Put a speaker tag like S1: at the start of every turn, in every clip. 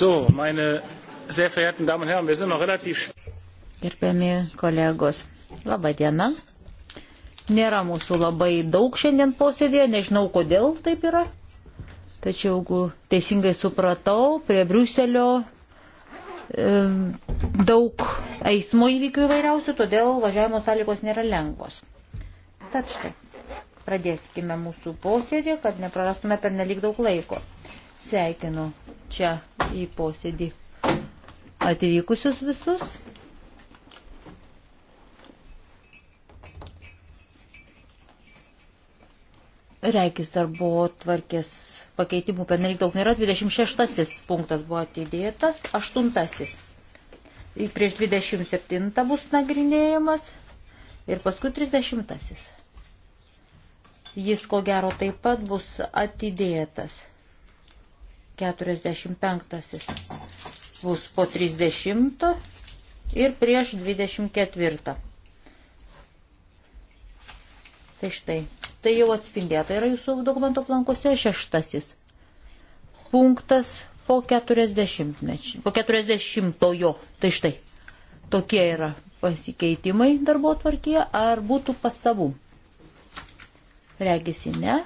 S1: So, meine sehr verehrten Damen und Herren, wir sind noch relativ.
S2: Gerbiami kolegos, laba diena. Nėra mūsų labai daug šiandien posėdėje, nežinau kodėl taip yra. Tačiau, jeigu teisingai supratau, prie Briuselio e, daug eismo įvykių įvairiausių, todėl važiavimo sąlygos nėra lengvos. Tad štai, pradėskime mūsų posėdį, kad neprarastume per nelik daug laiko. Sveikinu čia į posėdį atvykusius visus. Reikis darbo tvarkės pakeitimų pernelyg daug nėra. 26 punktas buvo atidėtas, 8. Prieš 27 bus nagrinėjimas ir paskui 30. Jis ko gero taip pat bus atidėtas. 45 bus po 30 ir prieš 24. Tai štai, tai jau atspindėta yra jūsų dokumento plankose šeštasis punktas po 40, po 40-ojo. Tai štai, tokie yra pasikeitimai darbo tvarkyje, ar būtų pastabų? Regisi ne.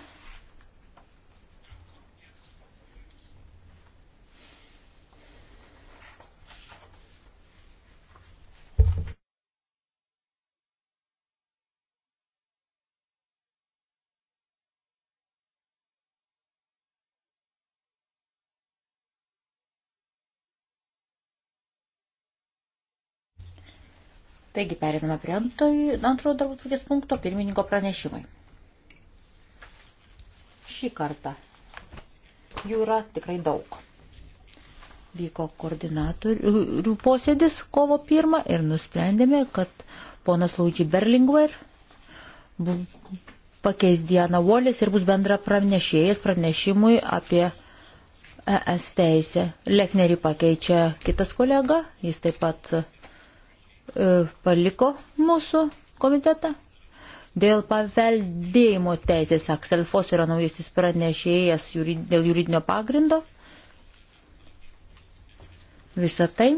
S2: Taigi periname prie antrojo darbo tvarkės punkto pirmininko pranešimai. Šį kartą jų yra tikrai daug. Vyko koordinatorių posėdis kovo pirmą ir nusprendėme, kad ponas Laudžiai Berlingver pakeis Diana Wallis ir bus bendra pranešėjas pranešimui apie ES teisę. Lechnerį pakeičia kitas kolega, jis taip pat E, paliko mūsų komitetą. Dėl paveldėjimo teisės Akselfos yra naujasis pranešėjas dėl juridinio pagrindo. Visą tai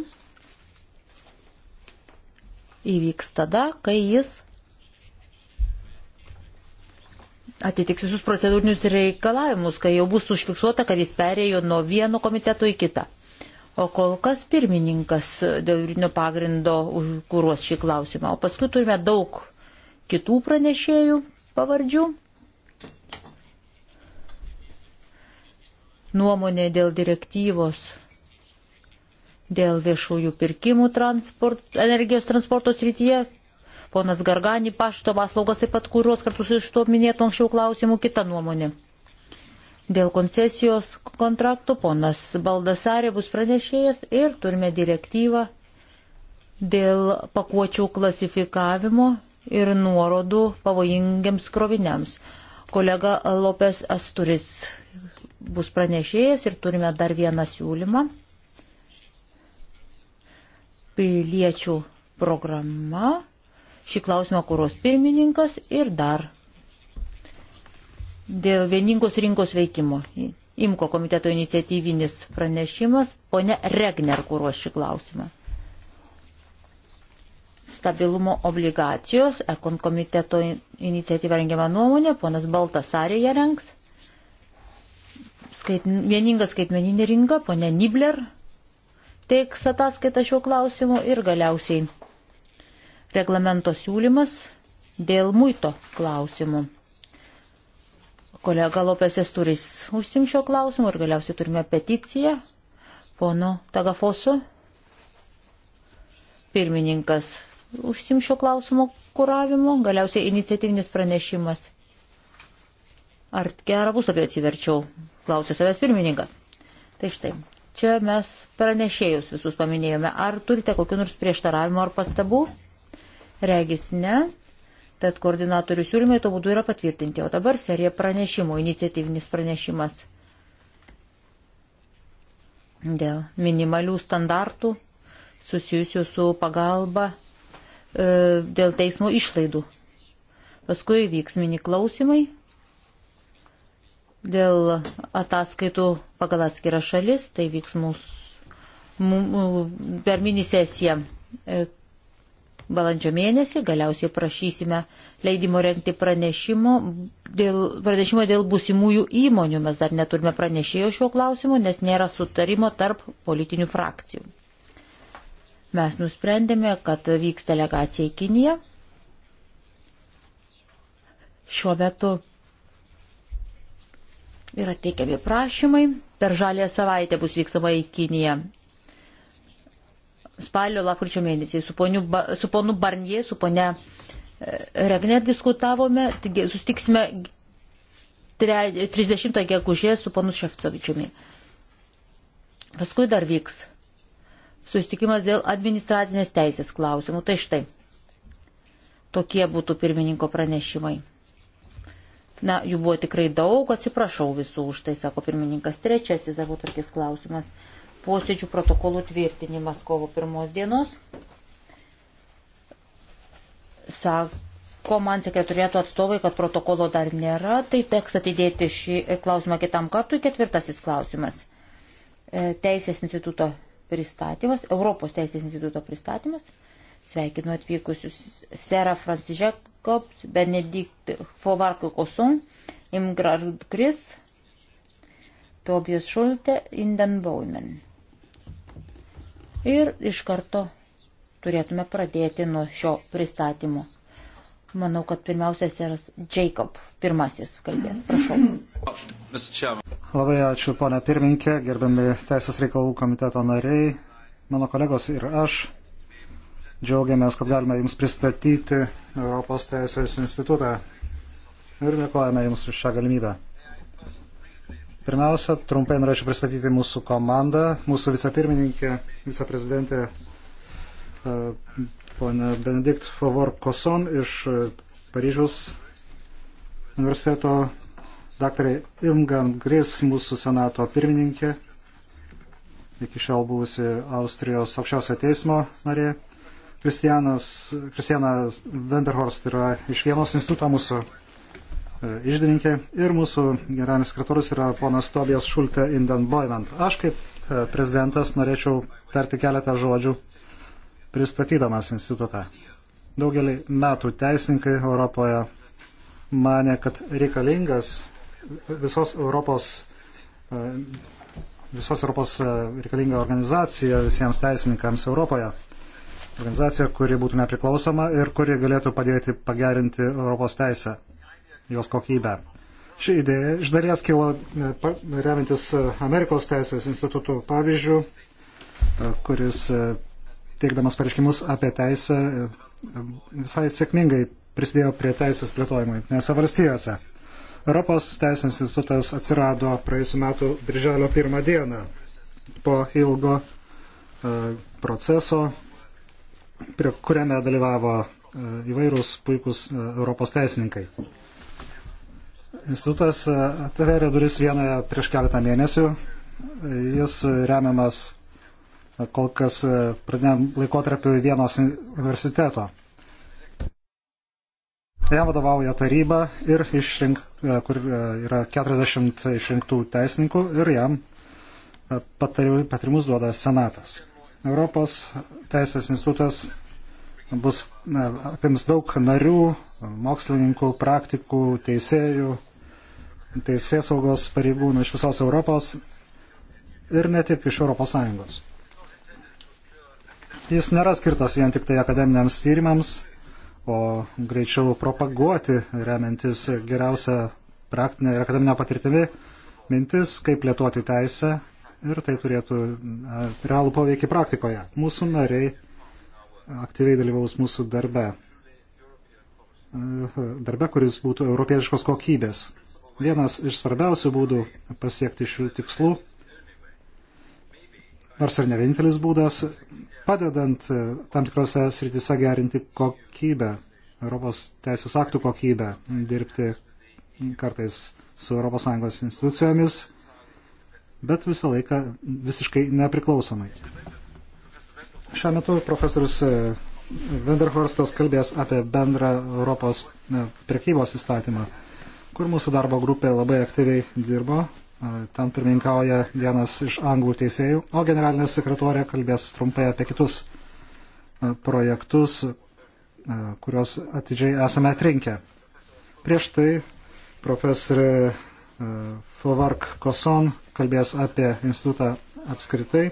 S2: įvyks tada, kai jis atitiks visus procedūrinius reikalavimus, kai jau bus užfiksuota, kad jis perėjo nuo vieno komiteto į kitą. O kol kas pirmininkas dėl juridinio pagrindo užkūruos šį klausimą. O paskui turime daug kitų pranešėjų pavardžių. Nuomonė dėl direktyvos, dėl viešųjų pirkimų transport, energijos transporto srityje. Ponas Gargani pašto paslaugas taip pat kūruos kartu su iš to minėtų anksčiau klausimų kitą nuomonę Dėl koncesijos kontraktų ponas Baldasarė bus pranešėjas ir turime direktyvą dėl pakuočių klasifikavimo ir nuorodų pavojingiams kroviniams. Kolega Lopes Asturis bus pranešėjas ir turime dar vieną siūlymą. Piliečių programa. Šį klausimą kuros pirmininkas ir dar dėl vieningos rinkos veikimo. Imko komiteto iniciatyvinis pranešimas, ponė Regner kūruos šį klausimą. Stabilumo obligacijos, ekon komiteto iniciatyva rengiama nuomonė, ponas Baltasarė ją rengs. Skait, vieninga skaitmeninė rinka, ponė Nibler teiks ataskaitą šiuo klausimu ir galiausiai reglamento siūlymas dėl muito klausimų. Kolega Lopesės turis užsim šio klausimo ir galiausiai turime peticiją. Pono Tagafosu, pirmininkas užsim šio klausimo kuravimo, galiausiai iniciatyvinis pranešimas. Ar gerą puslapį atsiverčiau, klausė savęs pirmininkas. Tai štai, čia mes pranešėjus visus paminėjome. Ar turite kokiu nors prieštaravimu ar pastabų? Regis ne. Tad koordinatorių siūlymai to būdu yra patvirtinti. O dabar serija pranešimų, iniciatyvinis pranešimas dėl minimalių standartų susijusių su pagalba e, dėl teismo išlaidų. Paskui vyks mini klausimai dėl ataskaitų pagal atskirą šalis, tai vyks mūsų mū, per mini sesiją. E, balandžio mėnesį, galiausiai prašysime leidimo renkti pranešimo dėl, pranešimo dėl busimųjų įmonių. Mes dar neturime pranešėjo šiuo klausimu, nes nėra sutarimo tarp politinių frakcijų. Mes nusprendėme, kad vyks delegacija į Kiniją. Šiuo metu yra teikiami prašymai. Per žalę savaitę bus vykstama į Kiniją spalio lapkričio mėnesį su, poniu, su ponu Barnie, su ponia e, Regne diskutavome, taigi sustiksime 30 gegužės su ponu Šefcovičiumi. Paskui dar vyks sustikimas dėl administracinės teisės klausimų. Tai štai, tokie būtų pirmininko pranešimai. Na, jų buvo tikrai daug, atsiprašau visų už tai, sako pirmininkas. Trečiasis darbo tvarkės klausimas posėdžių protokolų tvirtinimas kovo pirmos dienos. Sako man sekretoriato atstovai, kad protokolo dar nėra, tai teks atidėti šį klausimą kitam kartui. Ketvirtasis klausimas. E, Teisės instituto pristatymas, Europos Teisės instituto pristatymas. Sveikinu atvykusius Sera Francižekobs, Benedikt Fovarko Kosun, Imgrar Kris, Tobias Šulte, Indenbaumen. Ir iš karto turėtume pradėti nuo šio pristatymo. Manau, kad pirmiausia seras Jacob pirmasis kalbės.
S3: Prašau. Labai ačiū, ponia pirminkė, gerbiami Teisės reikalų komiteto nariai, mano kolegos ir aš. Džiaugiamės, kad galime Jums pristatyti Europos Teisės institutą ir dėkojame Jums už šią galimybę. Pirmiausia, trumpai norėčiau pristatyti mūsų komandą, mūsų vicepirmininkė, viceprezidentė e, ponė Benedikt Favor Koson iš e, Paryžiaus universiteto, daktarė Imgan Gris, mūsų senato pirmininkė, iki šiol buvusi Austrijos aukščiausio teismo narė. Kristianas, Kristiana Venderhorst yra iš vienos instituto mūsų E, išdininkė ir mūsų generalinis sekretorius yra ponas Tobijas Šulte Indenboivant. Aš kaip e, prezidentas norėčiau tarti keletą žodžių pristatydamas institutą. Daugelį metų teisininkai Europoje mane, kad reikalingas visos Europos, e, visos Europos reikalinga organizacija visiems teisininkams Europoje organizacija, kuri būtų nepriklausoma ir kuri galėtų padėti pagerinti Europos teisę jos kokybę. Ši idėja iš dalies kilo e, remintis e, Amerikos teisės institutų pavyzdžių, e, kuris teikdamas pareiškimus apie teisę visai sėkmingai prisidėjo prie teisės plėtojimo Junktinėse valstijose. Europos teisės institutas atsirado praėjusiu metu birželio pirmą dieną po ilgo proceso, prie kuriame dalyvavo įvairūs puikūs Europos teisininkai institutas e, atverė duris vienoje prieš keletą mėnesių. Jis remiamas e, kol kas e, pradiniam laikotarpiu vienos universiteto. Jam vadovauja taryba, ir išrink, kur yra 40 išrinktų teisininkų ir jam patarimus duoda Senatas. Europos teisės institutas bus apims daug narių, mokslininkų, praktikų, teisėjų, teisės saugos pareigūnų iš visos Europos ir ne tik iš Europos Sąjungos. Jis nėra skirtas vien tik tai akademiniams tyrimams, o greičiau propaguoti, remiantis geriausią praktinę ir akademinę patirtimį, mintis, kaip lietuoti teisę ir tai turėtų realų poveikį praktikoje. Mūsų nariai aktyviai dalyvaus mūsų darbe, darbe, kuris būtų europietiškos kokybės vienas iš svarbiausių būdų pasiekti šių tikslų, nors ir ne vienintelis būdas, padedant e, tam tikrose srityse gerinti kokybę, Europos teisės aktų kokybę, dirbti kartais su ES institucijomis, bet visą laiką visiškai nepriklausomai. Šiuo metu profesorius Venderhorstas e, kalbės apie bendrą Europos e, prekybos įstatymą kur mūsų darbo grupė labai aktyviai dirbo. Ten pirmininkauja vienas iš anglų teisėjų, o generalinė sekretorė kalbės trumpai apie kitus projektus, kuriuos atidžiai esame atrinkę. Prieš tai profesorė Fovark Koson kalbės apie institutą apskritai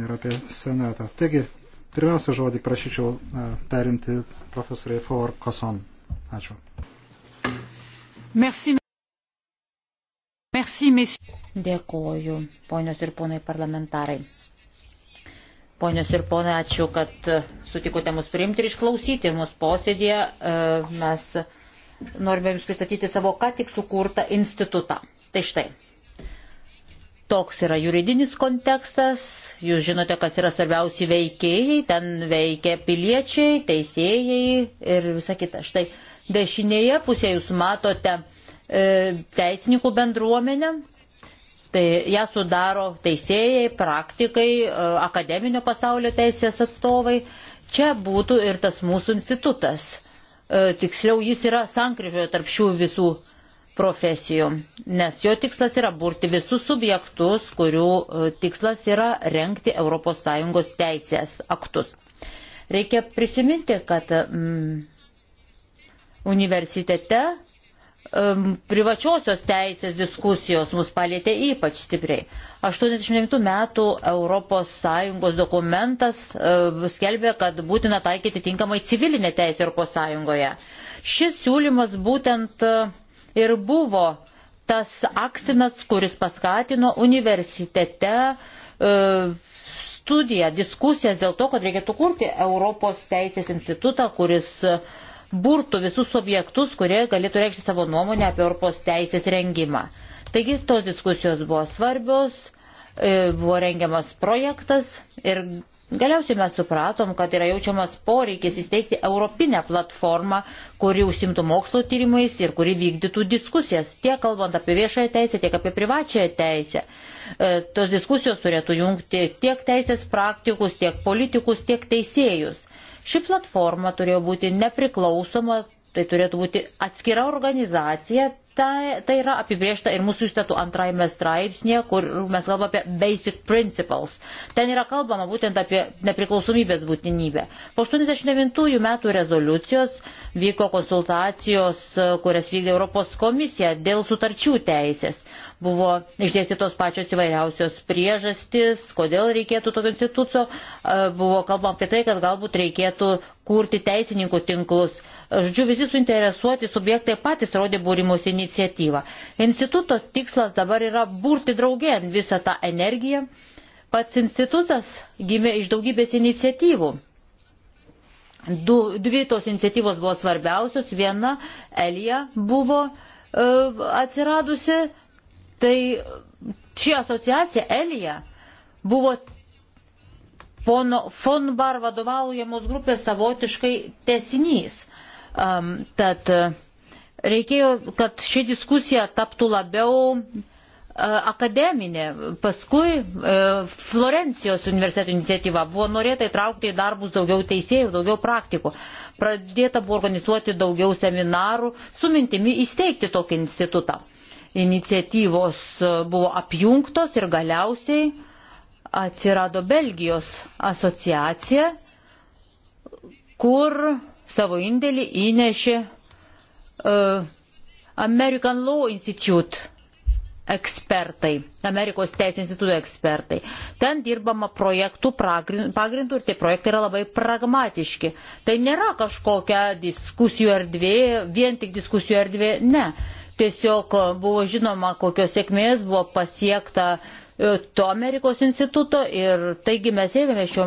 S3: ir apie senatą. Taigi, pirmiausia žodį prašyčiau perimti profesoriai Fovark Koson. Ačiū.
S2: Merci. Merci, messieurs. Dėkoju, ponios ir ponai parlamentarai. Ponios ir ponai, ačiū, kad sutikote mus priimti ir išklausyti mūsų posėdėje. E, mes norime Jums pristatyti savo ką tik sukurtą institutą. Tai štai. Toks yra juridinis kontekstas, jūs žinote, kas yra svarbiausi veikėjai, ten veikia piliečiai, teisėjai ir visa kita. Štai Dešinėje pusėje jūs matote e, teisininkų bendruomenę, tai ją sudaro teisėjai, praktikai, e, akademinio pasaulio teisės atstovai. Čia būtų ir tas mūsų institutas. E, tiksliau, jis yra sankryžoje tarp šių visų profesijų, nes jo tikslas yra burti visus subjektus, kurių e, tikslas yra renkti ES teisės aktus. Reikia prisiminti, kad mm, universitete um, privačiosios teisės diskusijos mus palėtė ypač stipriai. 89 metų ES dokumentas uh, skelbė, kad būtina taikyti tinkamai civilinę teisę ES. Šis siūlymas būtent uh, ir buvo tas akstinas, kuris paskatino universitete uh, studiją, diskusijas dėl to, kad reikėtų kurti Europos teisės institutą, kuris uh, burtų visus subjektus, kurie galėtų reikšti savo nuomonę apie Europos teisės rengimą. Taigi tos diskusijos buvo svarbios, e, buvo rengiamas projektas ir galiausiai mes supratom, kad yra jaučiamas poreikis įsteigti europinę platformą, kuri užsimtų mokslo tyrimais ir kuri vykdytų diskusijas, tiek kalbant apie viešąją teisę, tiek apie privačiąją teisę. E, tos diskusijos turėtų jungti tiek teisės praktikus, tiek politikus, tiek teisėjus Ši platforma turėjo būti nepriklausoma tai turėtų būti atskira organizacija, tai, tai yra apibriešta ir mūsų įstatų antrajame straipsnėje, kur mes kalbame apie basic principles. Ten yra kalbama būtent apie nepriklausomybės būtinybę. Po 89 metų rezoliucijos vyko konsultacijos, kurias vykdė Europos komisija dėl sutarčių teisės. Buvo išdėstytos pačios įvairiausios priežastis, kodėl reikėtų tokio instituto. Buvo kalbama apie tai, kad galbūt reikėtų kurti teisininkų tinklus. Žodžiu, visi suinteresuoti subjektai patys rodė būrimus iniciatyvą. Instituto tikslas dabar yra būrti draugę visą tą energiją. Pats institutas gimė iš daugybės iniciatyvų. Du, dvi tos iniciatyvos buvo svarbiausios. Viena, Elija buvo e, atsiradusi. Tai ši asociacija, Elija, buvo pono Fonbar vadovaujamos grupės savotiškai tesinys. Um, tad e, reikėjo, kad ši diskusija taptų labiau e, akademinė. Paskui e, Florencijos universiteto iniciatyva buvo norėta įtraukti į darbus daugiau teisėjų, daugiau praktikų. Pradėta buvo organizuoti daugiau seminarų su mintimi įsteigti tokį institutą. Iniciatyvos buvo apjungtos ir galiausiai atsirado Belgijos asociacija, kur savo indėlį įnešė uh, American Law Institute ekspertai, Amerikos teisės instituto ekspertai. Ten dirbama projektų pagrindų ir tie projektai yra labai pragmatiški. Tai nėra kažkokia diskusijų erdvė, vien tik diskusijų erdvė, ne. Tiesiog buvo žinoma, kokios sėkmės buvo pasiekta uh, E, to Amerikos instituto ir taigi mes ėmėme šio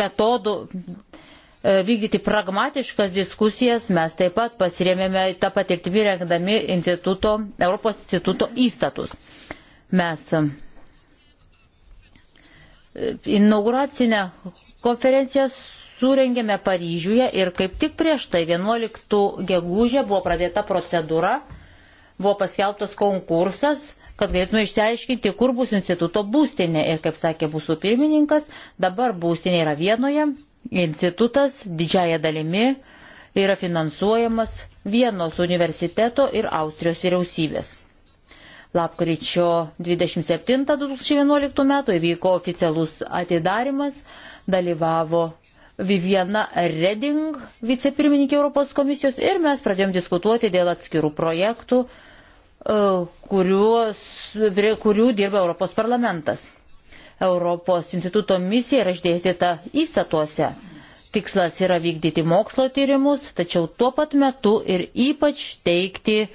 S2: metodų e, vykdyti pragmatiškas diskusijas, mes taip pat pasirėmėme tą patirtimį rengdami instituto, Europos instituto įstatus. Mes e, inauguracinę konferenciją surengėme Paryžiuje ir kaip tik prieš tai 11 gegužė buvo pradėta procedūra, buvo paskelbtas konkursas kad galėtume išsiaiškinti, kur bus instituto būstinė. Ir kaip sakė mūsų pirmininkas, dabar būstinė yra vienoje, institutas didžiaja dalimi yra finansuojamas vienos universiteto ir Austrijos vyriausybės. Lapkričio 27-2011 metų įvyko oficialus atidarimas, dalyvavo Viviana Reding, vicepirmininkė Europos komisijos, ir mes pradėjom diskutuoti dėl atskirų projektų E, kuriuos, prie kurių dirba Europos parlamentas. Europos instituto misija yra išdėstyta įstatuose. Tikslas yra vykdyti mokslo tyrimus, tačiau tuo pat metu ir ypač teikti e,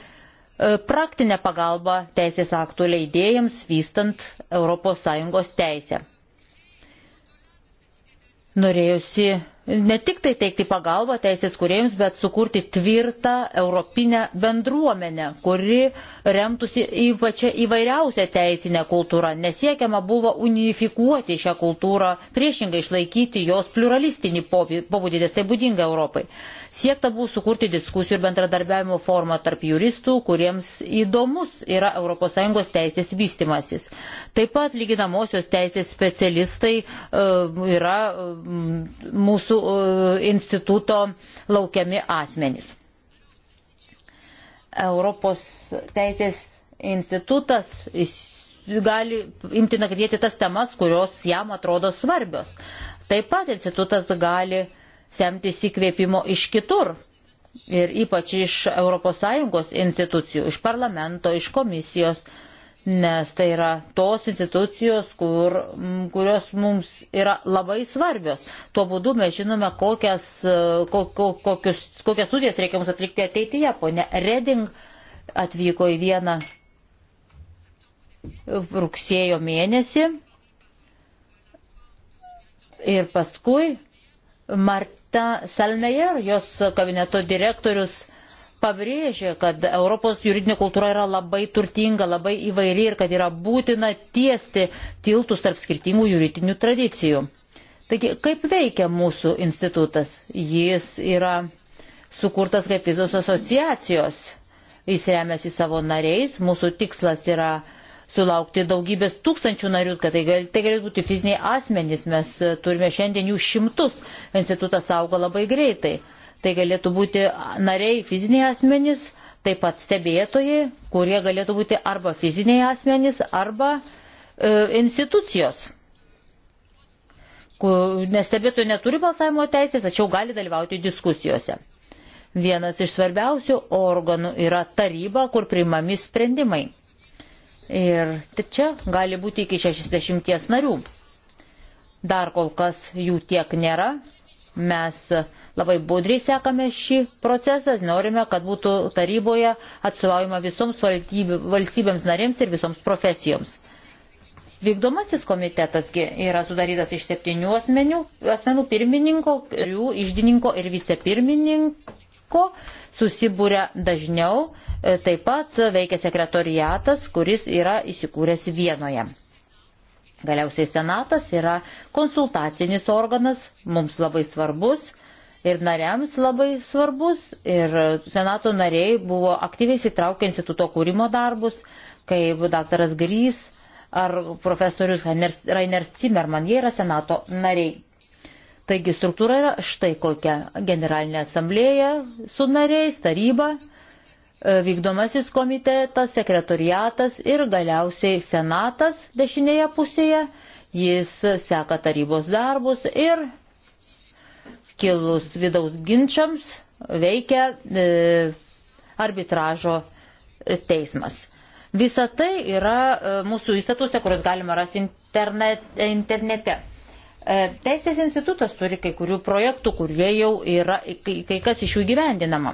S2: praktinę pagalbą teisės aktų leidėjams vystant ES teisę. Norėjusi ne tik tai teikti pagalbą teisės kuriems, bet sukurti tvirtą europinę bendruomenę, kuri remtųsi į pačią įvairiausią teisinę kultūrą. Nesiekiama buvo unifikuoti šią kultūrą, priešingai išlaikyti jos pluralistinį pobūdį, nes tai būdinga Europai. Siekta buvo sukurti diskusijų ir bendradarbiavimo formą tarp juristų, kuriems įdomus yra ES teisės vystimasis. Taip pat lyginamosios teisės specialistai e, yra mūsų e, instituto laukiami asmenys. Europos teisės institutas gali imti nagrinėti tas temas, kurios jam atrodo svarbios. Taip pat institutas gali uh, semtis įkvėpimo iš kitur. Ir ypač iš ES institucijų, iš parlamento, iš komisijos, nes tai yra tos institucijos, kur, kurios mums yra labai svarbios. Tuo būdu mes žinome, kokias, e, kokius, kokias studijas reikia mums atlikti ateityje. Pone Reding atvyko į vieną rugsėjo mėnesį ir paskui Marta Selmeyer, jos kabineto direktorius, pabrėžė, kad Europos juridinė kultūra yra labai turtinga, labai įvairi ir kad yra būtina tiesti tiltus tarp skirtingų juridinių tradicijų. Taigi, kaip veikia mūsų institutas? Jis yra sukurtas kaip visos asociacijos. Jis remiasi savo nariais, mūsų tikslas yra sulaukti daugybės tūkstančių narių, kad tai, gal, tai galėtų būti fiziniai asmenys, mes e, turime šiandien jų šimtus, institutas auga labai greitai. Tai galėtų būti nariai fiziniai asmenys, taip pat stebėtojai, kurie galėtų būti arba fiziniai asmenys, arba e, institucijos. Nes stebėtojai neturi balsavimo teisės, tačiau gali dalyvauti diskusijose. Vienas iš svarbiausių organų yra taryba, kur priimami sprendimai Ir čia gali būti iki 60 narių. Dar kol kas jų tiek nėra. Mes labai budriai sekame šį procesą, norime, kad būtų taryboje atstovaujama visoms valstybėms narėms ir visoms profesijoms. Vykdomasis komitetasgi yra sudarytas iš septynių asmenių, asmenų pirmininko, jų išdininko ir vicepirmininko susibūrė dažniau, e, taip pat veikia sekretoriatas, kuris yra įsikūręs Vienoje. Galiausiai senatas yra konsultacinis organas, mums labai svarbus ir nariams labai svarbus. Ir senato nariai buvo aktyviai įsitraukę instituto kūrimo darbus, kaip daktaras Grys ar profesorius Rainer Zimmerman, jie yra senato nariai. Taigi struktūra yra štai kokia - generalinė asamblėja su nariais, taryba, e, vykdomasis komitetas, sekretoriatas ir galiausiai senatas dešinėje pusėje. Jis seka tarybos darbus ir kilus vidaus ginčiams veikia e, arbitražo teismas. Visa tai yra e, mūsų įstatuose, kuriuos galima rasti internet, internete. E, Teisės institutas turi kai kurių projektų, kurie jau yra, kai, kai kas iš jų gyvendinama.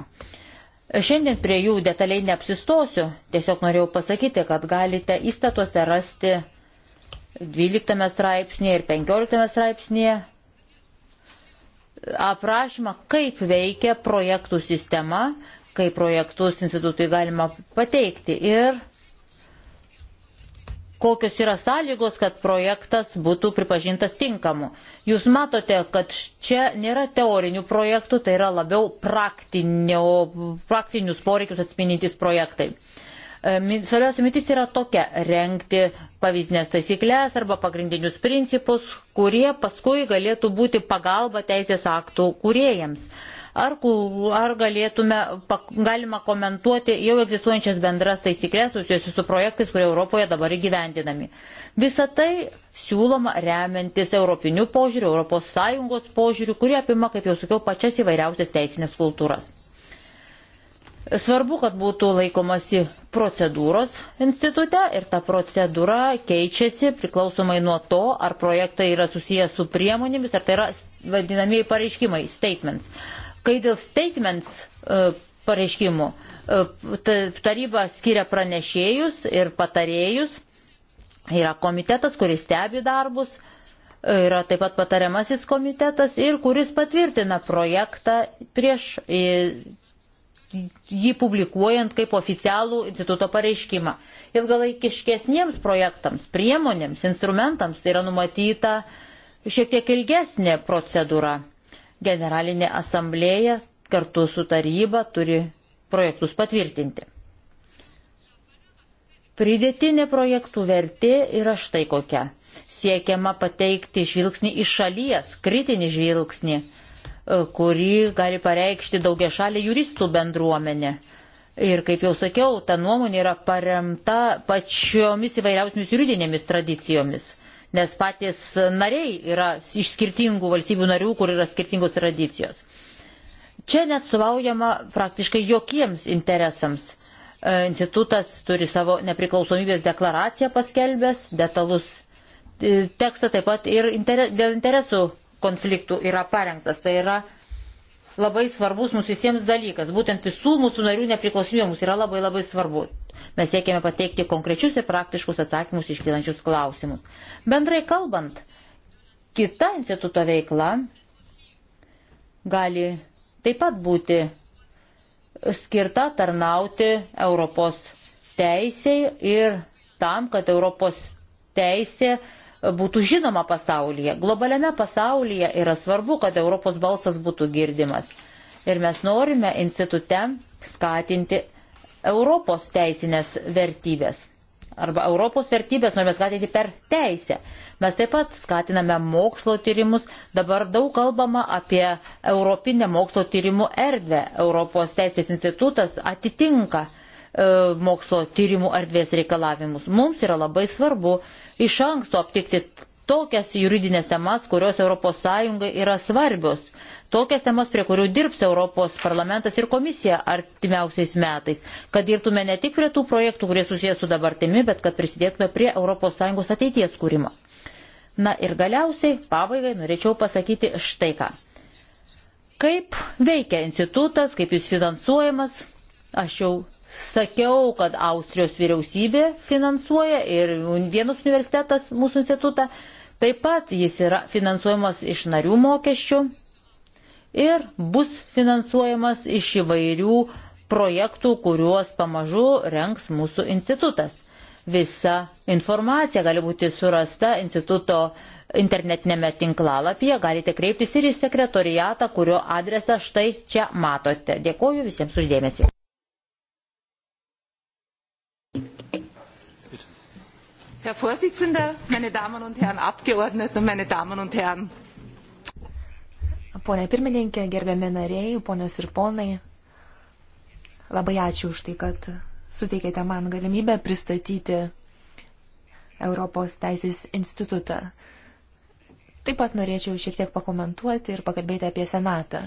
S2: Šiandien prie jų detaliai neapsistosiu, tiesiog norėjau pasakyti, kad galite įstatuose rasti 12 straipsnėje ir 15 straipsnėje aprašymą, kaip veikia projektų sistema, kaip projektus institutui galima pateikti. Ir kokios yra sąlygos, kad projektas būtų pripažintas tinkamu. Jūs matote, kad čia nėra teorinių projektų, tai yra labiau praktinius poreikius atspindintys projektai. E, svarbiausia mintis yra tokia - renkti pavyzdinės taisyklės arba pagrindinius principus, kurie paskui galėtų būti pagalba teisės aktų kuriejams ar, ar galėtume, galima komentuoti jau egzistuojančias bendras taisyklės susijusius su projektais, kurie Europoje dabar įgyvendinami. Visą tai siūloma remiantis europiniu požiūriu, ES požiūriu, kurie apima, kaip jau sakiau, pačias įvairiausias teisinės kultūras. Svarbu, kad būtų laikomasi procedūros institute ir ta procedūra keičiasi priklausomai nuo to, ar projektai yra susijęs su priemonėmis, ar tai yra vadinamieji pareiškimai, statements. Kai dėl statements e, pareiškimų e, taryba skiria pranešėjus ir patarėjus, yra komitetas, kuris stebi darbus, e, yra taip pat patariamasis komitetas ir kuris patvirtina projektą prieš jį publikuojant kaip oficialų instituto pareiškimą. Ilgalaikiškesniems projektams, priemonėms, instrumentams yra numatyta šiek tiek ilgesnė procedūra. Generalinė asamblėja kartu su taryba turi projektus patvirtinti. Pridėtinė projektų vertė yra štai kokia. Siekiama pateikti žvilgsnį iš šalies, kritinį žvilgsnį, e, kurį gali pareikšti daugia šalį juristų bendruomenė. Ir kaip jau sakiau, ta nuomonė yra paremta pačiomis įvairiausiamis juridinėmis tradicijomis nes patys nariai yra iš skirtingų valstybių narių, kur yra skirtingos tradicijos. Čia net suvaujama praktiškai jokiems interesams. E, institutas turi savo nepriklausomybės deklaraciją paskelbęs, detalus e, tekstą taip pat ir inter, dėl interesų konfliktų yra parengtas. Tai yra uh, labai svarbus mūsų visiems dalykas. Būtent visų mūsų narių nepriklausomybė mums yra labai labai svarbu. Mes siekiame pateikti konkrečius ir praktiškus atsakymus iškylančius klausimus. Bendrai kalbant, kita instituto veikla gali taip pat būti skirta tarnauti Europos teisiai ir tam, kad Europos teisė uh, būtų žinoma pasaulyje. Globaliame pasaulyje yra svarbu, kad Europos balsas būtų girdimas. Ir mes norime institute skatinti Europos teisinės vertybės. Arba Europos vertybės norime skatinti per teisę. Mes taip pat skatiname mokslo tyrimus. Dabar daug kalbama apie Europinę mokslo tyrimų erdvę. Europos teisės institutas atitinka uh, E, mokslo tyrimų erdvės reikalavimus. Mums yra labai svarbu iš anksto aptikti tokias juridinės temas, kurios ES yra svarbios, tokias temas, prie kurių dirbs Europos parlamentas ir komisija artimiausiais metais, kad dirbtume ne tik prie tų projektų, kurie susijęs su dabartimi, bet kad prisidėtume prie ES ateities kūrimo. Na ir galiausiai, pabaigai, norėčiau pasakyti štai ką. Kaip veikia institutas, kaip jis finansuojamas, aš jau sakiau, kad Austrijos vyriausybė finansuoja ir vienas universitetas mūsų institutą. Taip pat jis yra finansuojamas iš narių mokesčių ir bus finansuojamas iš įvairių projektų, kuriuos pamažu renks mūsų institutas. Visa informacija gali būti surasta instituto internetinėme tinklalapyje, galite kreiptis ir į sekretoriatą, kurio adresą štai čia matote. Dėkoju visiems uždėmesi. Herr Vorsitzender, meine Damen und Herren Abgeordneten, meine Damen und Herren.
S4: Pone pirmininkė, gerbiami nariai, ponios ir ponai, labai ačiū už tai, kad suteikėte man galimybę pristatyti Europos Teisės institutą. Taip pat norėčiau šiek tiek pakomentuoti ir pakalbėti apie Senatą.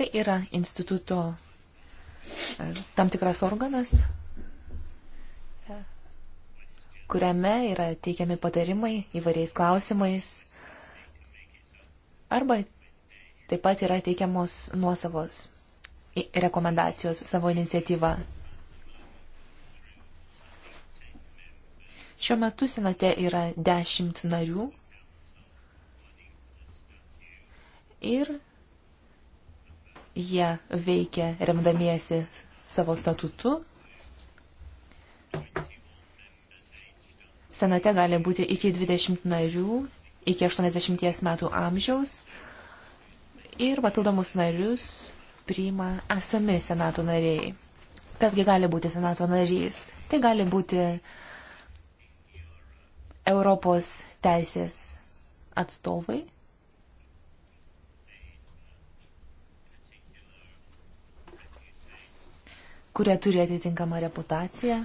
S4: Tai yra instituto e, tam tikras organas, kuriame yra teikiami patarimai įvairiais klausimais arba taip pat yra teikiamos nuosavos rekomendacijos savo iniciatyvą. Šiuo metu senate yra dešimt narių ir jie veikia remdamiesi savo statutu Senate gali būti iki 20 narių, iki 80 metų amžiaus ir papildomus narius priima esami Senato nariai. Kasgi gali būti Senato narys? Tai gali būti Europos teisės atstovai, kurie turi atitinkamą reputaciją.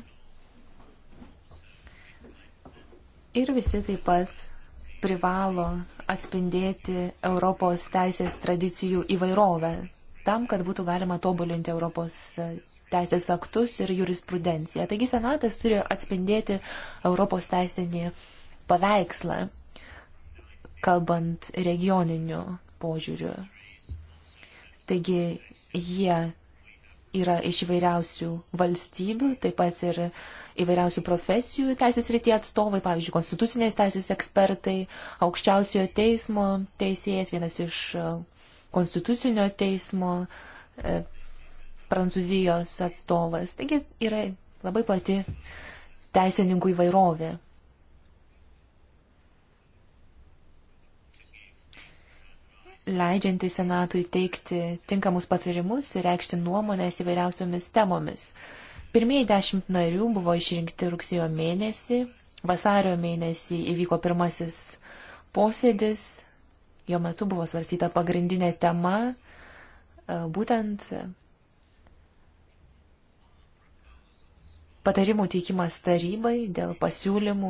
S4: ir visi taip pat privalo atspindėti Europos teisės tradicijų įvairovę, tam, kad būtų galima tobulinti Europos teisės aktus ir jurisprudenciją. Taigi Senatas turi atspindėti Europos teisinį paveikslą, kalbant regioniniu požiūriu. Taigi jie yra iš įvairiausių valstybių, taip pat ir uh, įvairiausių profesijų teisės rytie atstovai, pavyzdžiui, konstitucinės teisės ekspertai, aukščiausiojo teismo teisėjas, vienas iš e, konstitucinio teismo e, prancūzijos atstovas. Taigi yra labai plati teisininkų įvairovė. leidžianti Senatui teikti tinkamus patarimus ir reikšti nuomonės įvairiausiomis temomis. Pirmieji dešimt narių buvo išrinkti rugsėjo mėnesį, vasario mėnesį įvyko pirmasis posėdis, jo metu buvo svarstyta pagrindinė tema, e, būtent patarimų teikimas tarybai dėl pasiūlymų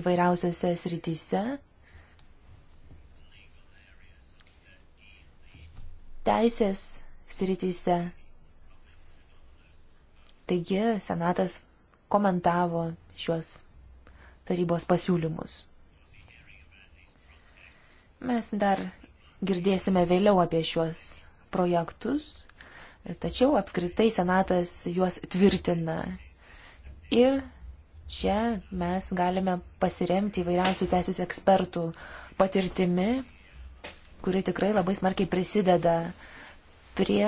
S4: įvairiausiose srityse. Teisės srityse Taigi Senatas komentavo šiuos tarybos pasiūlymus. Mes dar girdėsime vėliau apie šiuos projektus, tačiau apskritai Senatas juos tvirtina. Ir čia mes galime pasiremti įvairiausių teisės ekspertų patirtimi, kuri tikrai labai smarkiai prisideda prie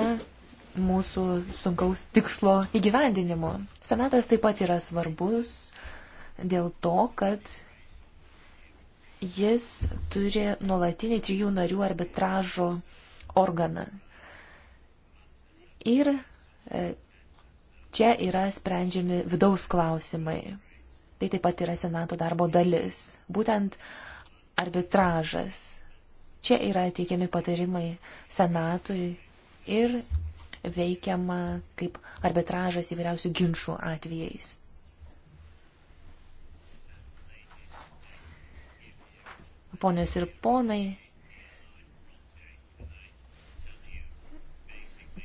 S4: mūsų sunkaus tikslo įgyvendinimu. Senatas taip pat yra svarbus dėl to, kad jis turi nuolatinį trijų narių arbitražo organą. Ir e, čia yra sprendžiami vidaus klausimai. Tai taip pat yra Senato darbo dalis. Būtent arbitražas. Čia yra teikiami patarimai Senatui ir veikiama kaip arbitražas įvairiausių ginčių atvejais. Ponios ir ponai,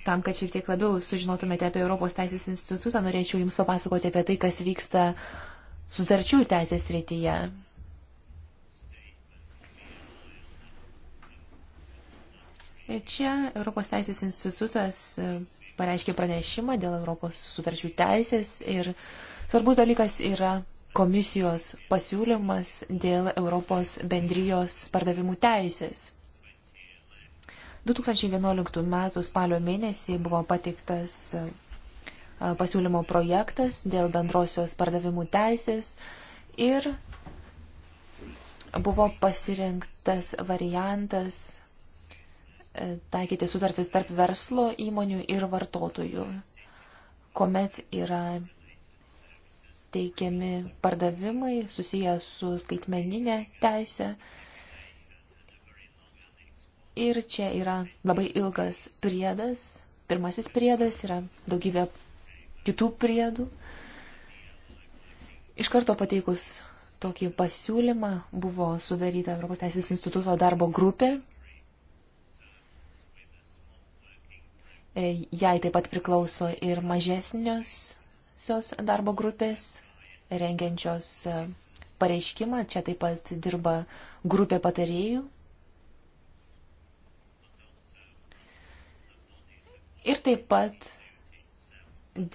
S4: tam, kad šiek tiek labiau sužinotumėte apie Europos teisės institutą, norėčiau Jums papasakoti apie tai, kas vyksta sutarčių teisės rytyje. Čia Europos teisės institutas e, pareiškė pranešimą dėl Europos sutarčių teisės ir svarbus dalykas yra komisijos pasiūlymas dėl Europos bendrijos pardavimų teisės. 2011 m. spalio mėnesį buvo pateiktas e, pasiūlymo projektas dėl bendrosios pardavimų teisės ir buvo pasirinktas variantas taikyti sutartis tarp verslo įmonių ir vartotojų, kuomet yra teikiami pardavimai susiję su skaitmeninė teisė. Ir čia yra labai ilgas priedas. Pirmasis priedas yra daugybė kitų priedų. Iš karto pateikus tokį pasiūlymą buvo sudaryta Europos Teisės instituto darbo grupė, E, jai taip pat priklauso ir mažesniosios darbo grupės, rengiančios e, pareiškimą. Čia taip pat dirba grupė patarėjų. Ir taip pat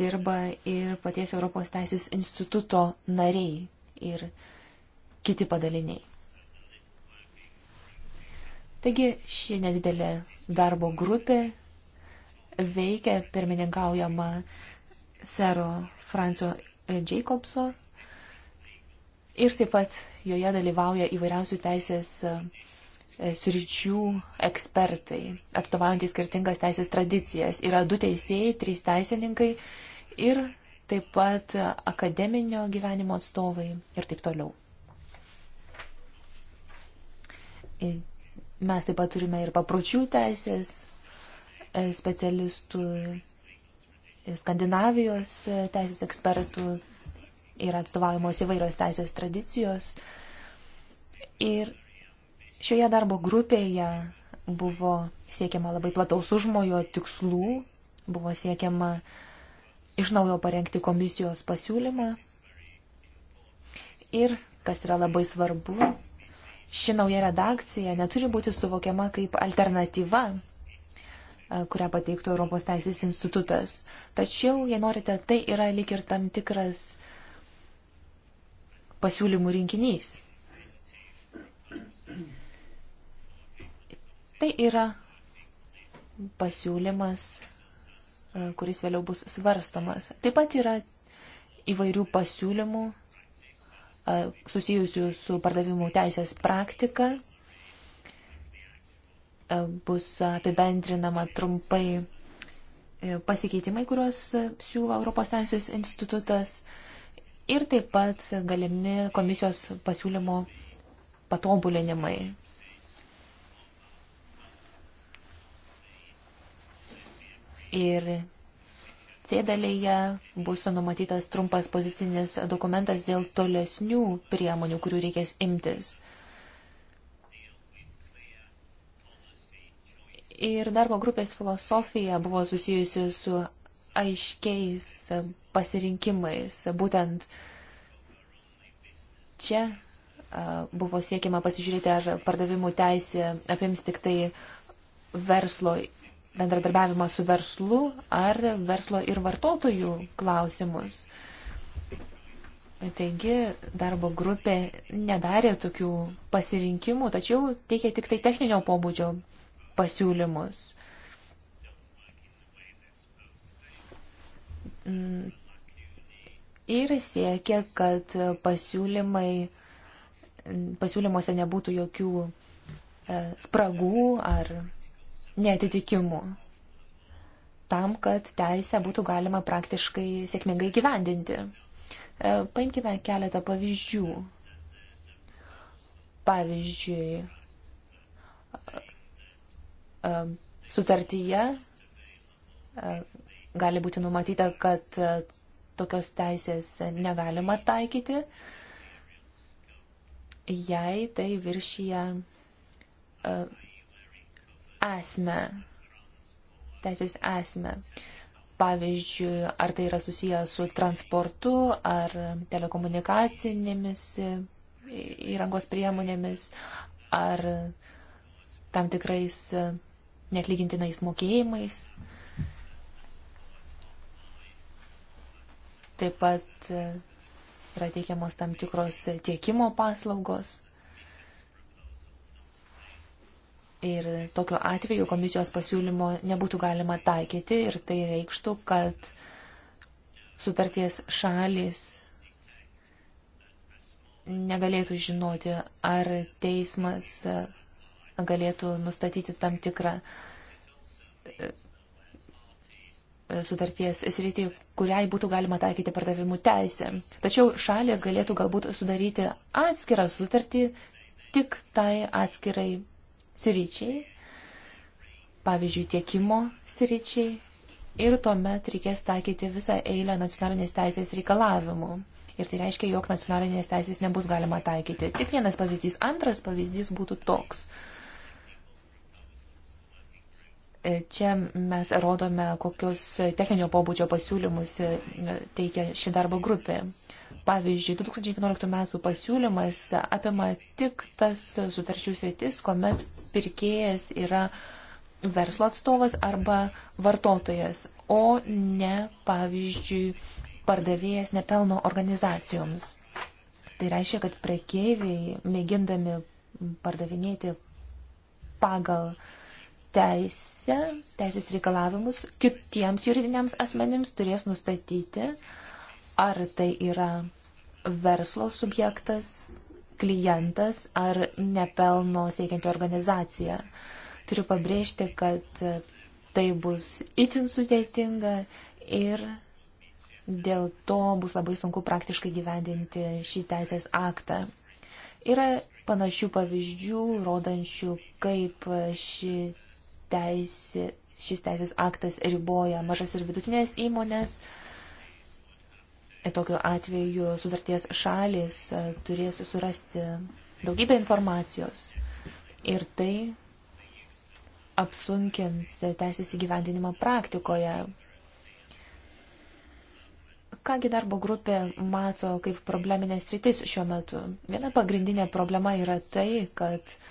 S4: dirba ir paties Europos Teisės instituto nariai ir kiti padaliniai. Taigi ši nedidelė darbo grupė veikia pirmininkaujama sero Francio Jacobso ir taip pat joje dalyvauja įvairiausių teisės e, sričių ekspertai, atstovaujantys skirtingas teisės tradicijas. Yra du teisėjai, trys teisininkai ir taip pat akademinio gyvenimo atstovai ir taip toliau. E, mes taip pat turime ir papročių teisės specialistų, Skandinavijos teisės ekspertų yra atstovaujamos įvairios teisės tradicijos. Ir šioje darbo grupėje buvo siekiama labai plataus užmojo tikslų, buvo siekiama iš naujo parengti komisijos pasiūlymą. Ir, kas yra labai svarbu, ši nauja redakcija neturi būti suvokiama kaip alternatyva E, kurią pateiktų Europos teisės institutas. Tačiau, jei norite, tai yra lik ir tam tikras pasiūlymų rinkinys. Tai yra pasiūlymas, e, kuris vėliau bus svarstomas. Taip pat yra įvairių pasiūlymų e, susijusių su pardavimų teisės praktika, E, bus apibendrinama trumpai e, pasikeitimai, kuriuos siūlo Europos Teisės institutas ir taip pat galimi komisijos pasiūlymo patobulinimai. Ir C dalyje bus numatytas trumpas pozicinis dokumentas dėl tolesnių priemonių, kurių reikės imtis. Ir darbo grupės filosofija buvo susijusi su aiškiais pasirinkimais. Būtent čia buvo siekiama pasižiūrėti, ar pardavimų teisė apims tik tai verslo bendradarbiavimą su verslu ar verslo ir vartotojų klausimus. Taigi darbo grupė nedarė tokių pasirinkimų, tačiau teikė tik tai techninio pobūdžio pasiūlymus. Ir siekia, kad pasiūlymai, pasiūlymuose nebūtų jokių e, spragų ar netitikimų tam, kad teisę būtų galima praktiškai sėkmingai gyvendinti. E, paimkime keletą pavyzdžių. Pavyzdžiui, E, sutartyje e, gali būti numatyta, kad e, tokios teisės negalima taikyti, jei tai viršyje esmę, teisės esmę. Pavyzdžiui, ar tai yra susiję su transportu ar telekomunikacinėmis įrangos priemonėmis ar tam tikrais netlygintinais mokėjimais. Taip pat e, yra teikiamos tam tikros tiekimo paslaugos. Ir tokiu atveju komisijos pasiūlymo nebūtų galima taikyti ir tai reikštų, kad sutarties šalis negalėtų žinoti, ar teismas galėtų nustatyti tam tikrą e, e, sutarties sritį, kuriai būtų galima taikyti pardavimų teisę. Tačiau šalės galėtų galbūt sudaryti atskirą sutartį tik tai atskirai sričiai, pavyzdžiui, tiekimo sričiai, ir tuomet reikės taikyti visą eilę nacionalinės teisės reikalavimų. Ir tai reiškia, jog nacionalinės teisės nebus galima taikyti. Tik vienas pavyzdys. Antras pavyzdys būtų toks. Uh, Čia mes rodome, kokius techninio pobūdžio pasiūlymus e, teikia ši darbo grupė. Pavyzdžiui, 2011 metų pasiūlymas apima tik tas sutarčių sritis, kuomet pirkėjas yra verslo atstovas arba vartotojas, o ne, pavyzdžiui, pardavėjas nepelno organizacijoms. Tai reiškia, kad prekeiviai, mėgindami pardavinėti pagal uh, teisę, teisės reikalavimus kitiems juridiniams asmenims turės nustatyti, ar tai yra verslo subjektas, klientas ar nepelno siekianti organizacija. Turiu pabrėžti, kad tai bus itin sudėtinga ir dėl to bus labai sunku praktiškai gyvendinti šį teisės aktą. Yra panašių pavyzdžių, rodančių, kaip ši teisė, šis teisės aktas riboja mažas ir vidutinės įmonės. Tokiu atveju sudarties šalis e, turės surasti daugybę informacijos ir tai apsunkins teisės įgyvendinimą praktikoje. Kągi darbo grupė mato kaip probleminės rytis šiuo metu? Viena pagrindinė problema yra tai, kad uh,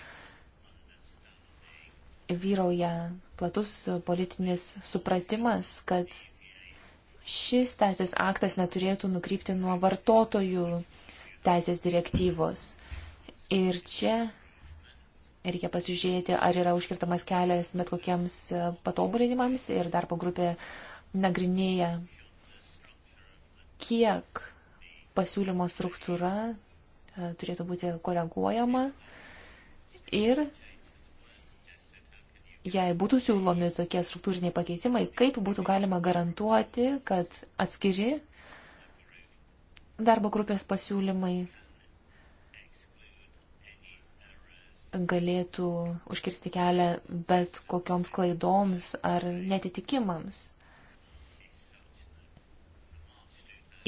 S4: vyrauja platus politinis supratimas, kad šis teisės aktas neturėtų nukrypti nuo vartotojų teisės direktyvos. Ir čia reikia pasižiūrėti, ar yra užkirtamas kelias bet kokiems e, patobulinimams ir darbo grupė nagrinėja, kiek pasiūlymo struktūra e, turėtų būti koreguojama ir jei būtų siūlomi tokie struktūriniai pakeitimai, kaip būtų galima garantuoti, kad atskiri darbo grupės pasiūlymai galėtų užkirsti kelią bet kokioms klaidoms ar netitikimams.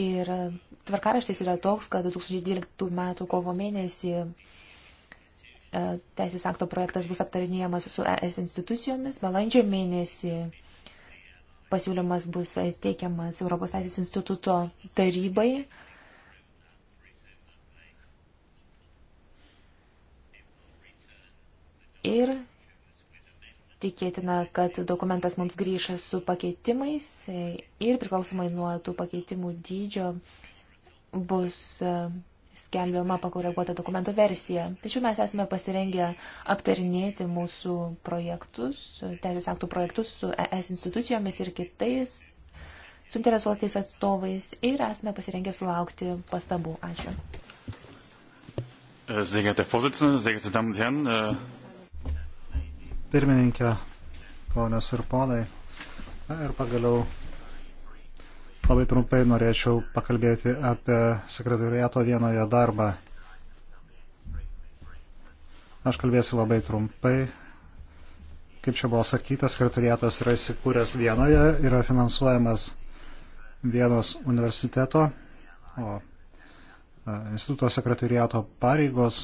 S4: Ir tvarkaraštis yra toks, kad 2012 m. kovo mėnesį E, teisės akto projektas bus aptarinėjamas su ES institucijomis. Balandžio mėnesį pasiūlymas bus teikiamas Europos teisės instituto tarybai. Ir tikėtina, kad dokumentas mums grįžta su pakeitimais ir priklausomai nuo tų pakeitimų dydžio bus e, skelbiama pakoreguota dokumento versija. Tačiau mes esame pasirengę aptarinėti mūsų projektus, teisės aktų projektus su ES institucijomis ir kitais suinteresuotais atstovais ir esame pasirengę sulaukti pastabų. Ačiū.
S1: Äh, äh,
S3: Pirmininkė, ponios ir ponai. Na ir pagaliau Labai trumpai norėčiau pakalbėti apie sekretoriato vienoje darbą. Aš kalbėsiu labai trumpai. Kaip čia buvo sakytas, sekretoriatas yra įsikūręs vienoje, yra finansuojamas vienos universiteto, o e, instituto sekretoriato pareigos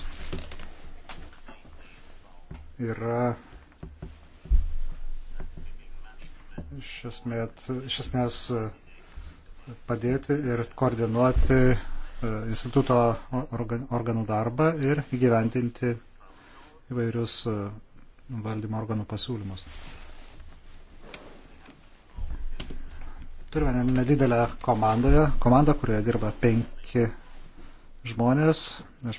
S3: yra iš esmės, iš esmės padėti ir koordinuoti e, instituto organų darbą ir įgyventinti įvairius e, valdymo organų pasiūlymus. Turime nedidelę komandą, komandą kurioje dirba penki žmonės,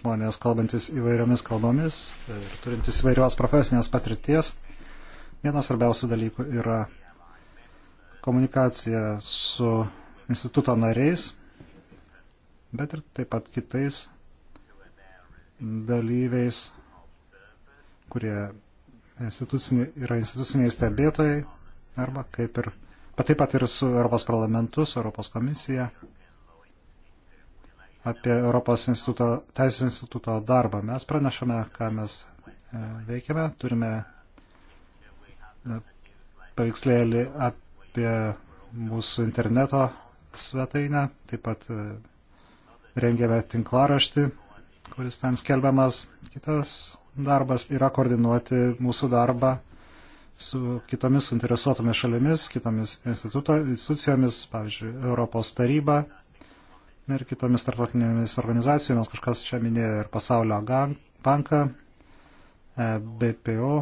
S3: žmonės kalbantis įvairiomis kalbomis ir turintis įvairios profesinės patirties. Vienas svarbiausių dalykų yra komunikacija su instituto nariais, bet ir taip pat kitais dalyviais, kurie instituciniai, yra instituciniai stebėtojai arba kaip ir taip pat ir su Europos parlamentu, su Europos komisija apie Europos instituto, teisės instituto darbą. Mes pranešame, ką mes e, veikiame, turime e, paveikslėlį apie mūsų interneto svetainę, taip pat e, rengėme tinklaraštį, kuris ten skelbiamas. Kitas darbas yra koordinuoti mūsų darbą su kitomis suinteresuotomis šalimis, kitomis institucijomis, pavyzdžiui, Europos taryba ir kitomis tarptautinėmis organizacijomis, kažkas čia minėjo ir pasaulio banką, e, BPO.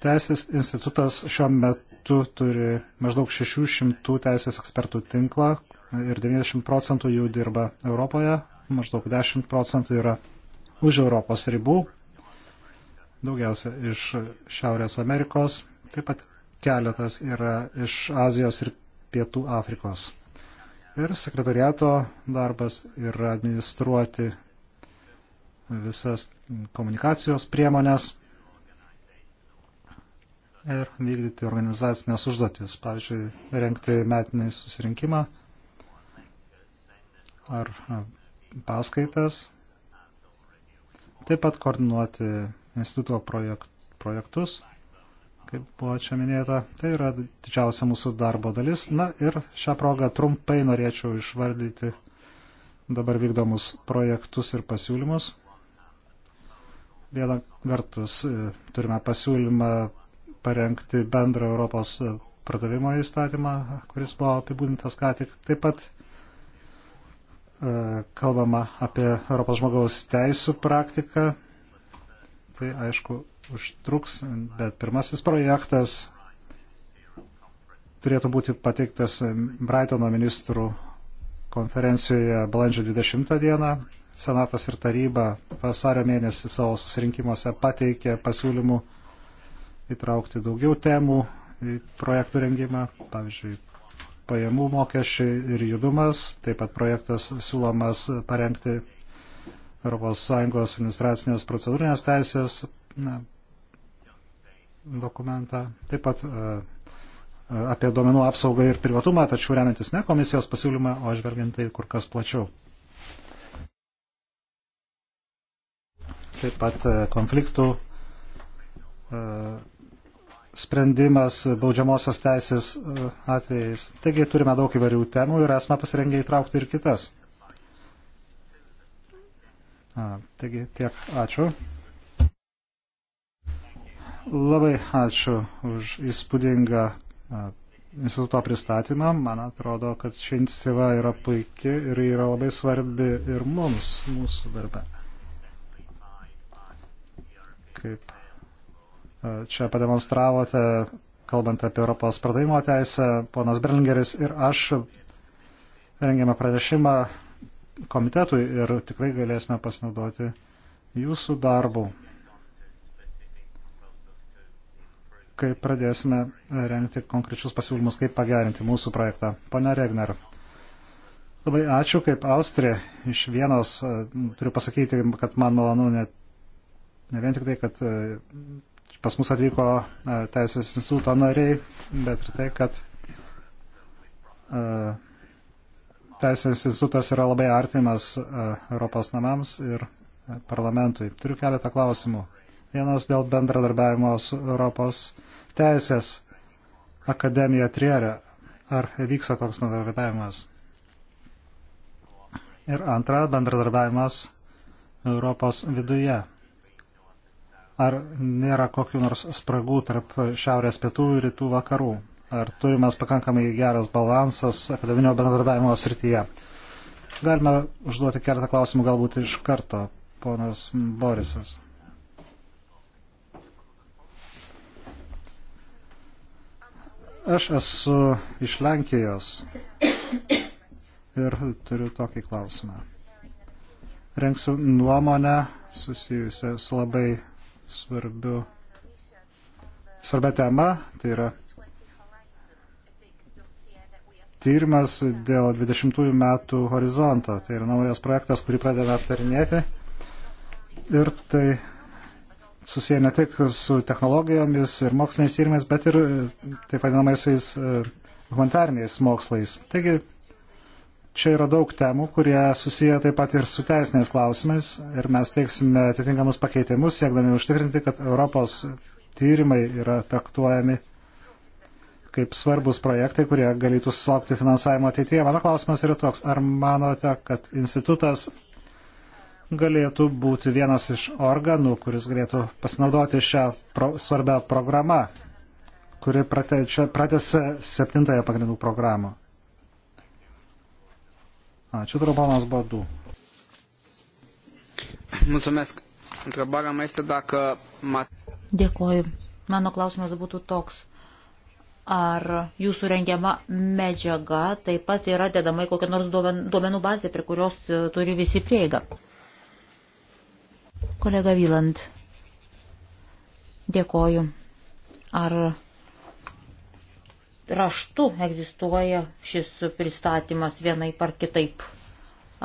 S3: Teisės institutas šiuo metu metu turi maždaug 600 teisės ekspertų tinklą ir 90 procentų jų dirba Europoje, maždaug 10 procentų yra už Europos ribų, daugiausia iš Šiaurės Amerikos, taip pat keletas yra iš Azijos ir Pietų Afrikos. Ir sekretariato darbas yra administruoti visas komunikacijos priemonės ir vykdyti organizacinės užduotis, pavyzdžiui, renkti metinį susirinkimą ar paskaitas, taip pat koordinuoti instituto projekt, projektus, kaip buvo čia minėta, tai yra didžiausia mūsų darbo dalis. Na ir šią progą trumpai norėčiau išvardyti dabar vykdomus projektus ir pasiūlymus. Viena vertus e, turime pasiūlymą parengti bendrą Europos pardavimo įstatymą, kuris buvo apibūdintas ką tik. Taip pat e, kalbama apie Europos žmogaus teisų praktiką. Tai aišku, užtruks, bet pirmasis projektas turėtų būti pateiktas Braitono ministrų konferencijoje balandžio 20 dieną. Senatas ir taryba vasario mėnesį savo susirinkimuose pateikė pasiūlymų įtraukti daugiau temų į projektų rengimą, pavyzdžiui, pajamų mokesčiai ir judumas. Taip pat projektas siūlomas parengti ES administracinės procedūrinės teisės na, dokumentą. Taip pat e, apie duomenų apsaugą ir privatumą, tačiau remiantis ne komisijos pasiūlymą, o žvelgiant tai kur kas plačiau. Taip pat e, konfliktų e, sprendimas baudžiamosios teisės e, atvejais. Taigi turime daug įvairių temų ir esame pasirengę įtraukti ir kitas. A, taigi tiek ačiū. Labai ačiū už įspūdingą instituto pristatymą. Man atrodo, kad ši iniciatyva yra puikia ir yra labai svarbi ir mums, mūsų darbe. Kaip čia pademonstravote, kalbant apie Europos pardavimo teisę, ponas Berlingeris ir aš rengėme pranešimą komitetui ir tikrai galėsime pasinaudoti jūsų darbu, kai pradėsime rengti konkrečius pasiūlymus, kaip pagerinti mūsų projektą. Pane Regner, labai ačiū, kaip Austrija iš vienos, turiu pasakyti, kad man malonu ne, ne vien tik tai, kad pas mus atvyko e, Teisės instituto nariai, bet ir tai, kad e, Teisės institutas yra labai artimas e, Europos namams ir parlamentui. Turiu keletą klausimų. Vienas dėl bendradarbiavimo su Europos Teisės akademija Trierė. Ar vyksta toks bendradarbiavimas? Ir antra, bendradarbiavimas Europos viduje. Ar nėra kokiu nors spragų tarp šiaurės pietų ir rytų vakarų? Ar turime pakankamai geras balansas akademinio bendradarbiavimo srityje? Galime užduoti keletą klausimų galbūt iš karto, ponas Borisas. Aš esu iš Lenkijos ir turiu tokį klausimą. Renksiu nuomonę susijusią su labai svarbiu, svarbia tema, tai yra tyrimas dėl 20 metų horizonto. Tai yra naujas projektas, kurį pradeda aptarinėti. Ir tai susiję ne tik su technologijomis ir moksliniais tyrimais, bet ir taip vadinamaisiais e, humanitariniais mokslais. Taigi čia yra daug temų, kurie susiję taip pat ir su teisiniais klausimais ir mes teiksime atitinkamus pakeitimus, siekdami užtikrinti, kad Europos tyrimai yra traktuojami kaip svarbus projektai, kurie galėtų susilaukti finansavimo ateityje. Mano klausimas yra toks, ar manote, kad institutas galėtų būti vienas iš organų, kuris galėtų pasinaudoti šią pro, svarbę programą, kuri pratęsia septintąją pagrindų programą? Ačiū, Drobanas Badu.
S2: Mulțumesc. Întrebarea mea este dacă... Dėkoju. Mano klausimas būtų toks. Ar jūsų rengiama medžiaga taip pat yra dedama į kokią nors duomenų bazę, prie kurios e, turi visi prieigą? Kolega Vyland. Dėkoju. Ar raštu egzistuoja šis pristatymas vienai par kitaip?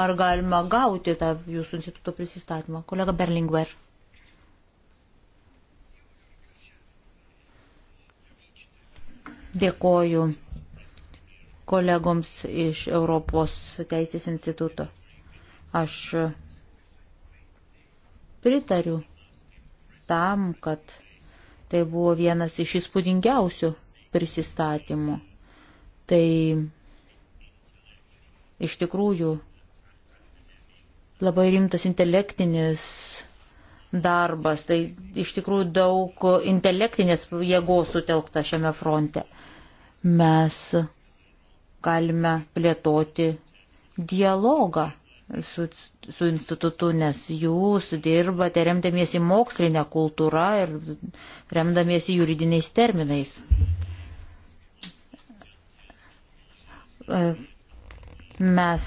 S2: Ar galima gauti tą jūsų instituto prisistatymą? Kolega Berlingver. Dėkoju kolegoms iš Europos Teisės instituto. Aš pritariu tam, kad tai buvo vienas iš įspūdingiausių prisistatymu. Tai iš tikrųjų labai rimtas intelektinis darbas, tai iš tikrųjų daug intelektinės jėgos sutelkta šiame fronte. Mes galime plėtoti dialogą su, su institutu, nes jūs dirbate remdamiesi mokslinę kultūrą ir remdamiesi juridiniais terminais. E, mes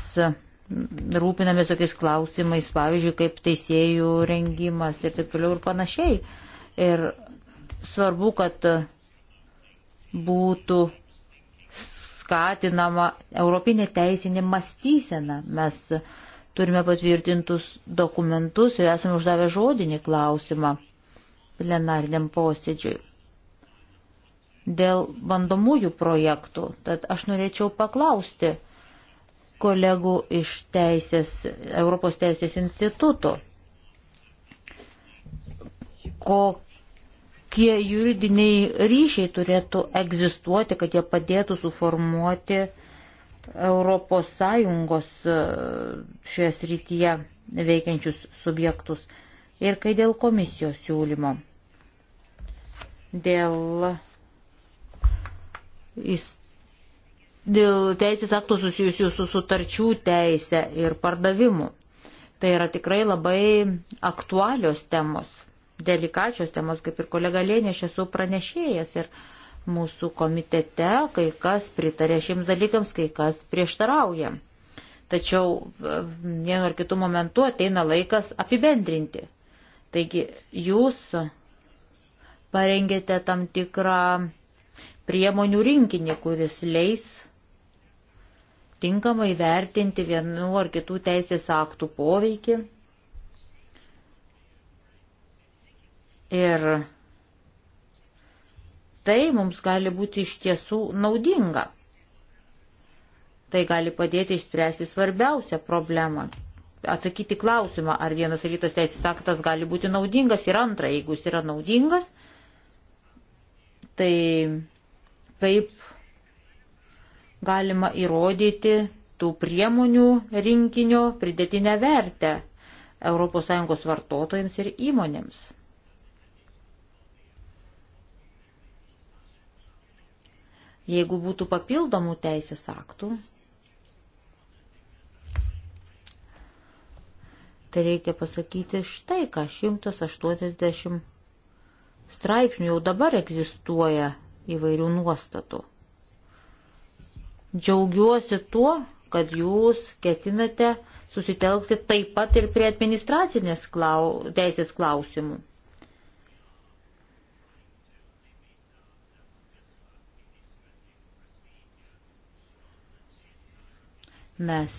S2: rūpinamės tokiais klausimais, pavyzdžiui, kaip teisėjų rengimas ir taip toliau ir panašiai. Ir svarbu, kad būtų skatinama europinė teisinė mąstysena. Mes turime patvirtintus dokumentus ir esame uždavę žodinį klausimą plenariniam posėdžiui dėl bandomųjų projektų. Tad aš norėčiau paklausti kolegų iš teisės, Europos teisės instituto, kokie juridiniai ryšiai turėtų egzistuoti, kad jie padėtų suformuoti Europos Sąjungos e, šioje srityje veikiančius subjektus. Ir kai dėl komisijos siūlymo, dėl dėl teisės aktų susijusių su sutarčių teise ir pardavimu. Tai yra tikrai labai aktualios temos, delikačios temos, kaip ir kolega Lėnė, aš esu pranešėjas ir mūsų komitete kai kas pritarė šiems dalykams, kai kas prieštarauja. Tačiau vienu ar kitu momentu ateina laikas apibendrinti. Taigi jūs parengėte tam tikrą priemonių rinkinį, kuris leis tinkamai vertinti vienu ar kitų teisės aktų poveikį. Ir tai mums gali būti iš tiesų naudinga. Tai gali padėti išspręsti svarbiausią problemą. Atsakyti klausimą, ar vienas ar kitas teisės aktas gali būti naudingas ir antra, jeigu jis yra naudingas, tai kaip galima įrodyti tų priemonių rinkinio pridėtinę vertę ES vartotojams ir įmonėms. Jeigu būtų papildomų teisės aktų, tai reikia pasakyti štai, ką 180 straipsnių jau dabar egzistuoja įvairių nuostatų. Džiaugiuosi tuo, kad jūs ketinate susitelkti taip pat ir prie administracinės klau, teisės klausimų. Mes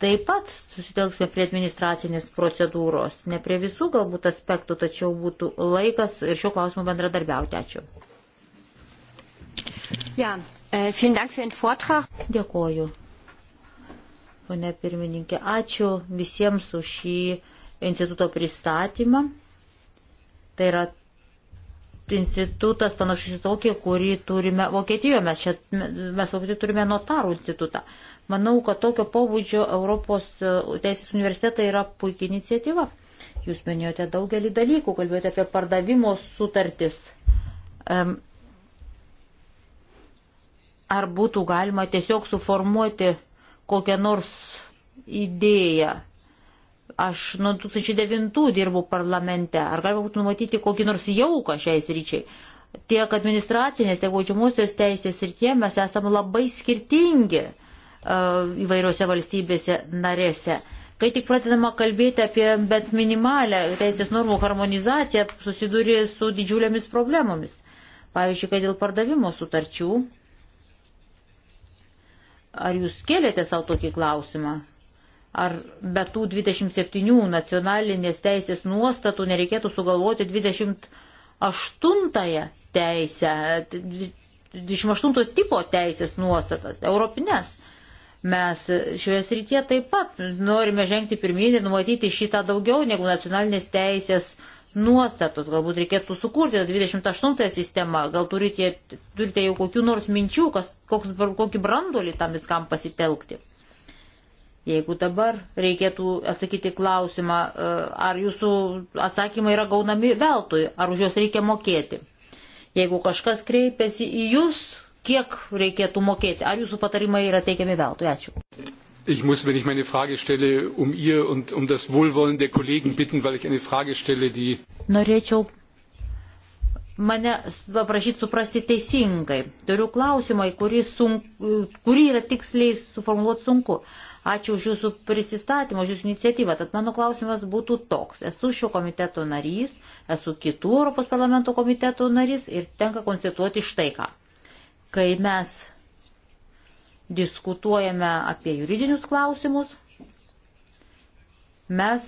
S2: taip pat susitelksime prie administracinės procedūros, ne prie visų galbūt aspektų, tačiau būtų laikas ir šio klausimo bendradarbiauti. Ačiū. Ja, äh, vielen Dank für den Vortrag. Dėkoju. Pone pirmininkė, ačiū visiems už šį instituto pristatymą. Tai yra institutas panašus į tokį, kurį turime Vokietijoje. Mes, čia, mes Vokietijoje turime notarų institutą. Manau, kad tokio pobūdžio Europos teisės universitetai yra puikia iniciatyva. Jūs minėjote daugelį dalykų, kalbėjote apie pardavimo sutartis. Um, ar būtų galima tiesiog suformuoti kokią nors idėją. Aš nuo 2009 dirbau parlamente. Ar galima būtų numatyti kokį nors jauką šiais ryčiai? Tiek administracinės, tiek baudžiamusios teisės ir tie mes esame labai skirtingi uh, įvairiose valstybėse narėse. Kai tik pradedama kalbėti apie bent minimalę teisės normų harmonizaciją, susiduri su didžiulėmis problemomis. Pavyzdžiui, kad dėl pardavimo sutarčių Ar jūs kėlėte savo tokį klausimą? Ar be tų 27 nacionalinės teisės nuostatų nereikėtų sugalvoti 28 teisę, 28 tipo teisės nuostatas, europinės? Mes šioje srityje taip pat norime žengti pirminį ir numatyti šitą daugiau negu nacionalinės teisės nuostatas nuostatus, galbūt reikėtų sukurti tą 28 sistemą, gal turite, turite jau kokių nors minčių, kas, koks, kokį brandolį tam viskam pasitelkti. Jeigu dabar reikėtų atsakyti klausimą, e, ar jūsų atsakymai yra gaunami veltui, ar už juos reikia mokėti. Jeigu kažkas kreipiasi į jūs, kiek reikėtų mokėti, ar jūsų patarimai yra teikiami veltui. Ačiū.
S1: Ich muss, wenn ich meine Frage stelle, um Ihr und um das Wohlwollen der Kollegen bitten, weil ich eine Frage stelle, die.
S2: Norėčiau mane paprašyti suprasti teisingai. Turiu klausimą, kurį, sunk, kurį yra tiksliai suformuoluoti sunku. Ačiū už Jūsų prisistatymą, už Jūsų iniciatyvą. Tad mano klausimas būtų toks. Esu šio komiteto narys, esu kitų Europos parlamento komiteto narys ir tenka konstatuoti štai ką. Kai mes diskutuojame apie juridinius klausimus. Mes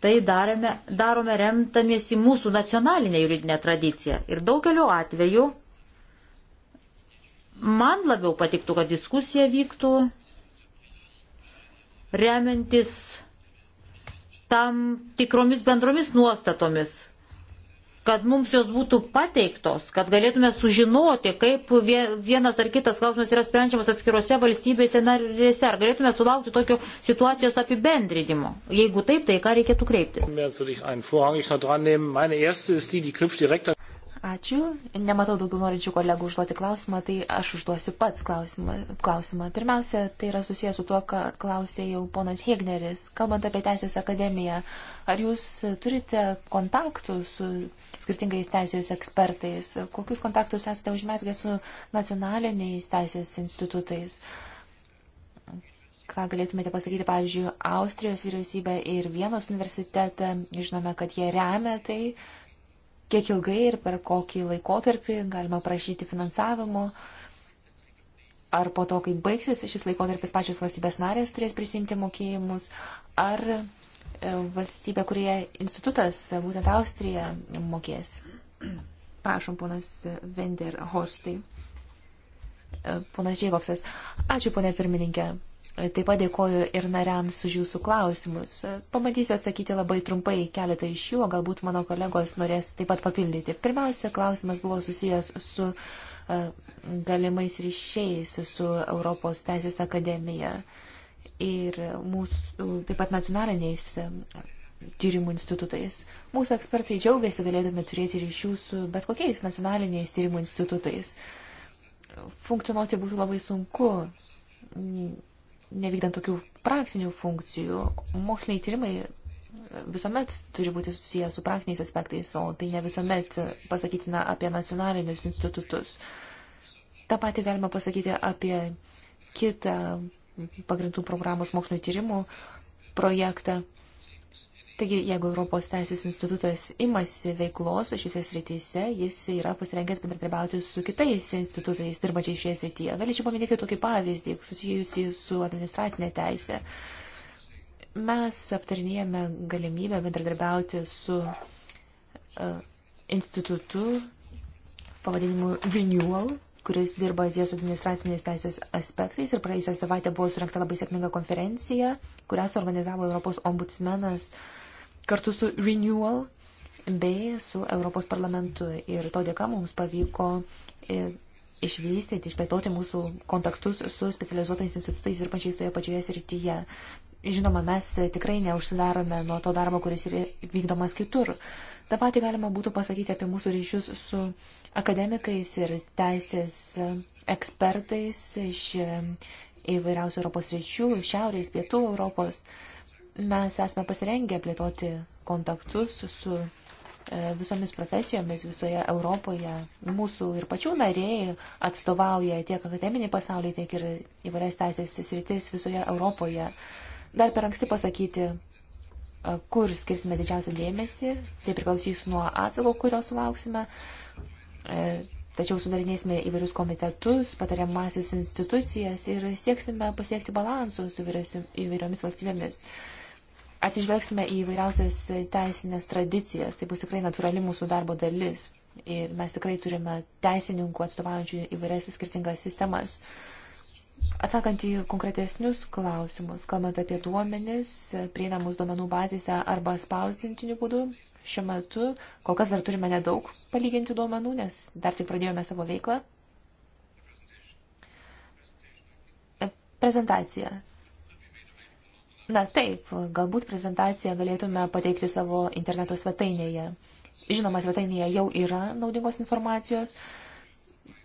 S2: tai darėme, darome remtamiesi mūsų nacionalinę juridinę tradiciją. Ir daugeliu atveju man labiau patiktų, kad diskusija vyktų remiantis tam tikromis bendromis nuostatomis kad mums jos būtų pateiktos, kad galėtume sužinoti, kaip vienas ar kitas klausimas yra sprendžiamas atskirose valstybėse narėse. Ar galėtume sulaukti tokio situacijos apibendrinimo? Jeigu taip, tai ką reikėtų kreiptis? Ačiū. Nematau daugiau norinčių kolegų užduoti klausimą,
S4: tai aš užduosiu pats klausimą. klausimą. Pirmiausia, tai yra susijęs su tuo, ką klausė jau ponas Hegneris. Kalbant apie Teisės akademiją, ar jūs turite kontaktų su skirtingais teisės ekspertais? Kokius kontaktus esate užmesgę su nacionaliniais teisės institutais? Ką galėtumėte pasakyti, pavyzdžiui, Austrijos vyriausybė ir Vienos universitetą, žinome, kad jie remia tai, kiek ilgai ir per kokį laikotarpį galima prašyti finansavimo ar po to, kai baigsis šis laikotarpis, pačios valstybės narės turės prisimti mokėjimus, ar valstybė, kurie institutas, būtent Austrija, mokės. Prašom, ponas Vender Horstai. Ponas Žiegovsas. Ačiū, ponė pirmininkė. Taip pat dėkoju ir nariams už jūsų klausimus. Pamatysiu atsakyti labai trumpai keletą iš jų, o galbūt mano kolegos norės taip pat papildyti. Pirmiausia, klausimas buvo susijęs su e, galimais ryšiais su Europos Teisės akademija. Uh, ir mūsų taip pat nacionaliniais e, tyrimų institutais. Mūsų ekspertai džiaugiasi galėdami turėti ryšių su bet kokiais nacionaliniais tyrimų institutais. Funkcionuoti būtų labai sunku, nevykdant tokių praktinių funkcijų. Moksliniai tyrimai visuomet turi būti susiję su praktiniais aspektais, o tai ne visuomet pasakytina apie nacionalinius institutus. Ta pati galima pasakyti apie kitą pagrindų programos mokslinio tyrimų projektą. Taigi, jeigu Europos Teisės institutas imasi veiklos šiuose srityse, jis yra pasirengęs bendradarbiauti su kitais institutais dirbančiais šioje srityje. Galėčiau paminėti tokį pavyzdį, susijusį su administracinė teisė. Mes aptarinėjame galimybę bendradarbiauti su uh, institutu pavadinimu Renewal, kuris dirba ties administraciniais teisės aspektais ir praėjusią savaitę buvo surinkta labai sėkminga konferencija, kurią suorganizavo Europos ombudsmenas kartu su Renewal bei su Europos parlamentu. Ir to dėka mums pavyko e, išvystyti, išplėtoti mūsų kontaktus su specializuotais institutais ir pačiais toje pačioje srityje. Žinoma, mes tikrai neužsidarome nuo to darbo, kuris yra vykdomas kitur. Ta pati galima būtų pasakyti apie mūsų ryšius su akademikais ir teisės ekspertais iš įvairiausių Europos ryčių, šiaurės, pietų Europos. Mes esame pasirengę plėtoti kontaktus su e, visomis profesijomis visoje Europoje. Mūsų ir pačių nariai atstovauja tiek akademinį pasaulį, tiek ir įvairias teisės sritis visoje Europoje. Dar per anksti pasakyti, kur skirsime didžiausią dėmesį, tai priklausys nuo atsako, kurio sulauksime. E, tačiau sudarinėsime įvairius komitetus, patariamasis institucijas ir sieksime pasiekti balansų su įvairiomis valstybėmis. Atsižvelgsime į įvairiausias teisinės tradicijas, tai bus tikrai natūrali mūsų darbo dalis. Ir mes tikrai turime teisininkų atstovaujančių įvairias skirtingas sistemas. Uh, Atsakant į konkretesnius klausimus, kalbant apie duomenis, prieinamus duomenų bazėse arba spausdintiniu būdu, šiuo metu kol kas dar turime nedaug palyginti duomenų, nes dar tik pradėjome savo veiklą. Prezentacija. Na taip, galbūt prezentaciją galėtume pateikti savo interneto svetainėje. Žinoma, svetainėje jau yra naudingos informacijos,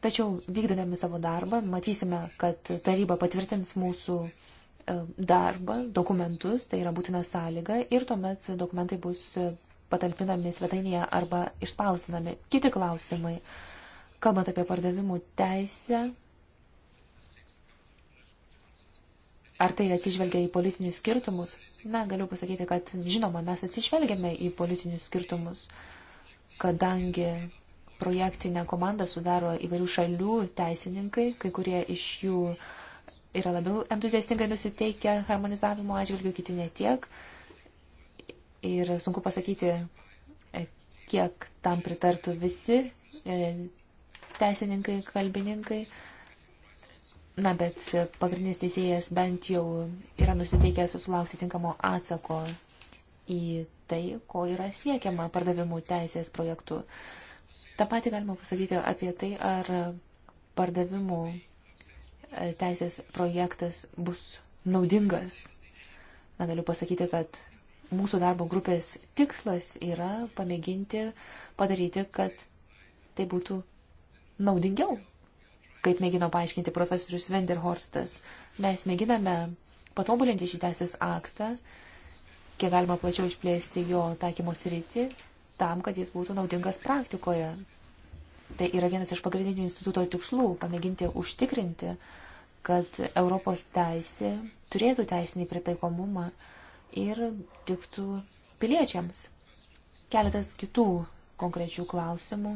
S4: Tačiau vykdydami savo darbą matysime, kad taryba patvirtins mūsų e, darbą, dokumentus, tai yra būtina sąlyga ir tuomet dokumentai bus patalpinami svetainėje arba išspausdinami. Kiti klausimai, kalbant apie pardavimų teisę, ar tai atsižvelgia į politinius skirtumus? Na, galiu pasakyti, kad žinoma, mes atsižvelgiame į politinius skirtumus, kadangi projektinę komandą sudaro įvairių šalių teisininkai, kai kurie iš jų yra labiau entuziastingai nusiteikę harmonizavimo atžvilgių, kiti ne tiek. Ir sunku pasakyti, kiek tam pritartų visi e, teisininkai, kalbininkai. Na, bet pagrindinis teisėjas bent jau yra nusiteikęs susilaukti tinkamo atsako į tai, ko yra siekiama pardavimų teisės projektu. Uh, Ta pati galima pasakyti apie tai, ar pardavimų e, teisės projektas bus naudingas. Na, galiu pasakyti, kad mūsų darbo grupės tikslas yra pamėginti padaryti, kad tai būtų naudingiau, kaip mėgino paaiškinti profesorius Venderhorstas. Mes mėginame patobulinti šį teisės aktą, kiek galima plačiau išplėsti jo taikymo sritį tam, kad jis būtų naudingas praktikoje. Tai yra vienas iš pagrindinių instituto tikslų - pamėginti užtikrinti, kad Europos teisė turėtų teisinį pritaikomumą ir tiktų piliečiams. Keletas kitų konkrečių klausimų.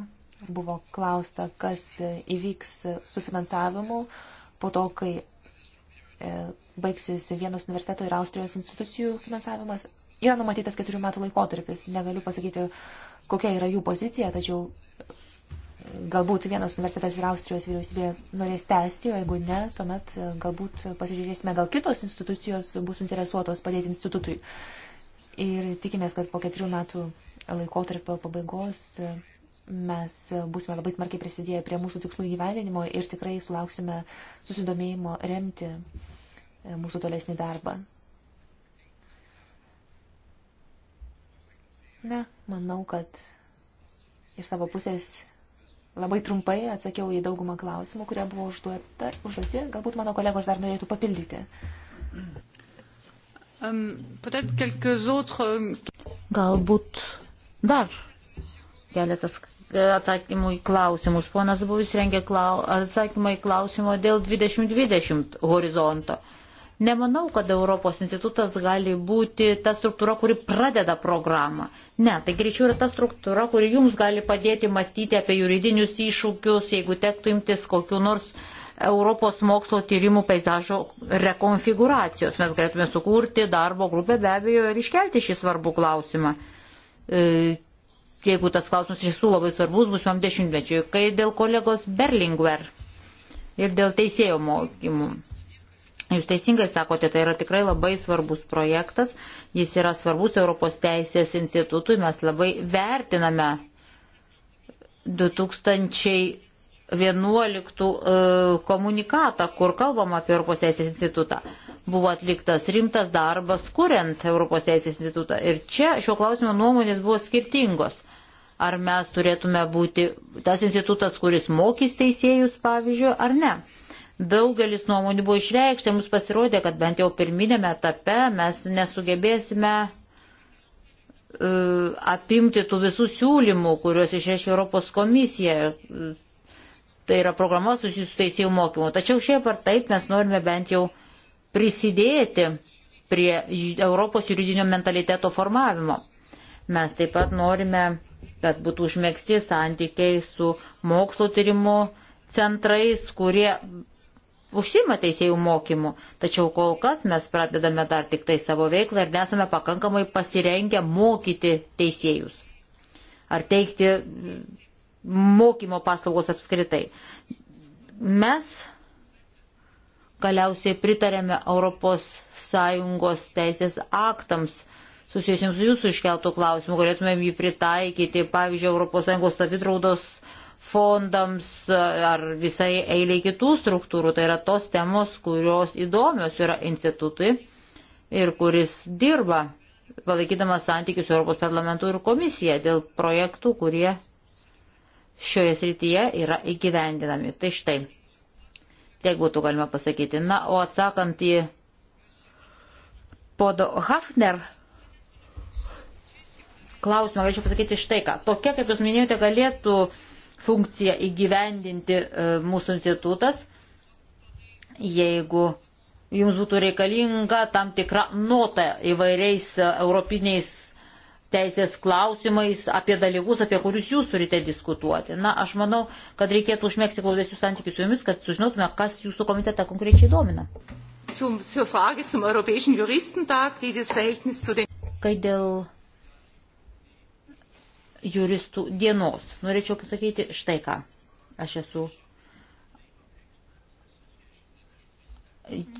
S4: Buvo klausta, kas įvyks su finansavimu po to, kai e, baigsis vienos universiteto ir Austrijos institucijų finansavimas, Yra numatytas keturių metų laikotarpis. Negaliu pasakyti, kokia yra jų pozicija, tačiau galbūt vienas universitetas ir Austrijos vyriausybė norės tęsti, o jeigu ne, tuomet e, galbūt pasižiūrėsime, gal kitos institucijos bus interesuotos padėti institutui. Ir tikimės, kad po keturių metų laikotarpio pabaigos e, mes būsime labai smarkiai prisidėję prie mūsų tikslų įgyvendinimo ir tikrai sulauksime susidomėjimo remti e, mūsų tolesnį darbą. Na, manau, kad iš savo pusės labai trumpai atsakiau į daugumą klausimų, kurie buvo užduota, užduoti. Galbūt mano kolegos dar norėtų papildyti.
S2: Galbūt dar keletas e, atsakymų į klausimus. Ponas buvo įsirengę klau, atsakymą į klausimą dėl 2020 horizonto. Uh, Nemanau, kad Europos institutas gali būti ta struktūra, kuri pradeda programą. Ne, tai greičiau yra ta struktūra, kuri jums gali padėti mąstyti apie juridinius iššūkius, jeigu tektų imtis kokiu nors Europos mokslo tyrimų peizažo rekonfiguracijos. Mes galėtume sukurti darbo grupę be abejo ir iškelti šį svarbų klausimą. E, jeigu tas klausimas iš tiesų labai svarbus, bus jam dešimtmečiui. Kai dėl kolegos Berlingwer ir dėl teisėjo mokymų. Jūs teisingai sakote, tai yra tikrai labai svarbus projektas, jis yra svarbus Europos teisės institutui, mes labai vertiname 2011 e, komunikatą, kur kalbama apie Europos teisės institutą. Buvo atliktas rimtas darbas, kuriant Europos teisės institutą. Ir čia šio klausimo nuomonės buvo skirtingos. Ar mes turėtume būti tas institutas, kuris mokys teisėjus, pavyzdžiui, ar ne. Daugelis nuomonių buvo išreikšta, mums pasirodė, kad bent jau pirminėme etape mes nesugebėsime e, apimti tų visų siūlymų, kuriuos išreiškė Europos komisija. Tai yra programa susijusi su teisėjų mokymu. Tačiau šiaip ar taip mes norime bent jau prisidėti prie Europos juridinio mentaliteto formavimo. Mes taip pat norime, kad būtų užmėgsti santykiai su mokslo tyrimu centrais, kurie užsima teisėjų mokymu, tačiau kol kas mes pradedame dar tik tai savo veiklą ir nesame pakankamai pasirengę mokyti teisėjus ar teikti mokymo paslaugos apskritai. Mes galiausiai pritarėme ES teisės aktams susijusiams su jūsų iškeltų klausimų, galėtumėm jį pritaikyti, pavyzdžiui, ES savitraudos fondams e, ar visai eiliai kitų struktūrų. Tai yra tos temos, kurios įdomios yra institutui ir kuris dirba, palaikydamas santykius Europos parlamentų ir komisiją dėl projektų, kurie šioje srityje yra įgyvendinami. Tai štai, tiek būtų galima pasakyti. Na, o atsakant į podo Hafner klausimą, galėčiau pasakyti štai ką. Tokia, kaip jūs minėjote, galėtų uh, funkciją įgyvendinti e, mūsų institutas, jeigu jums būtų reikalinga tam tikra nota įvairiais e, europiniais teisės klausimais, apie dalykus, apie kurius jūs turite diskutuoti. Na, aš manau, kad reikėtų užmėgsti glaudesnius santykius su jumis, kad sužinotume, kas jūsų komitetą konkrečiai domina. Zum, zur Frage zum Europäischen Juristentag, wie das Verhältnis zu den. Kai dėl juristų dienos. Norėčiau pasakyti štai ką. Aš esu.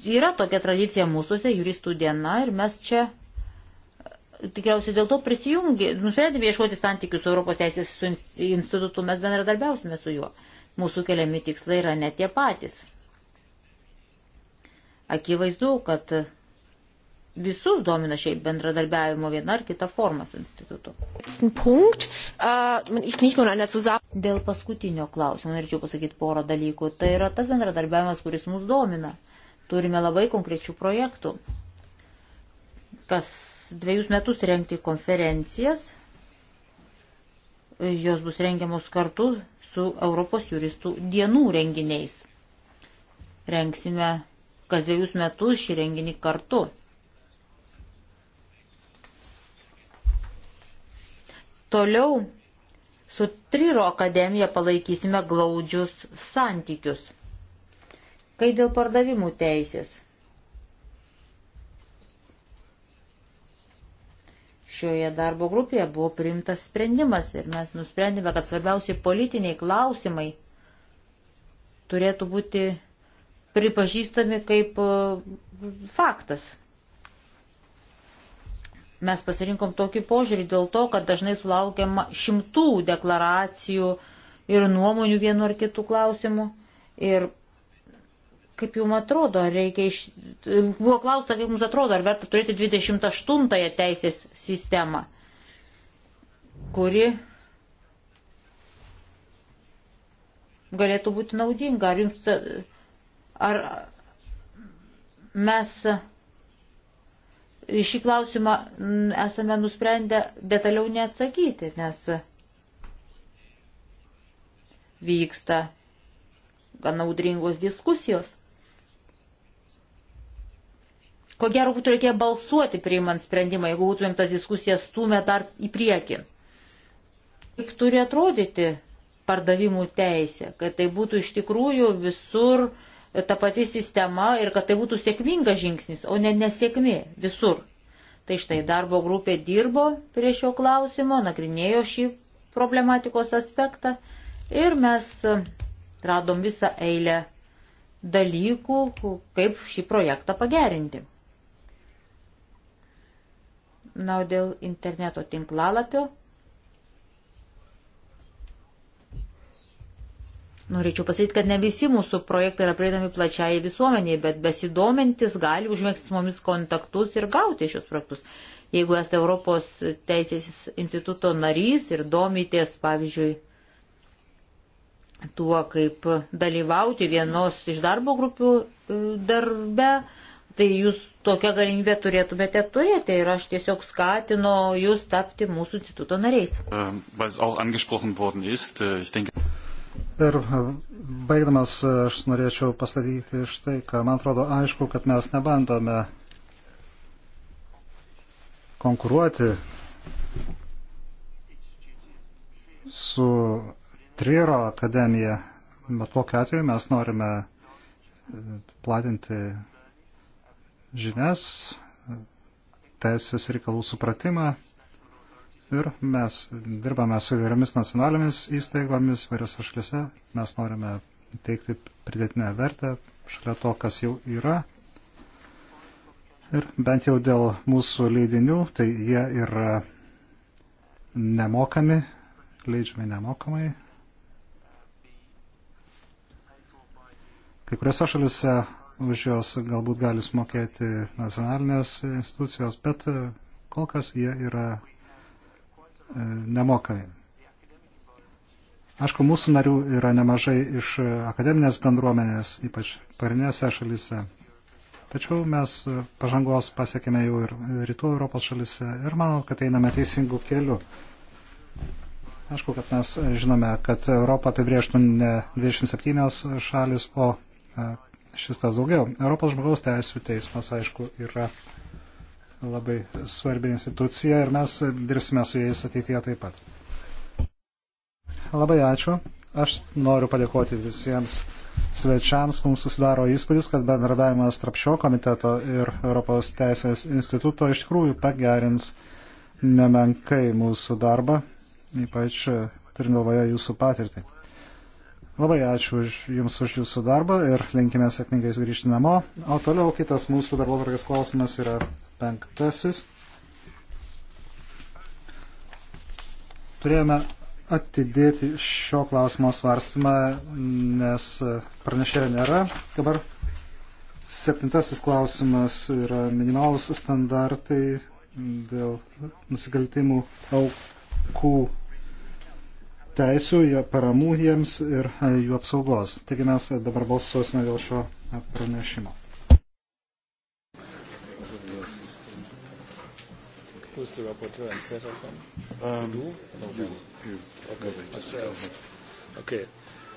S2: Yra tokia tradicija mūsųse, juristų diena, ir mes čia e, tikriausiai dėl to prisijungė, nusprendėme ieškoti santykių su Europos teisės su institutu, mes bendradarbiausime su juo. Mūsų keliami tikslai yra ne tie patys. Akivaizdu, kad visus domina šiaip bendradarbiavimo viena ar kita forma su institutu. Äh, Dėl paskutinio klausimo norėčiau pasakyti porą dalykų. Tai yra tas bendradarbiavimas, kuris mus domina. Turime labai konkrečių projektų. Kas dviejus metus rengti konferencijas, jos bus rengiamos kartu su Europos juristų dienų renginiais. Rengsime kas dviejus metus šį renginį kartu. toliau su Triro akademija palaikysime glaudžius santykius. Kai dėl pardavimų teisės. Šioje darbo grupėje buvo priimtas sprendimas ir mes nusprendėme, kad svarbiausiai politiniai klausimai turėtų būti pripažįstami kaip e, faktas. Mes pasirinkom tokį požiūrį dėl to, kad dažnai sulaukiama šimtų deklaracijų ir nuomonių vienu ar kitų klausimų. Ir kaip jums atrodo, reikia iš... Buvo klausta, kaip jums atrodo, ar verta turėti 28-ąją teisės sistemą, kuri galėtų būti naudinga. Ar jums... Ar mes šį klausimą mm, esame nusprendę detaliau neatsakyti, nes vyksta gana audringos diskusijos. Ko gero būtų reikėję balsuoti priimant sprendimą, jeigu būtumėm tą diskusiją stumę dar į priekį. Kaip turi atrodyti pardavimų teisė, kad tai būtų iš tikrųjų visur uh, ta pati sistema ir kad tai būtų sėkmingas žingsnis, o ne nesėkmė visur. Tai štai darbo grupė dirbo prie šio klausimo, nagrinėjo šį problematikos aspektą ir mes e, radom visą eilę dalykų, kaip šį projektą pagerinti. Na, o dėl interneto tinklalapio Norėčiau pasakyti, kad ne visi mūsų projektai yra prieinami plačiai visuomeniai, bet besidomintis gali užmėgti su mumis kontaktus ir gauti šios projektus. Jeigu esate Europos Teisės instituto narys ir domitės, pavyzdžiui, tuo, kaip dalyvauti vienos iš darbo grupių e, darbe, tai jūs tokią galimybę turėtumėte turėti ir aš tiesiog skatino jūs tapti mūsų instituto nariais.
S1: Um,
S3: Ir e, baigdamas aš norėčiau pastatyti iš tai, ką man atrodo aišku, kad mes nebandome konkuruoti su Triero akademija, bet kokiu atveju mes norime e, platinti žinias, teisės reikalų supratimą Ir mes dirbame su įvairiomis nacionalinėmis įstaigomis, variose šalise. Mes norime teikti pridėtinę vertę šalia to, kas jau yra. Ir bent jau dėl mūsų leidinių, tai jie yra nemokami, leidžiami nemokamai. Kai kuriuose šalise už juos galbūt gali sumokėti nacionalinės institucijos, bet kol kas jie yra E, nemokami. Aišku, mūsų narių yra nemažai iš akademinės bendruomenės, ypač parinėse šalise. Tačiau mes pažangos pasiekėme jau ir rytų Europos šalise ir manau, kad einame teisingų kelių. Aišku, kad mes žinome, kad Europą apibrieštų ne 27 šalis, o e, šis tas daugiau. Europos žmogaus teisų teismas, aišku, yra labai svarbi institucija ir mes dirbsime su jais ateityje taip pat. Labai ačiū. Aš noriu padėkoti visiems svečiams. Mums susidaro įspūdis, kad bendradavimas tarp šio komiteto ir Europos Teisės instituto iš tikrųjų pagerins nemenkai mūsų darbą, ypač turint galvoje jūsų patirtį. Labai ačiū už, Jums už Jūsų darbą ir linkime sėkmingai grįžti namo. O toliau kitas mūsų darbo vargas klausimas yra penktasis. Turėjome atidėti šio klausimo svarstymą, nes pranešėjo nėra. Dabar septintasis klausimas yra minimalus standartai dėl nusikaltimų aukų teisų, paramų jiems ir jų apsaugos. Taigi mes dabar balsuosime dėl šio pranešimo.
S1: Who's the rapporteur instead of him? Um, du? No, you, you. Okay, myself. Okay.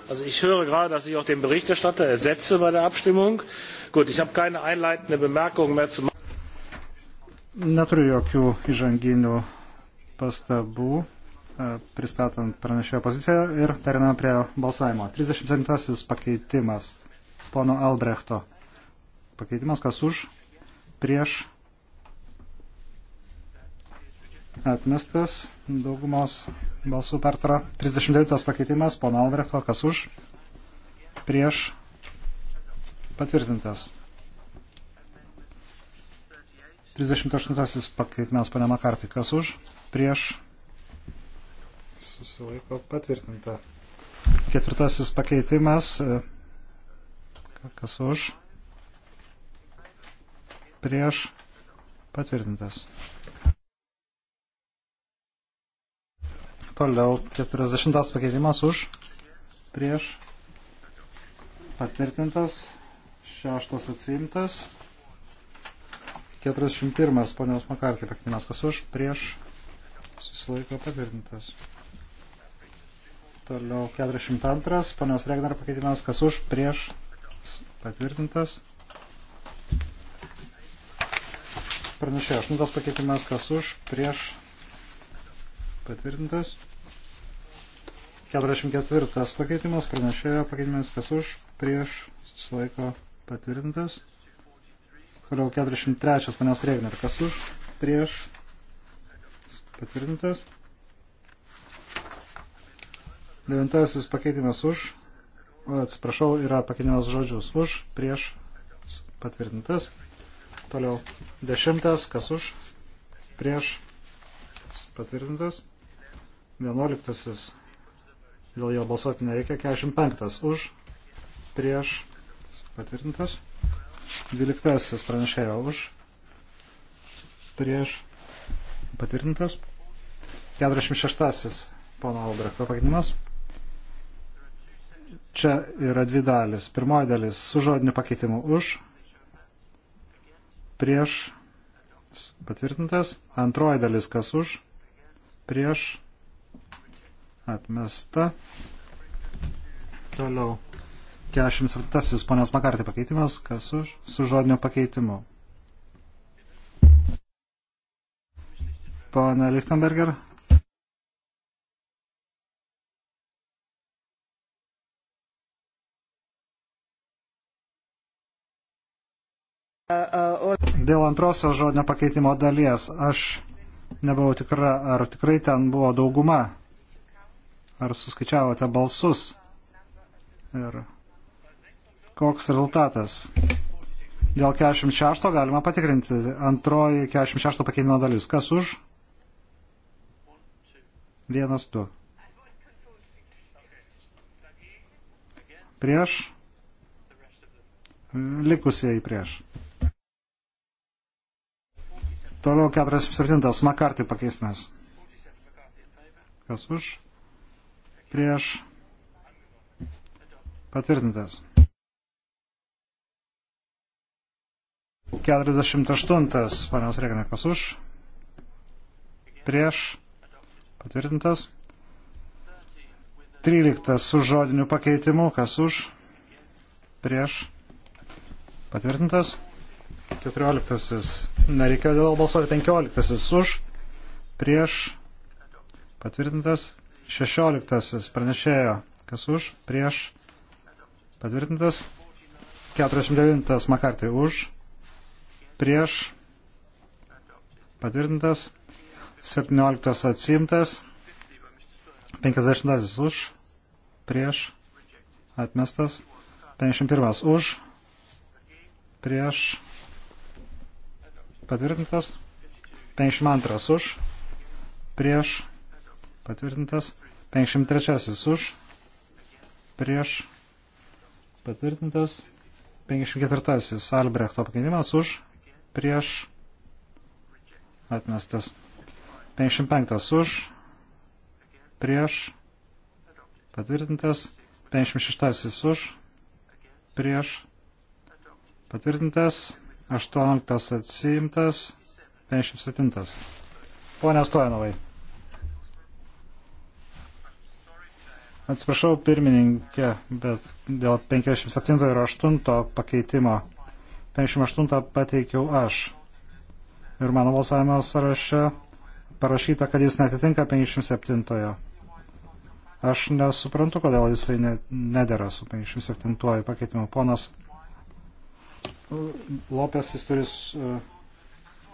S1: Also ich höre gerade, dass ich auch den Berichterstatter ersetze bei der Abstimmung. Gut, ich habe keine einleitende Bemerkung mehr zu machen.
S3: Neturiu jokių įžanginių pastabų e, pristatant pranešėjo poziciją ir periname prie balsavimo. 37 pakeitimas pono Albrechto. Pakeitimas kas už, prieš, atmestas daugumos balsų pertara. 39 pakeitimas, pono Albrechto, kas už, prieš, patvirtintas. 38 pakeitimas, pane Makartį, kas už, prieš, susilaiko patvirtinta. Ketvirtasis pakeitimas, e, kas už, prieš, patvirtintas. Toliau 40 pakeitimas už, prieš, patvirtintas, 6 atsiimtas, 41 ponios Makartė pakeitimas, kas už, prieš, susilaiko patvirtintas. Toliau 42 ponios Regnar pakeitimas, kas už, prieš, patvirtintas. Pranešė 8 pakeitimas, kas už, prieš, patvirtintas. 44 pakeitimas, pranešėjo pakeitimas, kas už, prieš, susilaiko patvirtintas. Toliau 43 panios Regner, kas už, prieš, patvirtintas. Devintasis pakeitimas už, o, atsiprašau, yra pakeitimas žodžius už, prieš, patvirtintas. Toliau dešimtas, kas už, prieš, patvirtintas. Vienuoliktasis dėl jo balsuoti nereikia. 45 už, prieš, patvirtintas. 12 pranešėjo už, prieš, patvirtintas. 46 pono Albrechto pakeitimas. Čia yra dvi dalis. Pirmoji dalis su žodiniu pakeitimu už, prieš, patvirtintas. Antroji dalis kas už, prieš, patvirtintas atmesta. Toliau. 47. Ponios Makartė pakeitimas. Kas už? Su žodiniu pakeitimu. Pana Lichtenberger. Dėl antrosios žodinio pakeitimo dalies aš nebuvau tikra, ar tikrai ten buvo dauguma Ar suskaičiavote balsus? Ir koks rezultatas? Dėl 46 galima patikrinti. Antroji 46 pakeitimo dalis. Kas už? Vienas, du. Prieš? Likusieji prieš. Toliau 47. Makartį pakeismės. Kas už? prieš patvirtintas. 48. Panios Reginė, kas už? Prieš patvirtintas. 13. Su žodiniu pakeitimu, kas už? Prieš patvirtintas. 14. Nereikėjo dėl balsuoti. 15. Už prieš patvirtintas 16 pranešėjo, kas už, prieš, patvirtintas. 49 Makartai už, prieš, patvirtintas. 17 atsimtas. 50 už, prieš, atmestas. 51 už, prieš, patvirtintas. 52 už, prieš, patvirtintas. 53 už, prieš, patvirtintas. 54 Albrechto pakeitimas už, prieš, atmestas. 55 už, prieš, patvirtintas. 56 už, prieš, patvirtintas. 18 atsiimtas. 57. Pone Stojanovai. Atsiprašau pirmininkė, bet dėl 57 ir 8 pakeitimo 58 pateikiau aš. Ir mano balsavimo sąraše parašyta, kad jis netitinka 57-ojo. Aš nesuprantu, kodėl jisai nedėra su 57-ojo pakeitimu. Ponas Lopės jis turi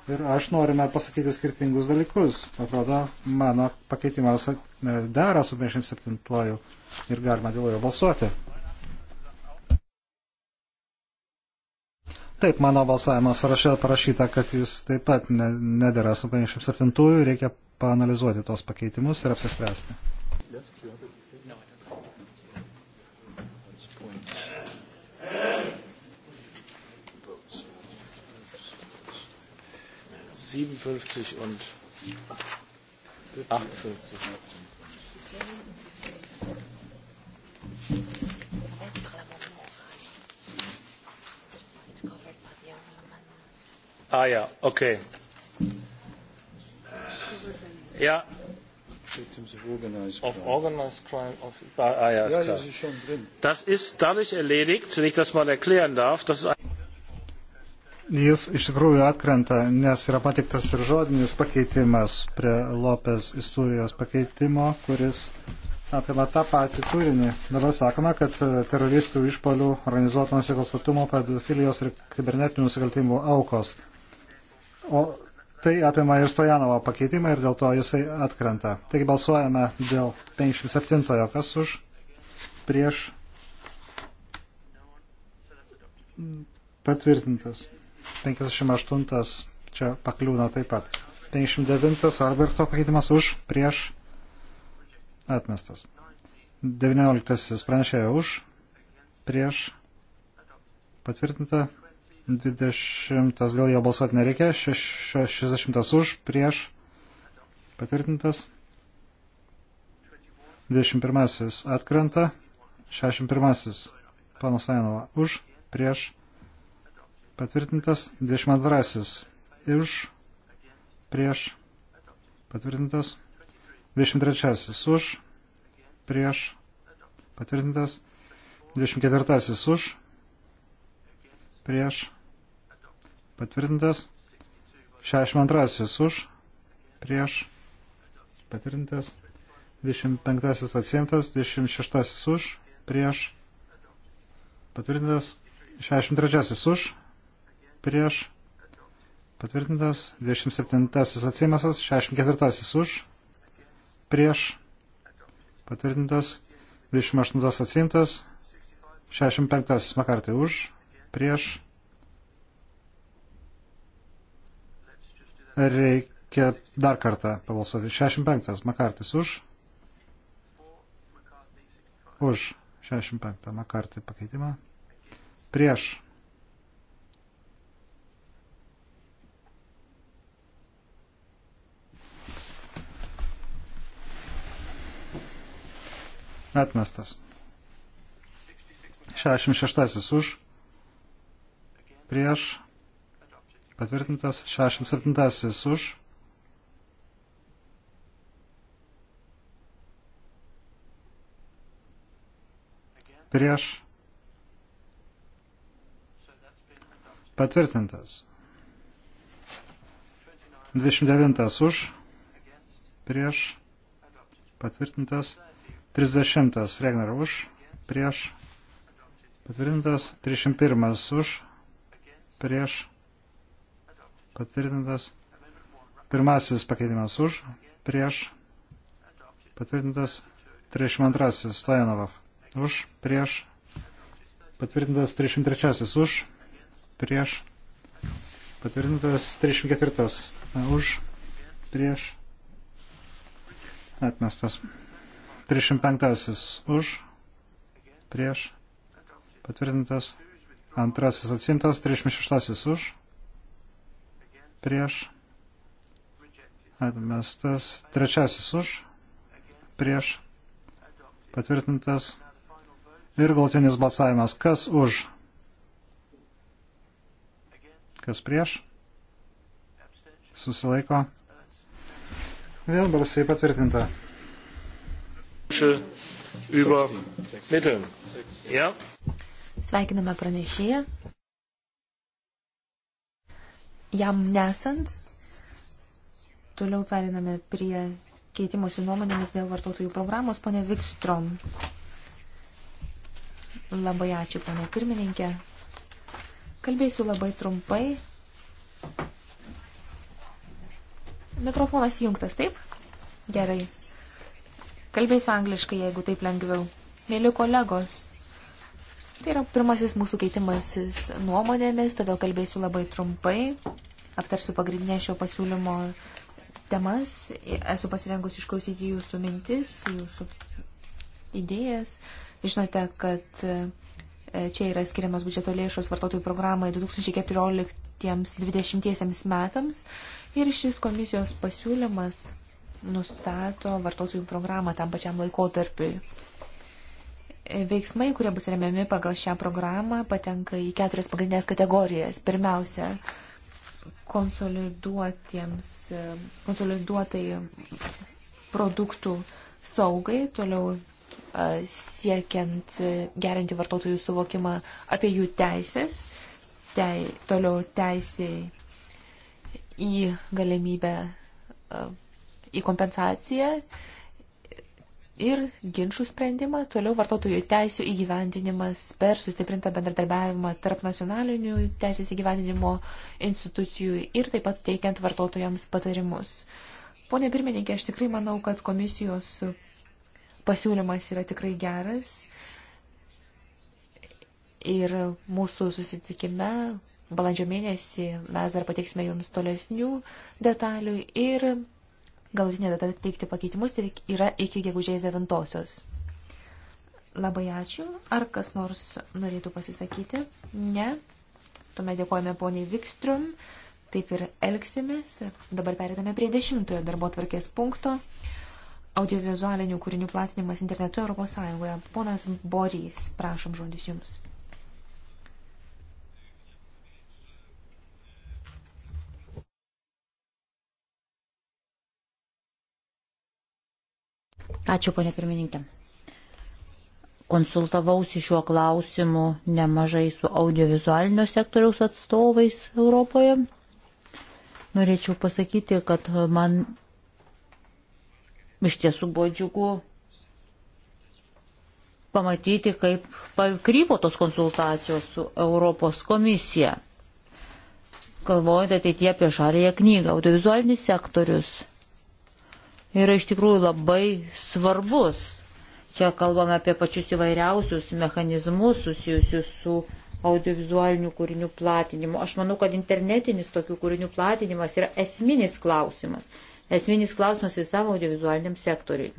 S3: ir aš norime pasakyti skirtingus dalykus. Atrodo, mano pakeitimas e, dera su 27 ir galima dėl jo balsuoti. Taip, mano balsavimo sąraše parašyta, kad jis taip pat nedėra su 57-ųjų, reikia paanalizuoti tuos pakeitimus ir apsispręsti. Yes,
S1: 57 und 58. Ah ja, okay. Ja. Victims of organized crime. Of organized ah, crime of, ah ja, ist ja, klar. Das ist, schon drin. das ist dadurch erledigt, wenn ich das mal erklären darf, dass es
S3: jis iš tikrųjų atkrenta, nes yra patiktas ir žodinis pakeitimas prie Lopės istorijos pakeitimo, kuris apima tą patį turinį. Dabar sakoma, kad teroristų išpolių, organizuoto nusikalstatumo, pedofilijos ir kibernetinių nusikaltimų aukos. O tai apima ir Stojanovo pakeitimą ir dėl to jisai atkrenta. Taigi balsuojame dėl 57-ojo, kas už, prieš, patvirtintas. 58 čia pakliūna taip pat. 59 Alberto pakeitimas už, prieš, atmestas. 19 pranešėjo už, prieš, patvirtinta. 20 gal jo balsuoti nereikia, 60 už, prieš, patvirtintas. 21 atkrenta, 61 panasainova už, prieš, patvirtintas 22 už, prieš, patvirtintas 23 už, prieš, patvirtintas 24 už, prieš, patvirtintas 62 už, prieš, patvirtintas 25 atsiimtas, 26 už, prieš, patvirtintas 63 už, prieš, patvirtintas, 27 atsimasas, 64 už, prieš, patvirtintas, 28 atsimtas, 65 makartai už, prieš. Reikia dar kartą pabalsuoti. 65 makartis už. Už 65 makartį pakeitimą. Prieš Atmestas. 66 už. Prieš. Patvirtintas. 67 už. Prieš. Patvirtintas. 29 už. Prieš. Patvirtintas. 30 Regner už, prieš, patvirtintas. 31 už, prieš, patvirtintas. Pirmasis pakeitimas už, prieš, patvirtintas. 32 Stojanovas už, prieš, patvirtintas 33 už, prieš, patvirtintas 34 už, prieš, atmestas. 35 už, prieš, patvirtintas, antrasis atsimtas, 36 už, prieš, atmestas, trečiasis už, prieš, patvirtintas ir galtinis balsavimas, kas už, kas prieš, susilaiko, vienbalsiai patvirtinta.
S4: Sveikiname pranešėją. Jam nesant, toliau periname prie keitimosi nuomonėmis dėl vartotojų programos, ponė Vikstrom. Labai ačiū, ponė pirmininkė. Kalbėsiu labai trumpai. Mikrofonas jungtas, taip? Gerai. Kalbėsiu angliškai, jeigu taip lengviau. Mėly kolegos, tai yra pirmasis mūsų keitimasis nuomonėmis, todėl kalbėsiu labai trumpai, aptarsiu pagrindinę šio pasiūlymo temas, esu pasirengusi išklausyti jūsų mintis, jūsų idėjas. Žinote, kad e, čia yra skiriamas biudžeto lėšos vartotojų programai 2014-2020 metams ir šis komisijos pasiūlymas nustato vartotojų programą tam pačiam laikotarpiui. Veiksmai, kurie bus remiami pagal šią programą, patenka į keturias pagrindinės kategorijas. Pirmiausia, konsoliduotai produktų saugai, toliau siekiant gerinti vartotojų suvokimą apie jų teisės, tei, toliau teisiai į galimybę į kompensaciją ir ginčių sprendimą, toliau vartotojų teisų įgyvendinimas per sustiprintą bendradarbiavimą tarp nacionalinių teisės įgyvendinimo institucijų ir taip pat teikiant vartotojams patarimus. Pone pirmininkė, aš tikrai manau, kad komisijos pasiūlymas yra tikrai geras ir mūsų susitikime balandžio mėnesį mes dar pateiksime jums tolesnių detalių ir Galutinė data teikti pakeitimus yra iki gegužės 9. Labai ačiū. Ar kas nors norėtų pasisakyti? Ne. Tuomet dėkojame poniai Vikstrum. Taip ir elgsimės. Dabar perėdame prie dešimtojo darbo tvarkės punkto. Audiovizualinių kūrinių platinimas internetu Europos Sąjungoje. Ponas Borys, prašom žodis jums.
S2: Ačiū, ponė pirmininkė. Konsultavausi šiuo klausimu nemažai su audiovizualinio sektoriaus atstovais Europoje. Norėčiau pasakyti, kad man iš tiesų buvo džiugu pamatyti, kaip pakrypo tos konsultacijos su Europos komisija, galvojant ateitie apie žarėją knygą, audiovizualinis sektorius yra iš tikrųjų labai svarbus. Čia kalbame apie pačius įvairiausius mechanizmus susijusius su audiovizualinių kūrinių platinimu. Aš manau, kad internetinis tokių kūrinių platinimas yra esminis klausimas. Esminis klausimas visam audiovizualiniam sektoriui.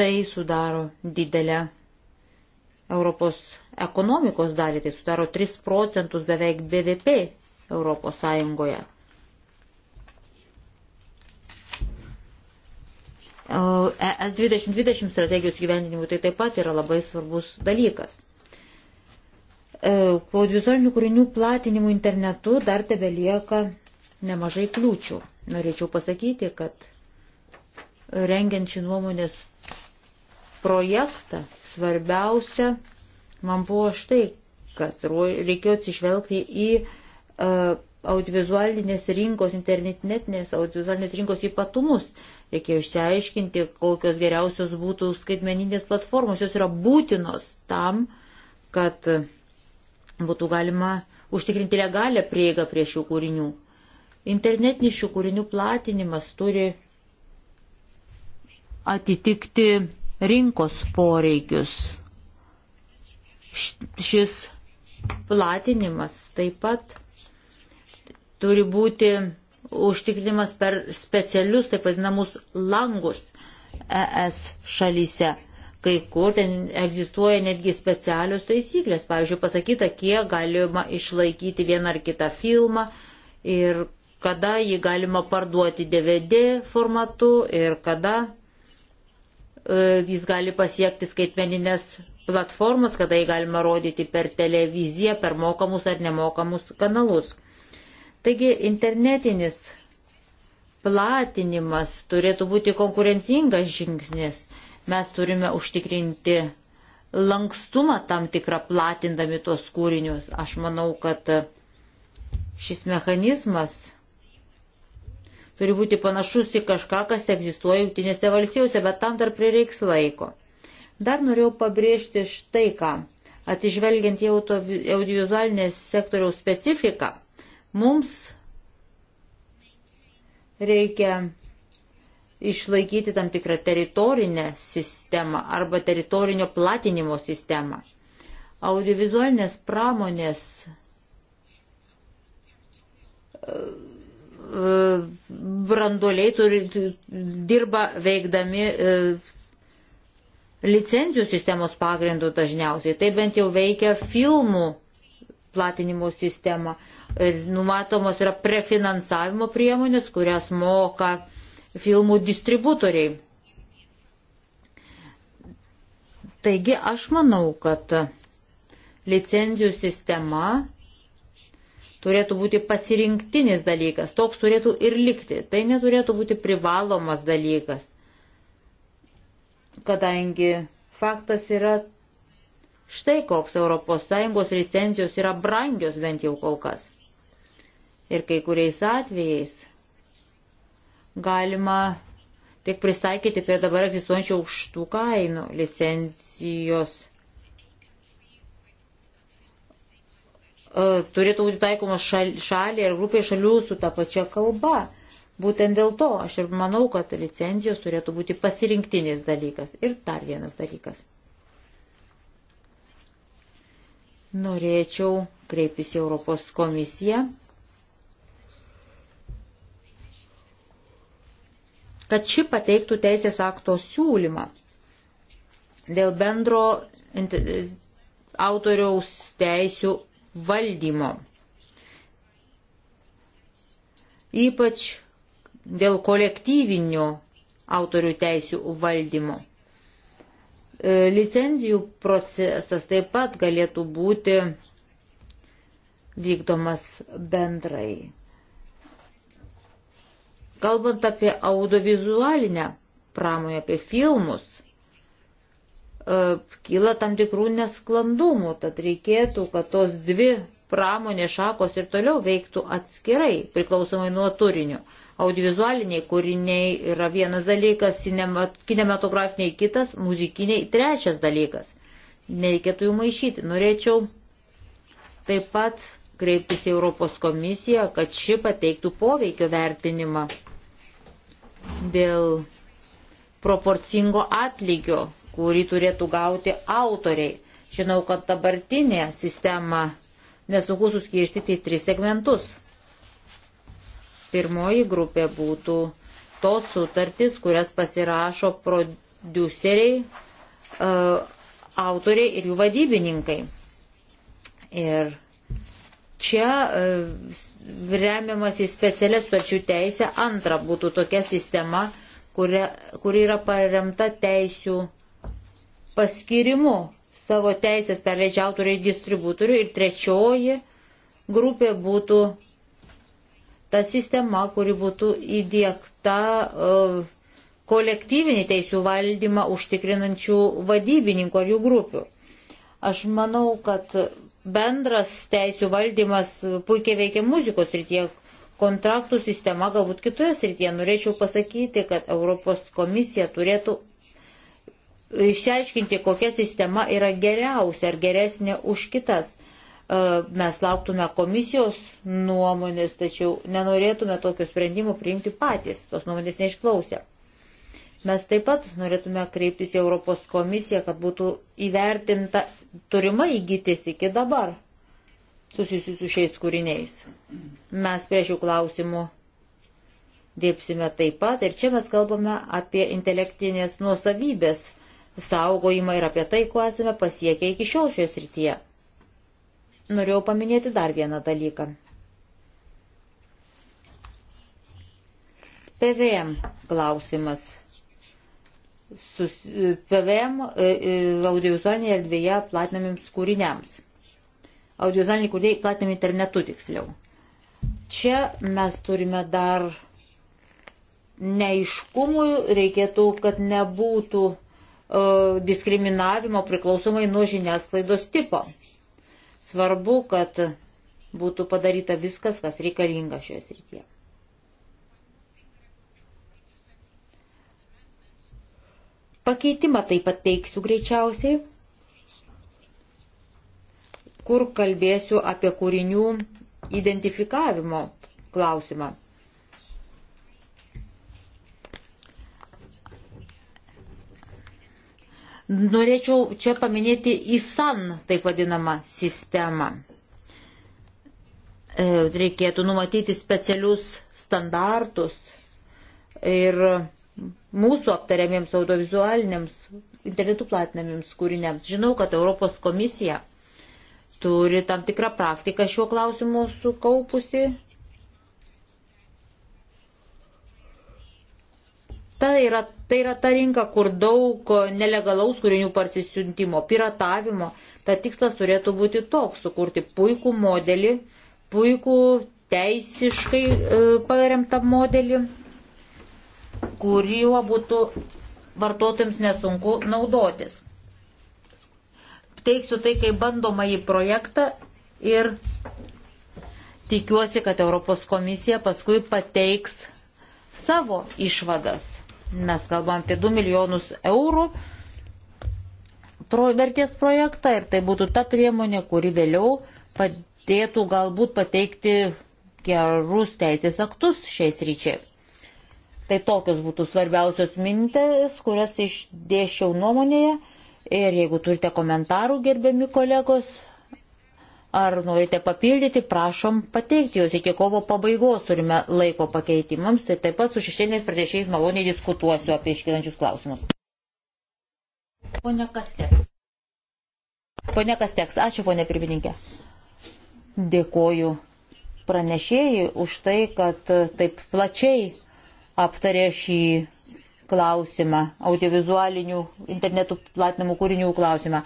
S2: Tai sudaro didelę Europos ekonomikos dalį, tai sudaro 3 procentus beveik BVP Europos Sąjungoje. ES 2020 strategijos gyvendinimui tai taip pat yra labai svarbus dalykas. E, po visuomenių kūrinių platinimų internetu dar tebe lieka nemažai kliūčių. Norėčiau pasakyti, kad rengiant šį nuomonės projektą svarbiausia man buvo štai, kas reikėjo atsižvelgti į uh, audiovizualinės rinkos, internetinės audiovizualinės rinkos ypatumus. Uh, Reikėjo išsiaiškinti, kokios geriausios būtų skaitmeninės platformos. Jos yra būtinos tam, kad būtų galima užtikrinti legalę prieigą prie šių kūrinių. Internetinis šių kūrinių platinimas turi atitikti rinkos poreikius. Šis platinimas taip pat turi būti užtikrinimas per specialius, taip vadinamus, langus ES šalyse. Kai kur ten egzistuoja netgi specialios taisyklės. Pavyzdžiui, pasakyta, kiek galima išlaikyti vieną ar kitą filmą ir kada jį galima parduoti DVD formatu ir kada e, jis gali pasiekti skaitmeninės platformas, kada jį galima rodyti per televiziją, per mokamus ar nemokamus kanalus. Taigi internetinis platinimas turėtų būti konkurencingas žingsnis. Mes turime užtikrinti lankstumą tam tikrą platindami tuos kūrinius. Aš manau, kad šis mechanizmas turi būti panašus į kažką, kas egzistuoja jungtinėse valstijose, bet tam dar prireiks laiko. Dar norėjau pabrėžti štai ką. Atižvelgiant į audiovizualinės sektoriaus specifiką, Mums reikia išlaikyti tam tikrą teritorinę sistemą arba teritorinio platinimo sistemą. Audiovizualinės pramonės e, e, branduoliai turi, dirba veikdami e, licencijų sistemos pagrindų dažniausiai. Tai bent jau veikia filmų platinimo sistemą. E, numatomos yra prefinansavimo priemonės, kurias moka filmų distributoriai. Taigi aš manau, kad licenzijų sistema turėtų būti pasirinktinis dalykas, toks turėtų ir likti, tai neturėtų būti privalomas dalykas, kadangi faktas yra Štai koks ES licencijos yra brangios bent jau kol kas. Ir kai kuriais atvejais galima tik pristaikyti prie dabar egzistuojančių aukštų kainų licencijos. E, turėtų būti taikomas šaliai ar grupiai šalių su ta pačia kalba. Būtent dėl to aš ir manau, kad licencijos turėtų būti pasirinktinis dalykas. Ir dar vienas dalykas. norėčiau kreiptis į Europos komisiją, kad ši pateiktų teisės akto siūlymą dėl bendro autoriaus teisių valdymo. Ypač dėl kolektyvinių autorių teisių valdymo. E, licenzijų procesas taip pat galėtų būti vykdomas bendrai. Kalbant apie audiovizualinę pramonę, apie filmus, e, kyla tam tikrų nesklandumų, tad reikėtų, kad tos dvi pramonės šakos ir toliau veiktų atskirai, priklausomai nuo turinio. Audiovizualiniai kūriniai yra vienas dalykas, kinematografiniai kitas, muzikiniai trečias dalykas. Nereikėtų jų maišyti. Norėčiau taip pat kreiptis į Europos komisiją, kad ši pateiktų poveikio vertinimą dėl proporcingo atlygio, kurį turėtų gauti autoriai. Žinau, kad dabartinė sistema nesunku suskirstyti į tris segmentus. Pirmoji grupė būtų tos sutartys, kurias pasirašo produceriai, e, autoriai ir jų vadybininkai. Ir čia e, remiamas į specialią sutarčių teisę. Antra būtų tokia sistema, kuri, kuri yra paremta teisių paskirimu. Savo teisės perleidžia autoriai distributoriui. Ir trečioji grupė būtų ta sistema, kuri būtų įdėkta e, kolektyvinį teisų valdymą užtikrinančių vadybininkų ar jų grupių. Aš manau, kad bendras teisų valdymas puikiai veikia muzikos rytie, kontraktų sistema galbūt kitoje srityje. Norėčiau pasakyti, kad Europos komisija turėtų išsiaiškinti, kokia sistema yra geriausia ar geresnė už kitas. E, mes lauktume komisijos nuomonės, tačiau nenorėtume tokių sprendimų priimti patys, tos nuomonės neišklausę. Mes taip pat norėtume kreiptis į Europos komisiją, kad būtų įvertinta turima įgytis iki dabar susijusių su šiais kūriniais. Mes prie šių klausimų dirbsime taip pat ir čia mes kalbame apie intelektinės nuosavybės saugojimą ir apie tai, ko esame pasiekę iki šiol šioje srityje norėjau paminėti dar vieną dalyką. PVM klausimas. Sus, PVM e, e, audiovizualinėje erdvėje platinamiems kūriniams. Audiovizualiniai kūriniai platinami internetu tiksliau. Čia mes turime dar neiškumų, reikėtų, kad nebūtų uh, diskriminavimo priklausomai nuo žiniasklaidos tipo. Uh, Svarbu, kad būtų padaryta viskas, kas reikalinga šioje srityje. Pakeitimą taip pat teiksiu greičiausiai, kur kalbėsiu apie kūrinių identifikavimo klausimą. Norėčiau čia paminėti ISAN, taip vadinamą sistemą. E, reikėtų numatyti specialius standartus ir mūsų aptariamiems audiovizualiniams internetu platinamiems kūriniams. Žinau, kad Europos komisija turi tam tikrą praktiką šiuo klausimu sukaupusi Ta yra, tai yra ta rinka, kur daug e, nelegalaus kūrinių parsisiuntimo, piratavimo. Ta tikslas turėtų būti toks - sukurti puikų modelį, puikų teisiškai e, paremtą modelį, kuriuo būtų vartotojams nesunku naudotis. Teiksiu tai kaip bandomąjį projektą ir tikiuosi, kad Europos komisija paskui pateiks savo išvadas Mes kalbam apie 2 milijonus eurų pro, vertės projektą ir tai būtų ta priemonė, kuri vėliau padėtų galbūt pateikti gerus teisės aktus šiais ryčiai. Tai tokios būtų svarbiausios mintis, kurias išdėšiau nuomonėje. Ir jeigu turite komentarų, gerbiami kolegos, Ar norite papildyti, prašom pateikti jūs iki kovo pabaigos, turime laiko pakeitimams, tai taip pat su šešėliniais pradėšiais maloniai diskutuosiu apie iškilančius klausimus. Pone Kasteks. Pone Kasteks, ačiū pone pirmininkė. Dėkoju pranešėjai už tai, kad taip plačiai aptarė šį klausimą, audiovizualinių internetų platinamų kūrinių klausimą.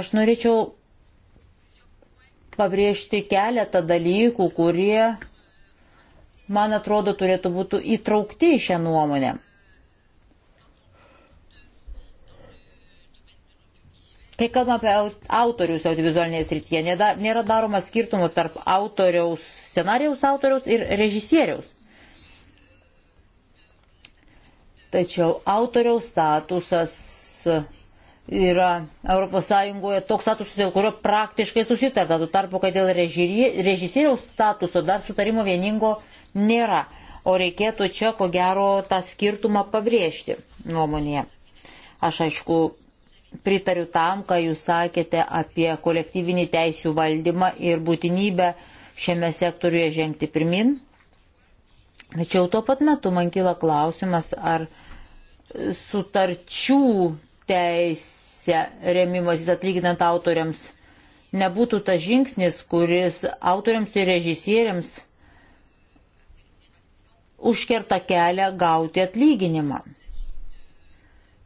S2: Aš norėčiau pabrėžti keletą dalykų, kurie, man atrodo, turėtų būti įtraukti į šią nuomonę. Kai kalbame apie autorius audiovizualinėje srityje, nėra daroma skirtumų tarp autoriaus, scenarijaus autoriaus ir režisieriaus. Tačiau autoriaus statusas yra ES toks statusas, dėl kurio praktiškai susitarta, tu tarpu, kad dėl režisieriaus statuso dar sutarimo vieningo nėra, o reikėtų čia ko gero tą skirtumą pabrėžti nuomonėje. Aš aišku pritariu tam, ką jūs sakėte apie kolektyvinį teisų valdymą ir būtinybę šiame sektoriuje žengti pirmin. Tačiau tuo pat metu man kyla klausimas, ar sutarčių teisę remimasis atlyginant autoriams nebūtų tas žingsnis, kuris autoriams ir režisieriams užkerta kelią gauti atlyginimą.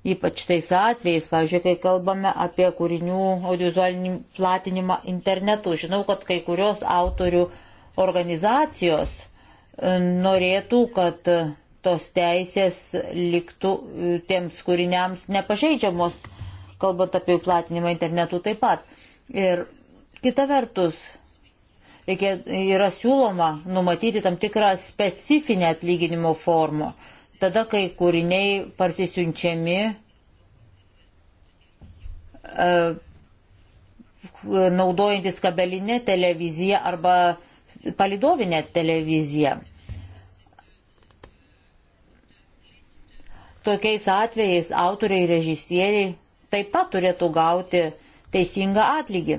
S2: Ypač tais atvejais, pavyzdžiui, kai kalbame apie kūrinių audiovizualinį platinimą internetu. Žinau, kad kai kurios autorių organizacijos e, norėtų, kad tos teisės liktų e, tiems kūriniams nepažeidžiamos, kalbant apie jų platinimą internetu taip pat. Ir kita vertus, reikia, yra siūloma numatyti tam tikrą specifinę atlyginimo formą. Tada, kai kūriniai partisiunčiami e, naudojantis kabelinę televiziją arba palidovinę televiziją. tokiais atvejais autoriai ir režisieriai taip pat turėtų gauti teisingą atlygį.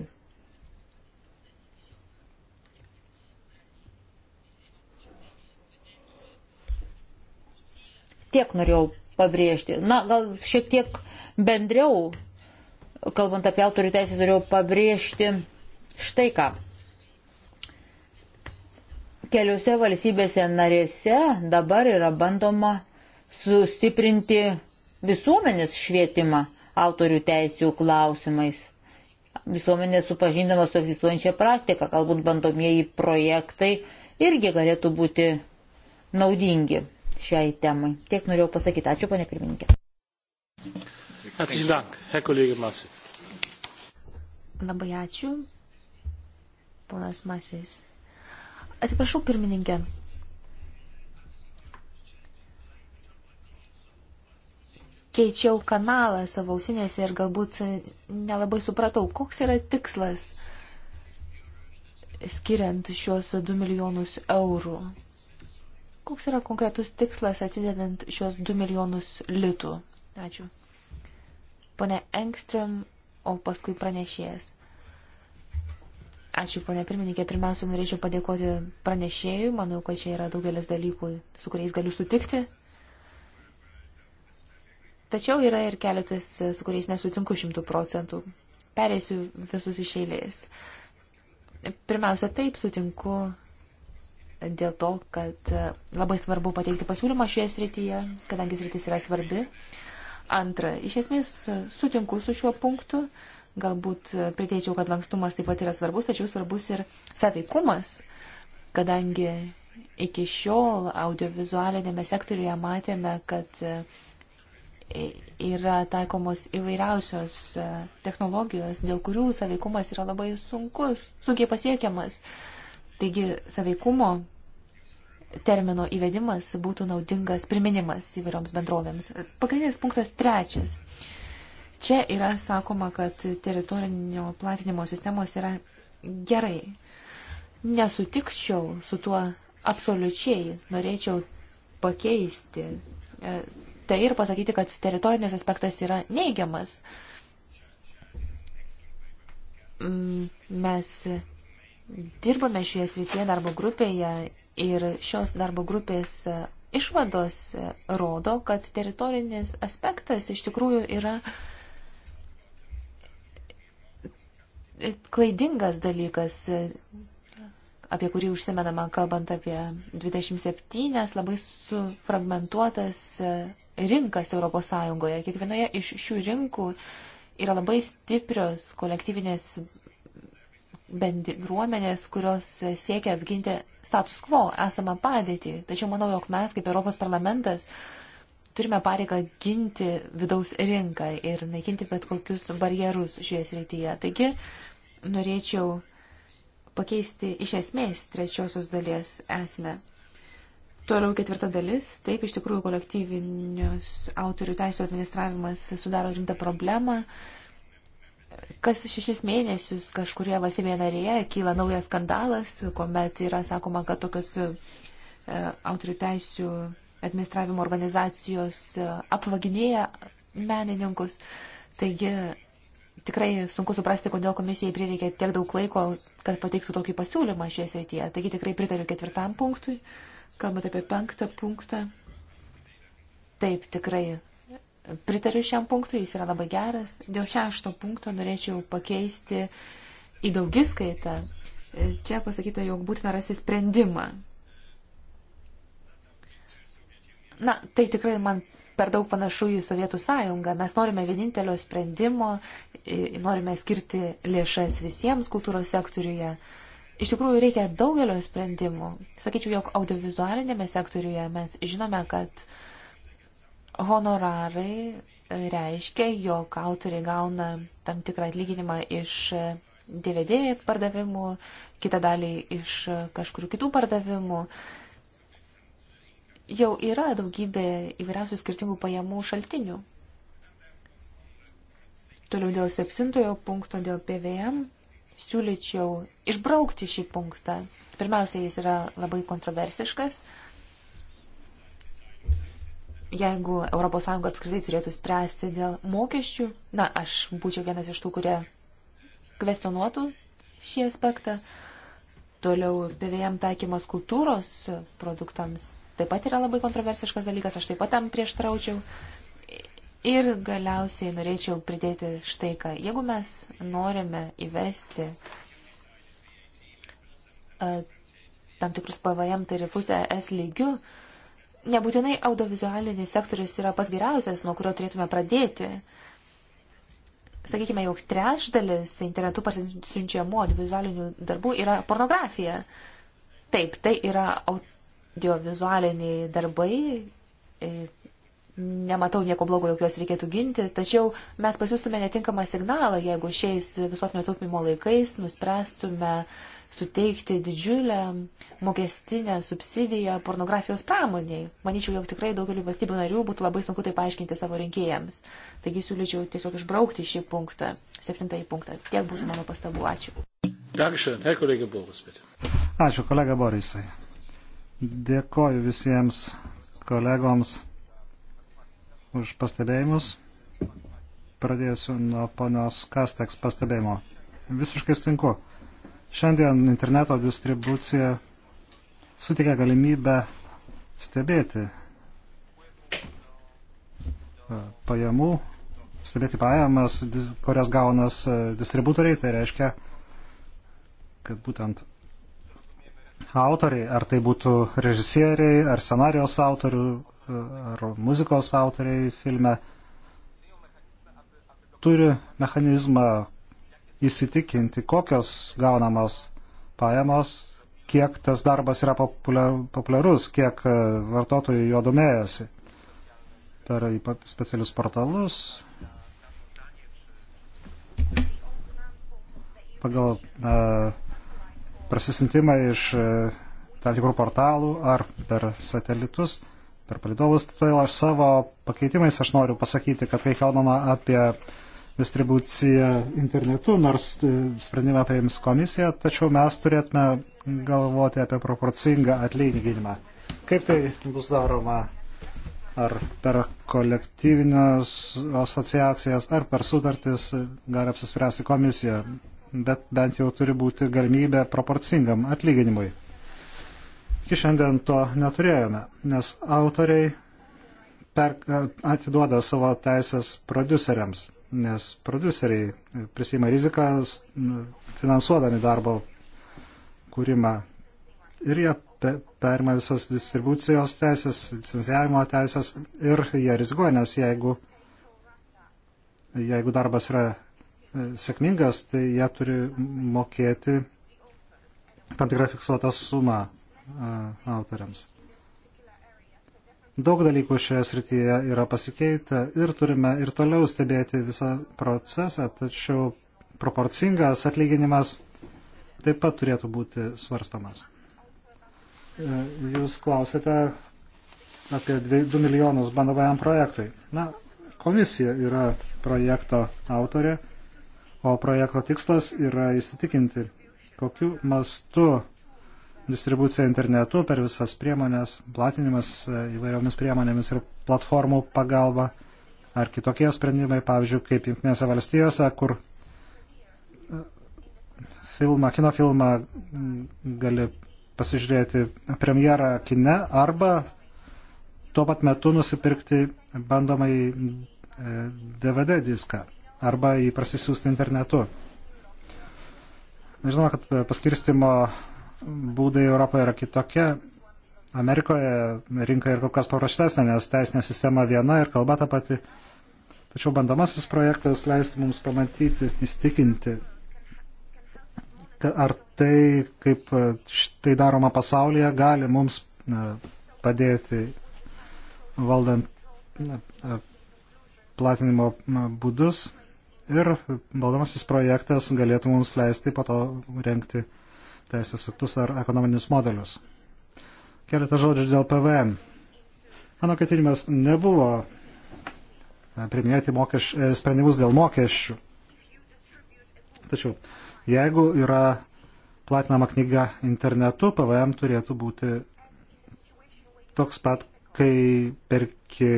S2: Tiek norėjau pabrėžti. Na, gal šiek tiek bendriau, kalbant apie autorių teisės, norėjau pabrėžti štai ką. Keliose valstybėse narėse dabar yra bandoma sustiprinti visuomenės švietimą autorių teisų klausimais. Visuomenė supažindama su egzistuojančia praktika, galbūt bandomieji projektai irgi galėtų būti naudingi šiai temai. Tiek norėjau pasakyti. Ačiū, ponė pirmininkė. Labai ačiū,
S4: ponas Masės. Atsiprašau, pirmininkė. keičiau kanalą savo ausinėse ir galbūt nelabai supratau, koks yra tikslas skiriant šiuos 2 milijonus eurų. Koks yra konkretus tikslas atidedant šios 2 milijonus litų? Ačiū. Pone Engström, o paskui pranešėjas. Ačiū, ponė pirmininkė. Pirmiausia, norėčiau padėkoti pranešėjui. Manau, kad čia yra daugelis dalykų, su kuriais galiu sutikti. Tačiau yra ir keletas, su kuriais nesutinku šimtų procentų. Perėsiu visus iš eilės. Pirmiausia, taip sutinku dėl to, kad e, labai svarbu pateikti pasiūlymą šioje srityje, kadangi sritis yra svarbi. Antra, iš esmės sutinku su šiuo punktu, galbūt priteičiau, kad lankstumas taip pat yra svarbus, tačiau svarbus ir saveikumas, kadangi iki šiol audiovizualinėme sektoriuje matėme, kad uh, yra taikomos įvairiausios e, technologijos, dėl kurių saveikumas yra labai sunkus, sunkiai pasiekiamas. Taigi saveikumo termino įvedimas būtų naudingas priminimas įvairioms bendrovėms. Pagrindinis punktas trečias. Čia yra sakoma, kad teritorinio platinimo sistemos yra gerai. Nesutikčiau su tuo absoliučiai. Norėčiau pakeisti e, tai ir pasakyti, kad teritorinis aspektas yra neigiamas. Mm, mes dirbame šioje srityje darbo grupėje ir šios darbo grupės e, išvados e, rodo, kad teritorinis aspektas iš tikrųjų yra e, klaidingas dalykas apie kurį užsimenama, kalbant apie 27 labai sufragmentuotas rinkas ES. Kiekvienoje iš šių rinkų yra labai stiprios kolektyvinės bendruomenės, kurios siekia apginti status quo, esamą padėtį. Tačiau manau, jog mes kaip Europos parlamentas turime pareigą ginti vidaus rinką ir naikinti bet kokius barjerus šioje srityje. Taigi norėčiau pakeisti iš esmės trečiosios dalies esmę. Toliau ketvirta dalis. Taip, iš tikrųjų, kolektyvinius autorių teisų administravimas sudaro rimtą problemą. Kas šešis mėnesius kažkurie valstybėje narėje kyla naujas skandalas, kuomet yra sakoma, kad tokios e, autorių teisų administravimo organizacijos e, apvaginėja menininkus. Taigi tikrai sunku suprasti, kodėl komisijai prireikė tiek daug laiko, kad pateiktų tokį pasiūlymą šioje srityje. Taigi tikrai pritariu ketvirtam punktui. Uh, Kalbant apie penktą punktą, taip tikrai pritariu šiam punktui, jis yra labai geras. Dėl šešto punkto norėčiau pakeisti į daugiskaitą. Čia pasakyta, jog būtina rasti sprendimą. Na, tai tikrai man per daug panašu į Sovietų sąjungą. Mes norime vienintelio sprendimo, norime skirti lėšas visiems kultūros sektoriuje. Iš tikrųjų reikia daugelio sprendimų. Sakyčiau, jog audiovizualinėme sektoriuje mes žinome, kad honorarai reiškia, jog autoriai gauna tam tikrą atlyginimą iš DVD pardavimų, kitą dalį iš kažkur kitų pardavimų. Jau yra daugybė įvairiausių skirtingų pajamų šaltinių. Toliau dėl septintojo punkto, dėl PVM siūlyčiau išbraukti šį punktą. Pirmiausia, jis yra labai kontroversiškas. Jeigu ES apskritai turėtų spręsti dėl mokesčių, na, aš būčiau vienas iš tų, kurie kvestionuotų šį aspektą. Toliau PVM taikymas kultūros produktams taip pat yra labai kontroversiškas dalykas, aš taip pat tam prieštraučiau. Ir galiausiai norėčiau pridėti štai ką. Jeigu mes norime įvesti e, tam tikrus PVM tarifus ES lygių, nebūtinai audiovizualinis sektorius yra pas geriausias, nuo kurio turėtume pradėti. Sakykime, jau trečdalis internetu pasiunčiamų audiovizualinių darbų yra pornografija. Taip, tai yra audiovizualiniai darbai, e, nematau nieko blogo, jog juos reikėtų ginti, tačiau mes pasiūstume netinkamą signalą, jeigu šiais visuotinio taupimo laikais nuspręstume suteikti didžiulę mokestinę subsidiją pornografijos pramoniai. Manyčiau, jog tikrai daugeliu valstybių narių būtų labai sunku tai paaiškinti savo rinkėjams. Taigi siūlyčiau tiesiog išbraukti šį punktą, septintąjį punktą. Tiek būtų mano pastabų. Ačiū.
S1: Dankeschön, Herr Kollege Boris, bitte.
S3: Ačiū, kolega Borisai. Dėkoju visiems kolegoms už pastebėjimus. Pradėsiu nuo ponios Kasteks pastebėjimo. Visiškai sutinku. Šiandien interneto distribucija suteikia galimybę stebėti e, pajamų, stebėti pajamas, kurias gaunas e, distributoriai. Tai reiškia, kad būtent autoriai, ar tai būtų režisieriai, ar scenarijos autorių, ar muzikos autoriai filme turi mechanizmą įsitikinti, kokios gaunamos pajamos, kiek tas darbas yra populiarus, kiek e, vartotojų jo domėjasi per specialius portalus, pagal a, e, prasisintimą iš e, tam tikrų portalų ar per satelitus. A, per palidovus. Todėl tai aš savo pakeitimais aš noriu pasakyti, kad kai kalbama apie distribuciją internetu, nors e, sprendimą priims komisija, tačiau mes turėtume galvoti apie proporcingą atlyginimą. Kaip tai bus daroma? Ar per kolektyvinės asociacijas, ar per sutartis gali apsispręsti komisija, bet bent jau turi būti galimybė proporcingam atlyginimui. Iki šiandien to neturėjome, nes autoriai per, atiduoda savo teisės produceriams, nes produceriai prisima riziką finansuodami darbo kūrimą ir jie pe, perima visas distribucijos teisės, licencijavimo teisės ir jie rizikuoja, nes jeigu, jeigu darbas yra e, sėkmingas, tai jie turi mokėti tam tikrą fiksuotą sumą autoriams. Daug dalykų šioje srityje yra pasikeitę ir turime ir toliau stebėti visą procesą, tačiau proporcingas atlyginimas taip pat turėtų būti svarstamas. E, jūs klausėte apie 2 milijonus bandomajam projektui. Na, komisija yra projekto autorė, o projekto tikslas yra įsitikinti, kokiu mastu distribucija internetu per visas priemonės, platinimas e, įvairiomis priemonėmis ir platformų pagalba ar kitokie sprendimai, pavyzdžiui, kaip Junktinėse valstijose, kur e, filmą, kino filmą gali pasižiūrėti premjerą kine arba tuo pat metu nusipirkti bandomai e, DVD diską arba jį prasisiųsti internetu. Žinoma, kad paskirstimo būdai Europoje yra kitokie. Amerikoje rinka ir kur kas paprastesnė, nes teisinė sistema viena ir kalba ta pati. Tačiau bandomasis projektas leistų mums pamatyti, įstikinti, ar tai, kaip tai daroma pasaulyje, gali mums padėti valdant e, platinimo būdus ir valdomasis projektas galėtų mums leisti po to rengti teisės aktus ar ekonominius modelius. Keletą žodžių dėl PVM. Mano ketinimas nebuvo e, priminėti mokeš, e, sprendimus dėl mokesčių. Tačiau, jeigu yra platinama knyga internetu, PVM turėtų būti toks pat, kai perki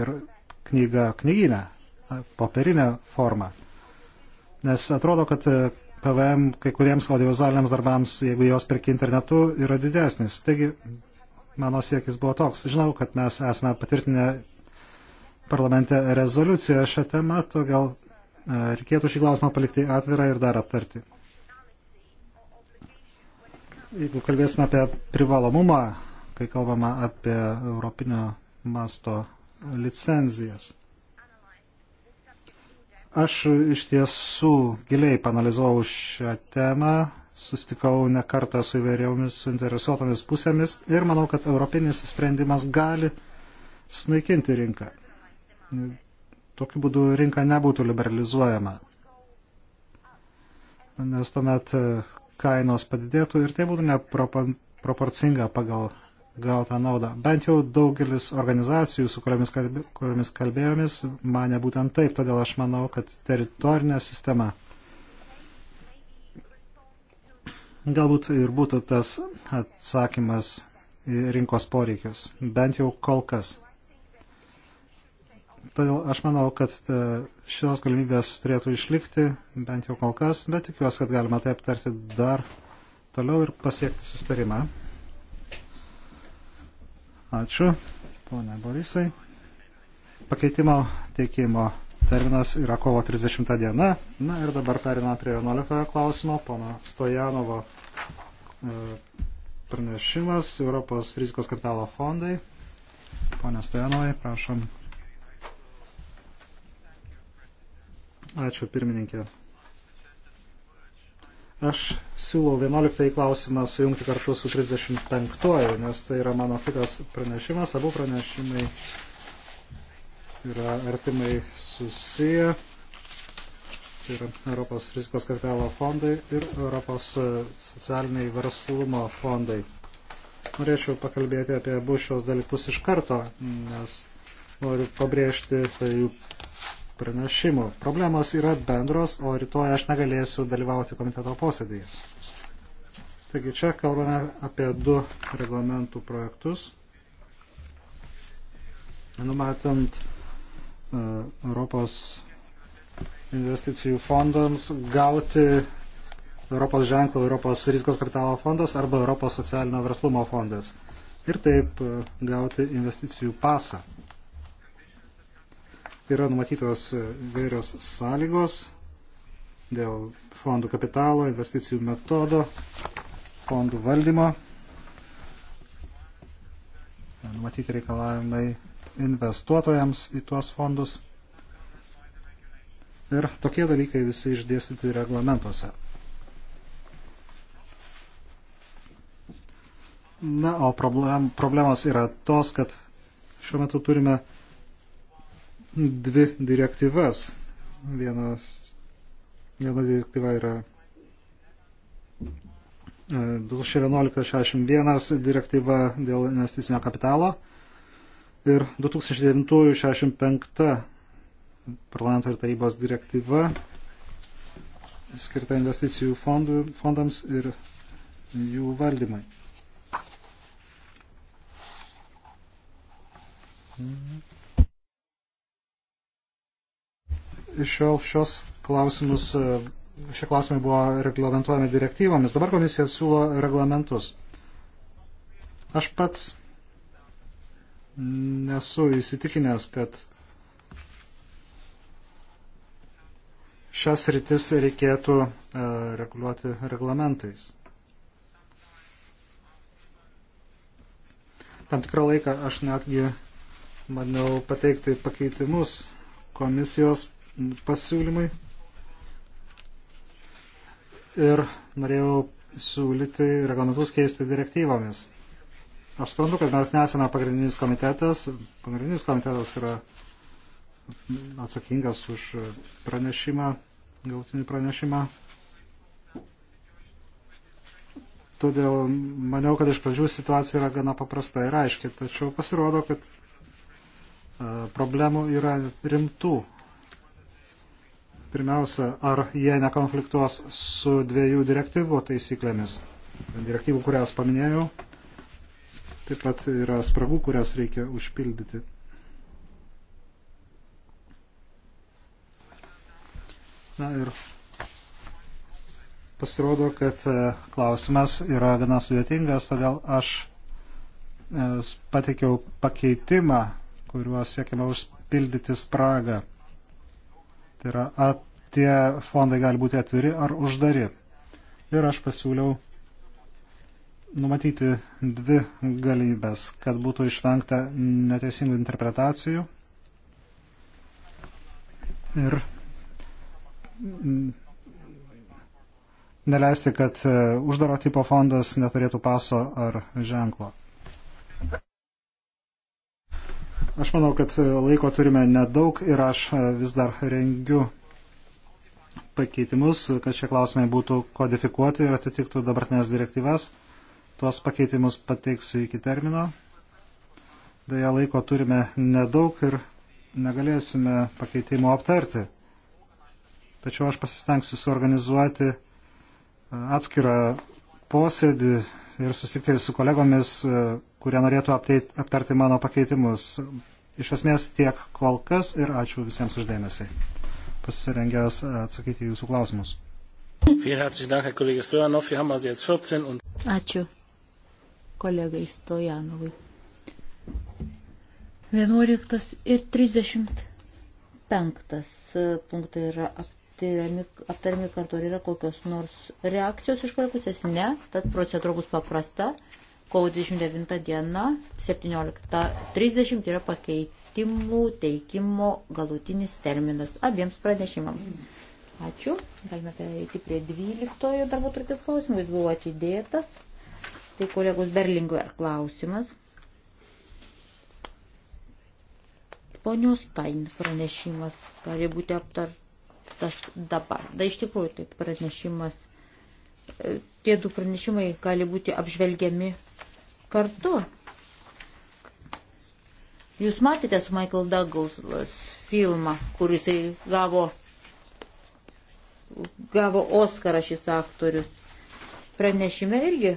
S3: ir knygą knyginę, popierinę formą. Nes atrodo, kad e, PVM kai kuriems audiovizualiniams darbams, jeigu jos perki internetu, yra didesnis. Taigi mano siekis buvo toks. Žinau, kad mes esame patvirtinę parlamente rezoliuciją šią temą, todėl e, reikėtų šį klausimą palikti atvirą ir dar aptarti. Jeigu kalbėsime apie privalomumą, kai kalbama apie Europinio masto licenzijas. Aš iš tiesų giliai panalizavau šią temą, sustikau ne kartą su įvairiomis suinteresuotomis pusėmis ir manau, kad europinis sprendimas gali sunaikinti rinką. Tokiu būdu rinka nebūtų liberalizuojama, nes tuomet kainos padidėtų ir tai būtų neproporcinga pagal gautą naudą. Bent jau daugelis organizacijų, su kuriomis, kalbė, kuriomis kalbėjomis, mane būtent taip, todėl aš manau, kad teritorinė sistema galbūt ir būtų tas atsakymas į rinkos poreikius, bent jau kol kas. Todėl aš manau, kad e, šios galimybės turėtų išlikti, bent jau kol kas, bet tikiuosi, kad galima tai aptarti dar toliau ir pasiekti sustarimą. Ačiū, ponė Borisai. Pakeitimo teikimo terminas yra kovo 30 diena. Na ir dabar perinam prie 11 klausimo, pono Stojanovo e, pranešimas Europos rizikos kapitalo fondai. Pone Stojanovai, prašom. Ačiū pirmininkė. Aš siūlau 11 klausimą sujungti kartu su 35, nes tai yra mano kitas pranešimas, abu pranešimai yra artimai susiję. Tai yra Europos rizikos kapitalo fondai ir Europos socialiniai verslumo fondai. Norėčiau pakalbėti apie abu šios dalykus iš karto, nes noriu pabrėžti tai jų pranešimų. Problemos yra bendros, o rytoj aš negalėsiu dalyvauti komiteto posėdėje. Taigi čia kalbame apie du reglamentų projektus, numatant uh, Europos investicijų fondams gauti Europos ženklo, Europos rizikos kapitalo fondas arba Europos socialinio verslumo fondas ir taip e, gauti investicijų pasą. Yra numatytos vairios sąlygos dėl fondų kapitalo, investicijų metodo, fondų valdymo. Numatyti reikalavimai investuotojams į tuos fondus. Ir tokie dalykai visi išdėstyti reglamentuose. Na, o problem, problemos yra tos, kad šiuo metu turime dvi direktyvas. Vienas, viena direktyva yra 2011-61 e, direktyva dėl investicinio kapitalo ir 2009-65 parlamento ir tarybos direktyva skirta investicijų fondų, fondams ir jų valdymai. Mm-hmm. iš šiol šios klausimus, e, šie klausimai buvo reglamentuojami direktyvomis, dabar komisija siūlo reglamentus. Aš pats nesu įsitikinęs, kad šias rytis reikėtų e, reguliuoti reglamentais. Tam tikrą laiką aš netgi maniau pateikti pakeitimus komisijos pasiūlymai. Ir norėjau siūlyti reglamentus keisti direktyvomis. Aš suprantu, kad mes nesame pagrindinis komitetas. Pagrindinis komitetas yra atsakingas už pranešimą, gautinį pranešimą. Todėl maniau, kad iš pradžių situacija yra gana paprasta ir aiški, tačiau pasirodo, kad e, problemų yra rimtų. Pirmiausia, ar jie nekonfliktuos su dviejų direktyvų taisyklėmis. Direktyvų, kurias paminėjau, taip pat yra spragų, kurias reikia užpildyti. Na ir pasirodo, kad e, klausimas yra gana sudėtingas, todėl aš e, pateikiau pakeitimą, kuriuo siekiama užpildyti spragą. Tai yra, a, tie fondai gali būti atviri ar uždari. Ir aš pasiūliau numatyti dvi galimybės, kad būtų išvengta neteisingų interpretacijų ir neleisti, kad uždaro tipo fondas neturėtų paso ar ženklo. Aš manau, kad e, laiko turime nedaug ir aš e, vis dar rengiu pakeitimus, kad šie klausimai būtų kodifikuoti ir atitiktų dabartinės direktyvas. Tuos pakeitimus pateiksiu iki termino. Deja, laiko turime nedaug ir negalėsime pakeitimo aptarti. Tačiau aš pasistengsiu suorganizuoti e, atskirą posėdį ir susitikti su kolegomis kurie norėtų apteit, aptarti mano pakeitimus. Iš esmės tiek kol kas ir ačiū visiems uždėmesį. Pasirengęs atsakyti jūsų klausimus. Ačiū kolegai Stojanovui.
S2: 11 ir 35 punktai yra aptariami, aptariami kartu. Ar yra kokios nors reakcijos iš kolegų pusės? Ne, tad procedūra bus paprasta. Kovo 29 diena 17.30 yra pakeitimų teikimo galutinis terminas abiems pranešimams. Ačiū. Galime pereiti prie 12 darbo turkės klausimų. Jis buvo atidėtas. Tai kolegos Berlingų ir klausimas. Ponios Tain pranešimas gali būti aptartas dabar. Da iš tikrųjų tai pranešimas. E, tie du pranešimai gali būti apžvelgiami kartu. Jūs matėte su Michael Douglas filmą, kur jisai gavo, gavo Oscarą šis aktorius. Pranešime irgi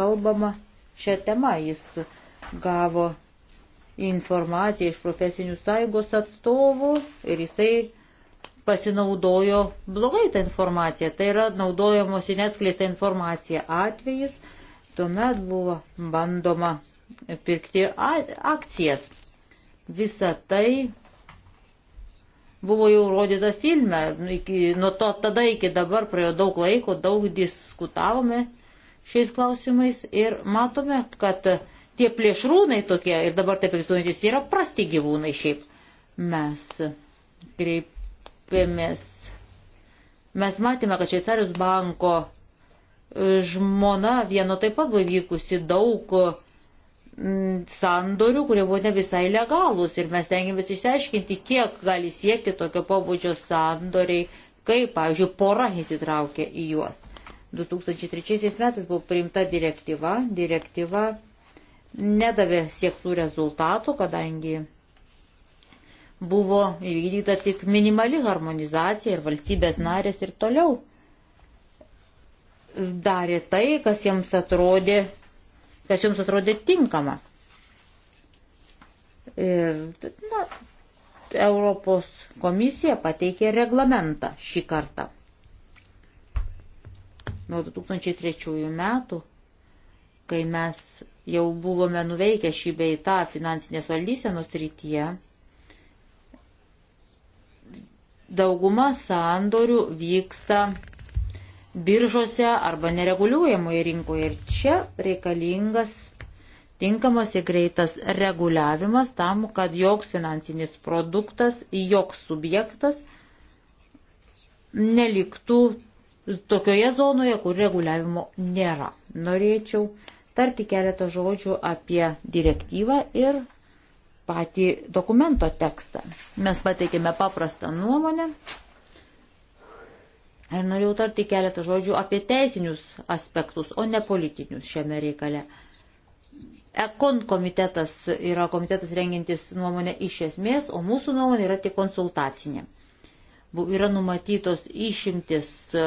S2: kalbama šią temą. Jis gavo informaciją iš profesinių sąjungos atstovų ir jisai pasinaudojo blogai tą informaciją. Tai yra naudojamosi neatskleista informacija atvejis, Tuomet buvo bandoma pirkti akcijas. Visa tai buvo jau rodyta filme. Nu, iki, nuo to tada iki dabar praėjo daug laiko, daug diskutavome šiais klausimais ir matome, kad tie plėšrūnai tokie ir dabar taip egzistuojantis yra prasti gyvūnai šiaip. Mes kreipėmės. Mes matėme, kad Šveicarijos banko žmona vieno taip pat buvo vykusi daug mm, sandorių, kurie buvo ne visai legalūs ir mes tengiamės išsiaiškinti, kiek gali siekti tokio pobūdžio sandoriai, kaip, pavyzdžiui, pora įsitraukė į juos. 2003 metais buvo priimta direktyva, direktyva nedavė siektų rezultatų, kadangi buvo įvykdyta tik minimali harmonizacija ir valstybės narės ir toliau darė tai, kas jiems atrodė, kas jums atrodė tinkama. Ir, na, Europos komisija pateikė reglamentą šį kartą. Nuo 2003 metų, kai mes jau buvome nuveikę šį beitą finansinės valdysenos rytyje, dauguma sandorių vyksta biržose arba nereguliuojamoje rinkoje. Ir čia reikalingas tinkamas ir greitas reguliavimas tam, kad joks finansinis produktas, joks subjektas neliktų tokioje zonoje, kur reguliavimo nėra. Norėčiau tarti keletą žodžių apie direktyvą ir patį dokumento tekstą. Mes pateikėme paprastą nuomonę Ir norėjau tarti keletą žodžių apie teisinius aspektus, o ne politinius šiame reikale. Ekon komitetas yra komitetas rengintis nuomonę iš esmės, o mūsų nuomonė yra tik konsultacinė. Yra numatytos išimtis e,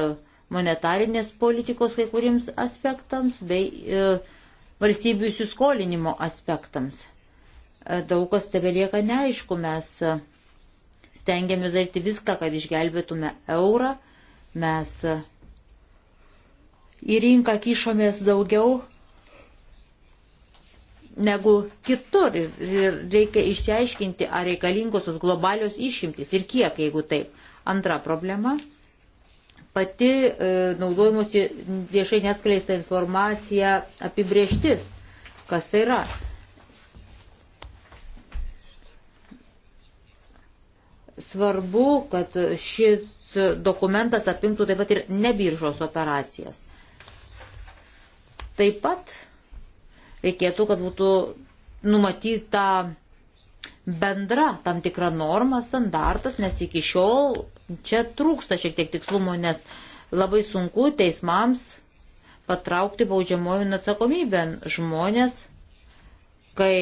S2: monetarinės politikos kai kuriems aspektams bei e, valstybių įsiskolinimo aspektams. E, daug kas tebelieka neaišku, mes e, stengiamės daryti viską, kad išgelbėtume eurą Mes į rinką kišomės daugiau negu kitur ir reikia išsiaiškinti, ar reikalingos tos globalios išimtis ir kiek, jeigu taip. Antra problema - pati e, naudojimusi viešai neskleista informacija apibrieštis, kas tai yra. Svarbu, kad šis dokumentas apimtų taip pat ir nebiržos operacijas. Taip pat reikėtų, kad būtų numatyta bendra tam tikra norma, standartas, nes iki šiol čia trūksta šiek tiek tikslumo, nes labai sunku teismams patraukti baudžiamojų atsakomybę žmonės, kai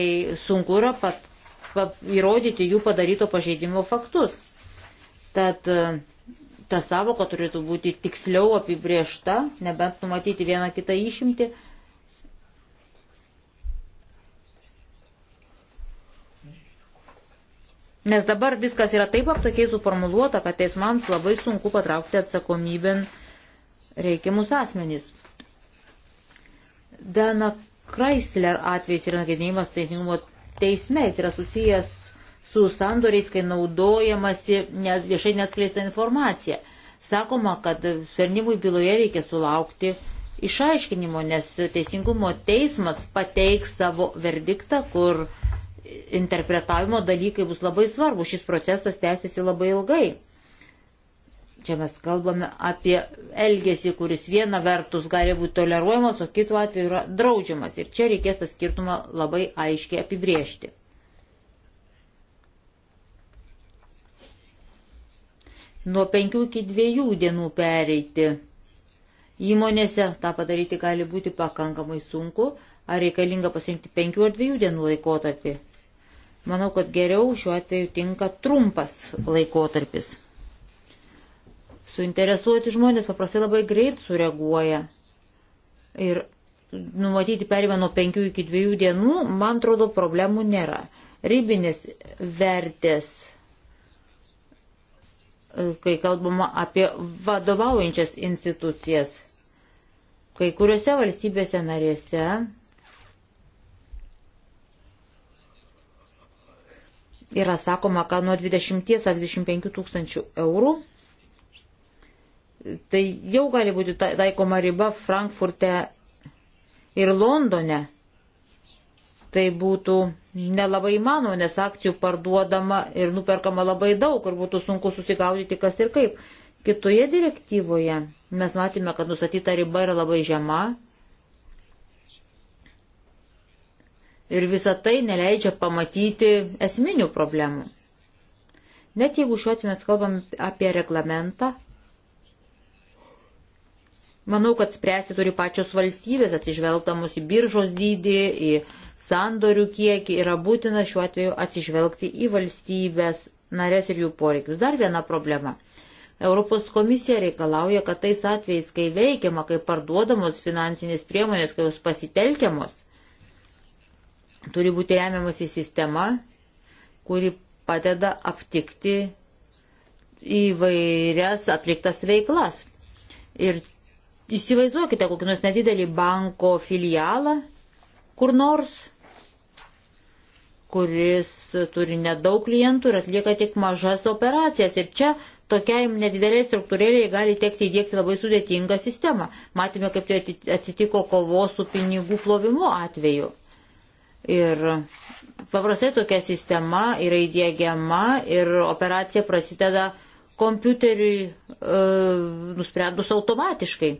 S2: sunku yra pat, pat, įrodyti jų padaryto pažeidimo faktus. Tad ta savoka turėtų būti tiksliau apibriešta, nebent numatyti vieną kitą išimtį. Nes dabar viskas yra taip aptokiai suformuluota, kad teismams labai sunku patraukti atsakomybėn reikiamus asmenys. Dana Chrysler atvejs yra nagrinėjimas teisingumo teisme, jis yra susijęs su sandoriais, kai naudojamasi nes viešai neatskleista informacija. Sakoma, kad pernimui byloje reikia sulaukti išaiškinimo, nes Teisingumo teismas pateiks savo verdiktą, kur interpretavimo dalykai bus labai svarbu. Šis procesas tęsiasi labai ilgai. Čia mes kalbame apie elgesį, kuris viena vertus gali būti toleruojamas, o kitu atveju yra draudžiamas. Ir čia reikės tą skirtumą labai aiškiai apibriežti. nuo 5 iki 2 dienų pereiti. Įmonėse tą padaryti gali būti pakankamai sunku, ar reikalinga pasirinkti 5 ar 2 dienų laikotarpį. Manau, kad geriau šiuo atveju tinka trumpas laikotarpis. Suinteresuoti žmonės paprastai labai greit sureaguoja. Ir numatyti perimą nuo 5 iki 2 dienų, man atrodo, problemų nėra. Rybinės vertės kai kalbama apie vadovaujančias institucijas. Kai kuriuose valstybėse narėse yra sakoma, kad nuo 20 ar 25 tūkstančių eurų tai jau gali būti taikoma riba Frankfurte ir Londone tai būtų nelabai įmanoma, nes akcijų parduodama ir nuperkama labai daug ir būtų sunku susigaudyti kas ir kaip. Kitoje direktyvoje mes matėme, kad nustatyta riba yra labai žema ir visa tai neleidžia pamatyti esminių problemų. Net jeigu šiuo atveju mes kalbam apie reglamentą, manau, kad spręsti turi pačios valstybės, atsižvelgdamus į biržos dydį, į sandorių kiekį, yra būtina šiuo atveju atsižvelgti į valstybės narės ir jų poreikius. Dar viena problema. Europos komisija reikalauja, kad tais atvejais, kai veikiama, kai parduodamos finansinės priemonės, kai jos pasitelkiamos, turi būti remiamas į sistemą, kuri padeda aptikti įvairias atliktas veiklas. Ir įsivaizduokite kokį nors nedidelį banko filialą, kur nors, kuris turi nedaug klientų ir atlieka tik mažas operacijas. Ir čia tokiai nedideliai struktūrėliai gali tekti įdėkti labai sudėtingą sistemą. Matėme, kaip tai atsitiko kovos su pinigų plovimu atveju. Ir paprastai tokia sistema yra įdėgiama ir operacija prasideda kompiuteriui e, nusprendus automatiškai.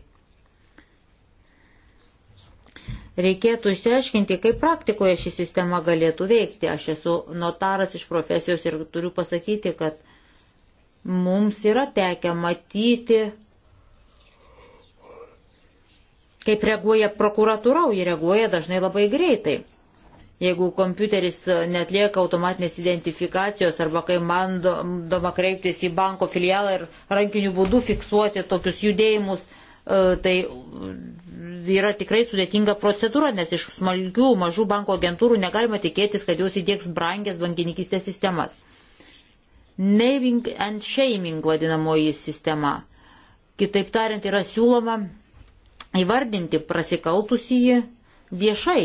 S2: Reikėtų išsiaiškinti, kaip praktikoje ši sistema galėtų veikti. Aš esu notaras iš profesijos ir turiu pasakyti, kad mums yra tekę matyti, kaip reaguoja prokuratūra, ji reaguoja dažnai labai greitai. Jeigu kompiuteris netlieka automatinės identifikacijos arba kai mandoma kreiptis į banko filialą ir rankiniu būdu fiksuoti tokius judėjimus, e, tai yra tikrai sudėtinga procedūra, nes iš smulkių mažų banko agentūrų negalima tikėtis, kad jos įdėks brangės bankininkistės sistemas. Naming and shaming vadinamoji sistema. Kitaip tariant, yra siūloma įvardinti prasikaltusįjį viešai.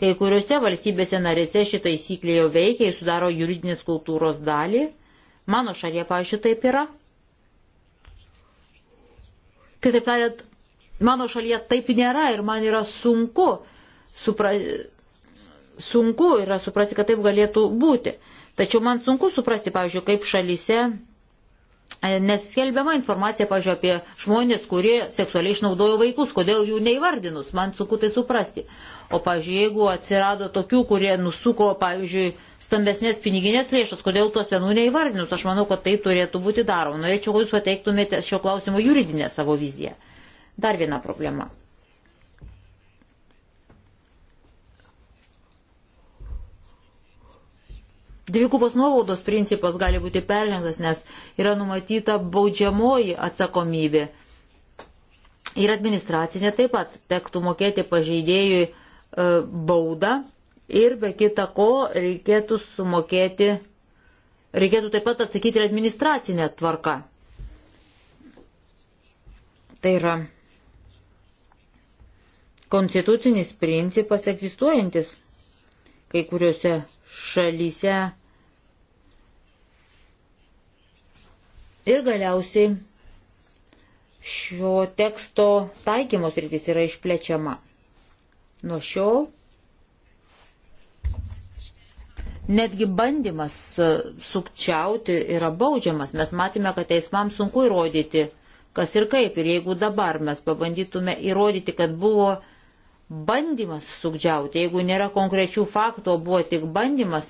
S2: Kai kuriuose valstybėse narėse ši taisyklė jau veikia ir sudaro juridinės kultūros dalį. Mano šalyje, pavyzdžiui, taip yra. Kitaip tariant, mano šalyje taip nėra ir man yra sunku, supra, sunku yra suprasti, kad taip galėtų būti. Tačiau man sunku suprasti, pavyzdžiui, kaip šalyse e, neskelbiama informacija, pavyzdžiui, apie žmonės, kurie seksualiai išnaudojo vaikus, kodėl jų neįvardinus, man sunku tai suprasti. O, pavyzdžiui, jeigu atsirado tokių, kurie nusuko, pavyzdžiui, stambesnės piniginės lėšas, kodėl tuos vienų neįvardinus, aš manau, kad tai turėtų būti daroma. Norėčiau, kad jūs pateiktumėte šio klausimo juridinę savo viziją. Dar viena problema. Dvigubos nuobaudos principas gali būti perlengtas, nes yra numatyta baudžiamoji atsakomybė. Ir administracinė taip pat tektų mokėti pažeidėjui e, baudą ir be kita ko reikėtų sumokėti, reikėtų taip pat atsakyti ir administracinę tvarką. Tai yra konstitucinis principas egzistuojantis kai kuriuose šalyse. Ir galiausiai šio teksto taikymos rytis yra išplečiama. Nuo šiol netgi bandymas sukčiauti yra baudžiamas. Mes matėme, kad teismams sunku įrodyti, kas ir kaip. Ir jeigu dabar mes pabandytume įrodyti, kad buvo bandymas sukčiauti. Jeigu nėra konkrečių faktų, o buvo tik bandymas,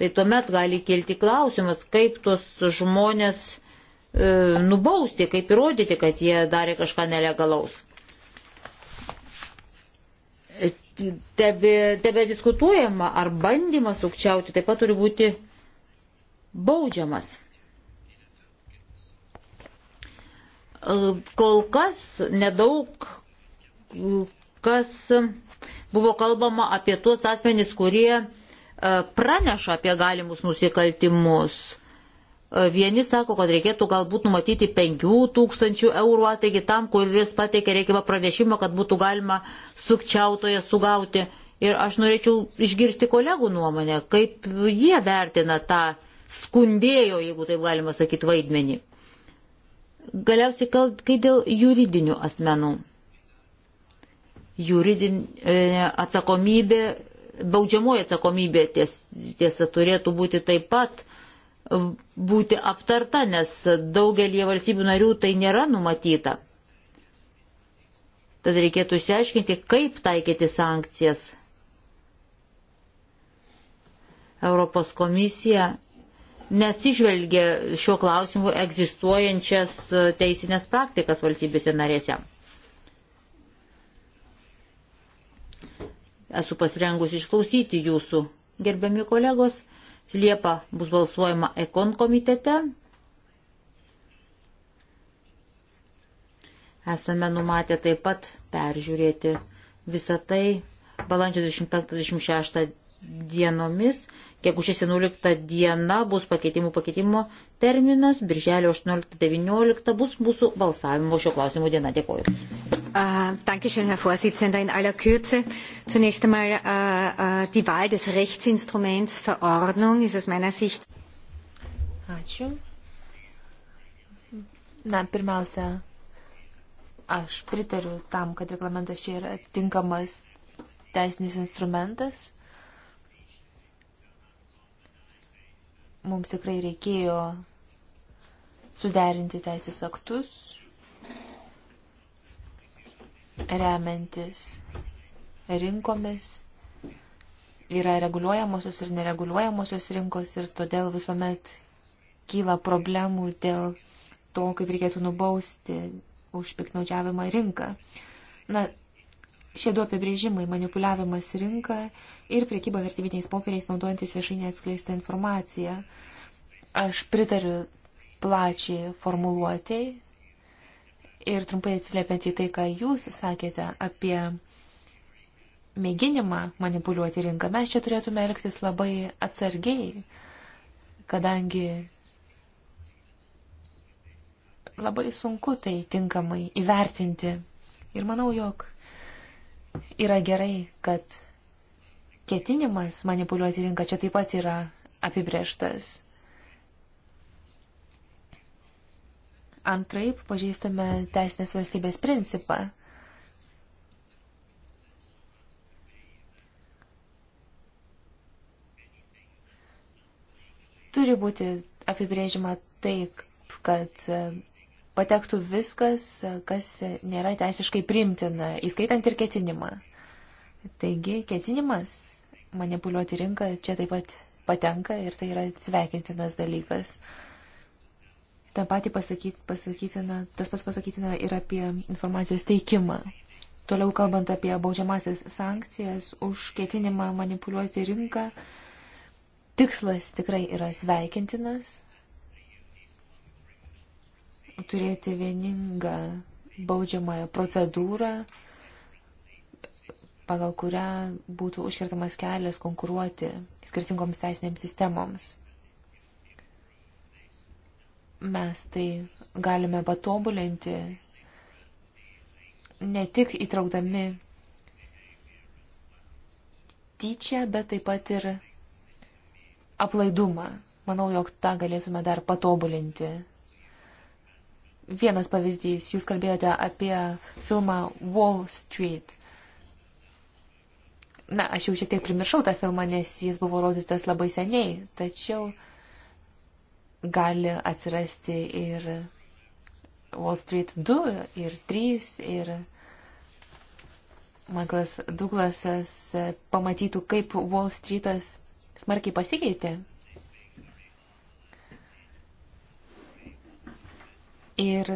S2: tai tuomet gali kilti klausimas, kaip tuos žmonės e, nubausti, kaip įrodyti, kad jie darė kažką nelegalaus. Tebe, tebe diskutuojama, ar bandymas sukčiauti taip pat turi būti baudžiamas. Kol kas nedaug kas e, buvo kalbama apie tuos asmenys, kurie e, praneša apie galimus nusikaltimus. E, vieni sako, kad reikėtų galbūt numatyti 5000 eurų atlygį tam, kuris pateikė reikiamą pranešimą, kad būtų galima sukčiautoje sugauti. Ir aš norėčiau išgirsti kolegų nuomonę, kaip jie vertina tą skundėjo, jeigu taip galima sakyti, vaidmenį. Galiausiai, kai dėl juridinių asmenų juridinė atsakomybė, baudžiamoji atsakomybė ties, tiesa turėtų būti taip pat būti aptarta, nes daugelį valstybių narių tai nėra numatyta. Tad reikėtų išsiaiškinti, kaip taikyti sankcijas. Europos komisija neatsižvelgia šiuo klausimu egzistuojančias teisinės praktikas valstybėse narėse. Esu pasirengusi išklausyti jūsų, gerbiami kolegos. Liepa bus balsuojama Ekon komitete. Esame numatę taip pat peržiūrėti visą tai balandžio 25-26 dienomis. Gegužės 11 diena bus pakeitimų pakeitimo terminas, birželio 18-19 bus mūsų balsavimo šio klausimo diena. Dėkuoju. Uh, ah, Dankeschön, Herr Vorsitzender. In aller Kürze zunächst einmal uh, uh, die Wahl des Rechtsinstruments Verordnung ist aus meiner Sicht.
S4: Ačiū. Na, pirmiausia, aš pritariu tam, kad reglamentas čia yra tinkamas teisinis instrumentas. mums tikrai reikėjo suderinti teisės aktus, remiantis rinkomis. Yra reguliuojamosios ir nereguliuojamosios rinkos ir todėl visuomet kyla problemų dėl to, kaip reikėtų nubausti už piknaudžiavimą rinką. Na, Šie du apibrėžimai - manipuliavimas rinka ir priekyba vertybiniais popieriais naudojantis viešai neatskleistą informaciją. Aš pritariu plačiai formuluotėjai ir trumpai atsiliepiant į tai, ką jūs sakėte apie mėginimą manipuliuoti rinką, mes čia turėtume elgtis labai atsargiai, kadangi labai sunku tai tinkamai įvertinti. Ir manau, jog Yra gerai, kad ketinimas manipuliuoti rinką čia taip pat yra apibrieštas. Antraip pažįstame teisinės valstybės principą. Turi būti apibrėžima taip, kad patektų viskas, kas nėra teisiškai priimtina, įskaitant ir ketinimą. Taigi ketinimas manipuliuoti rinką čia taip pat patenka ir tai yra sveikintinas dalykas. Ta pati pasakyti, pasakytina, tas pats pasakytina ir apie informacijos teikimą. Toliau kalbant apie baudžiamasias sankcijas už ketinimą manipuliuoti rinką, tikslas tikrai yra sveikintinas, turėti vieningą baudžiamąją procedūrą, pagal kurią būtų užkirtamas kelias konkuruoti skirtingoms teisinėms sistemoms. Mes tai galime patobulinti ne tik įtraukdami tyčią, bet taip pat ir aplaidumą. Manau, jog tą galėtume dar patobulinti Vienas pavyzdys, jūs kalbėjote apie filmą Wall Street. Na, aš jau šiek tiek primiršau tą filmą, nes jis buvo rodytas labai seniai, tačiau gali atsirasti ir Wall Street 2 ir 3 ir Michaelas Douglasas pamatytų, kaip Wall Streetas smarkiai pasikeitė Ir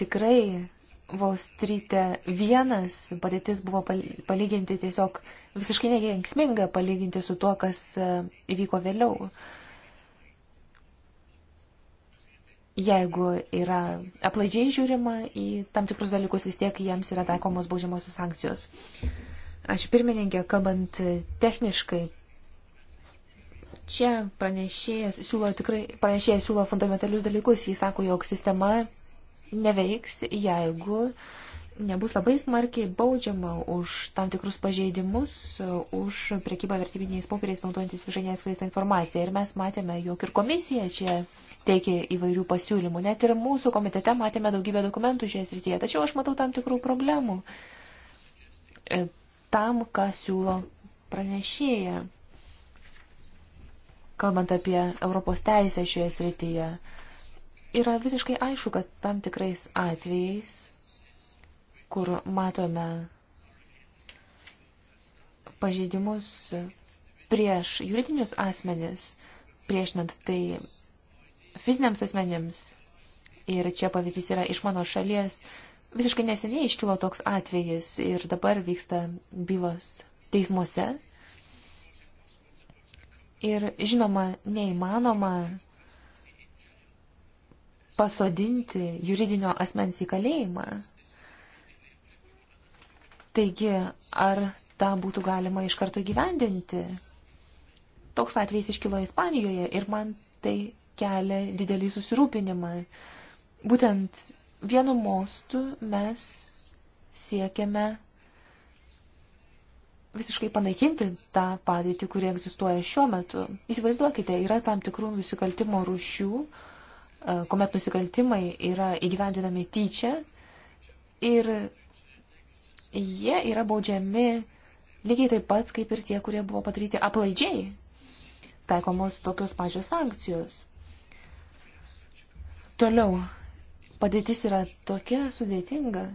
S4: tikrai Volstryte vienas padėtis buvo palyginti tiesiog visiškai nekenksminga palyginti su tuo, kas e, įvyko vėliau. Jeigu yra aplaidžiai žiūrima į tam tikrus dalykus, vis tiek jiems yra taikomos baudžiamosios sankcijos. Ačiū pirmininkė, kalbant techniškai, čia pranešėjas siūlo, tikrai, pranešėjas siūlo fundamentalius dalykus. Jis sako, jog sistema neveiks, jeigu nebus labai smarkiai baudžiama už tam tikrus pažeidimus, už priekybą vertybiniais popieriais naudojantis viešai neatskleistą informaciją. Ir mes matėme, jog ir komisija čia teikė įvairių pasiūlymų. Net ir mūsų komitete matėme daugybę dokumentų šioje srityje. Tačiau aš matau tam tikrų problemų e, tam, ką siūlo pranešėja, kalbant apie Europos teisę šioje srityje yra visiškai aišku, kad tam tikrais atvejais, kur matome pažeidimus prieš juridinius asmenis, priešinant tai fiziniams asmenėms, ir čia pavyzdys yra iš mano šalies, visiškai neseniai iškilo toks atvejis ir dabar vyksta bylos teismuose. Ir žinoma, neįmanoma pasodinti juridinio asmens į kalėjimą. Taigi, ar tą būtų galima iš karto gyvendinti? Toks atvejs iškilo Ispanijoje ir man tai kelia didelį susirūpinimą. Būtent vienu mostu mes siekiame visiškai panaikinti tą padėtį, kuri egzistuoja šiuo metu. Įsivaizduokite, yra tam tikrų nusikaltimo rušių, E, kuomet nusikaltimai yra įgyvendinami tyčia ir jie yra baudžiami lygiai taip pat, kaip ir tie, kurie buvo padaryti aplaidžiai, taikomos tokios pačios sankcijos. Toliau, padėtis yra tokia sudėtinga.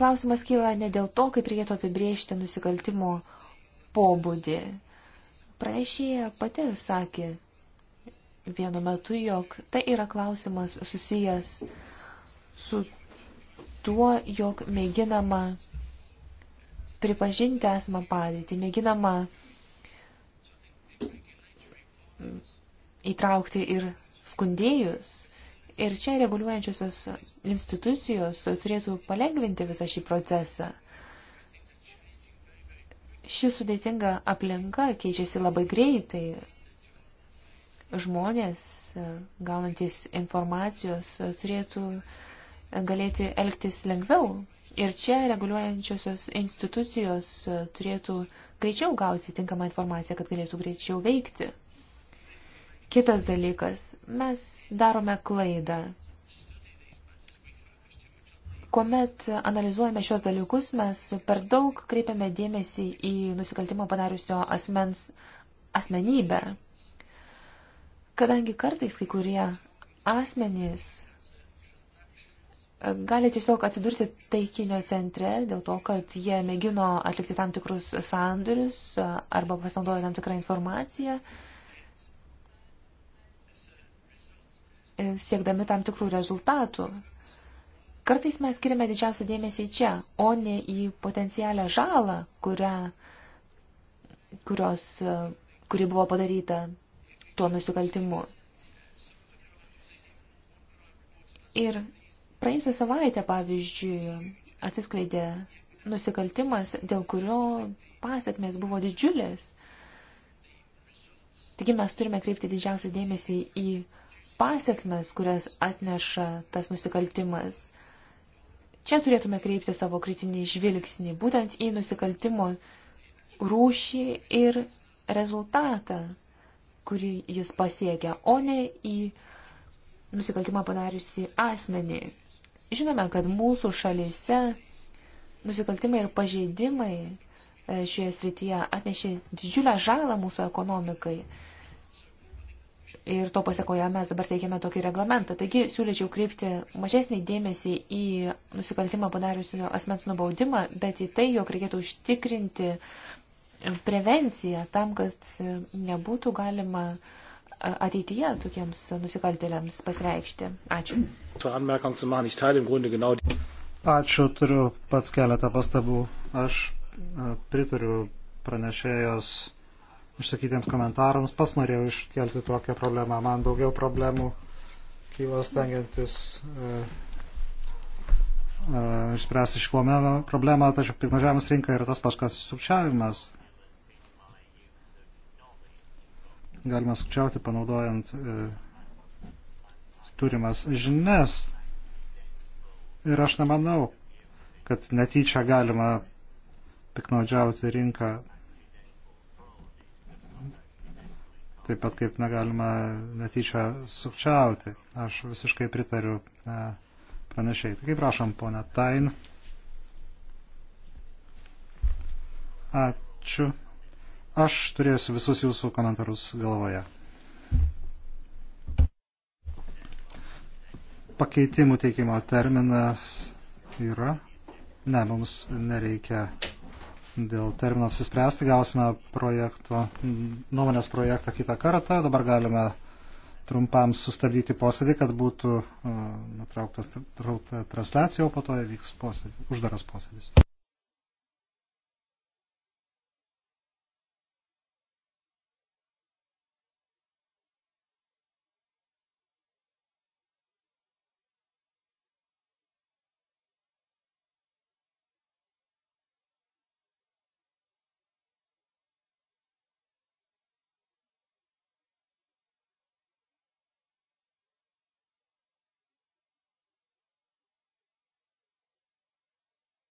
S4: Klausimas kyla ne dėl to, kaip reikėtų apibriežti nusikaltimo pobūdį. Pranešėja pati sakė, vienu metu, jog tai yra klausimas susijęs su tuo, jog mėginama pripažinti esamą padėtį, mėginama įtraukti ir skundėjus. Ir čia reguliuojančiosios institucijos turėtų palengvinti visą šį procesą. Ši sudėtinga aplinka keičiasi labai greitai, žmonės, e, gaunantis informacijos, e, turėtų galėti elgtis lengviau. Ir čia reguliuojančiosios institucijos e, turėtų greičiau gauti tinkamą informaciją, kad galėtų greičiau veikti. Kitas dalykas, mes darome klaidą. Kuomet analizuojame šios dalykus, mes per daug kreipiame dėmesį į nusikaltimą padariusio asmens asmenybę kadangi kartais kai kurie asmenys e, gali tiesiog atsidurti taikinio centre dėl to, kad jie mėgino atlikti tam tikrus sandorius e, arba pasinaudojo tam tikrą informaciją, e, siekdami tam tikrų rezultatų. Kartais mes skiriame didžiausią dėmesį čia, o ne į potencialią žalą, kurią, kurios, kuri buvo padaryta tuo nusikaltimu. Ir praėjusią savaitę, pavyzdžiui, atsiskleidė nusikaltimas, dėl kurio pasiekmes buvo didžiulės. Taigi mes turime kreipti didžiausią dėmesį į pasiekmes, kurias atneša tas nusikaltimas. Čia turėtume kreipti savo kritinį žvilgsnį būtent į nusikaltimo rūšį ir rezultatą kurį jis pasiekia, o ne į nusikaltimą padariusi asmenį. Žinome, kad mūsų šalyse nusikaltimai ir pažeidimai e, šioje srityje atnešė didžiulę žalą mūsų ekonomikai. Ir to pasiekoje mes dabar teikiame tokį reglamentą. Taigi siūlyčiau kreipti mažesnį dėmesį į nusikaltimą padariusio asmens nubaudimą, bet į tai, jog reikėtų užtikrinti uh, prevenciją tam, kad nebūtų galima ateityje tokiems nusikaltėliams pasireikšti.
S1: Ačiū. Ačiū,
S3: turiu pats keletą pastabų. Aš pritariu pranešėjos išsakytiems komentarams. Pats norėjau iškelti tokią problemą. Man daugiau problemų kyla stengiantis išspręsti šį problemą, tačiau piknaudžiavimas rinka yra tas pats, kas sukčiavimas. galima sukčiauti panaudojant e, turimas žinias. Ir aš nemanau, kad netyčia galima piknaudžiauti rinką. Taip pat kaip negalima netyčia sukčiauti. Aš visiškai pritariu e, pranešėjai. Taigi prašom, ponia Tain. Ačiū. Aš turėsiu visus jūsų komentarus galvoje. Pakeitimų teikimo terminas yra. Ne, mums nereikia dėl termino apsispręsti. Gausime projekto, nuomonės projektą kitą kartą. Dabar galime trumpam sustabdyti posėdį, kad būtų uh, nutrauktas transliacija, o po to vyks posėdį, uždaras posėdis.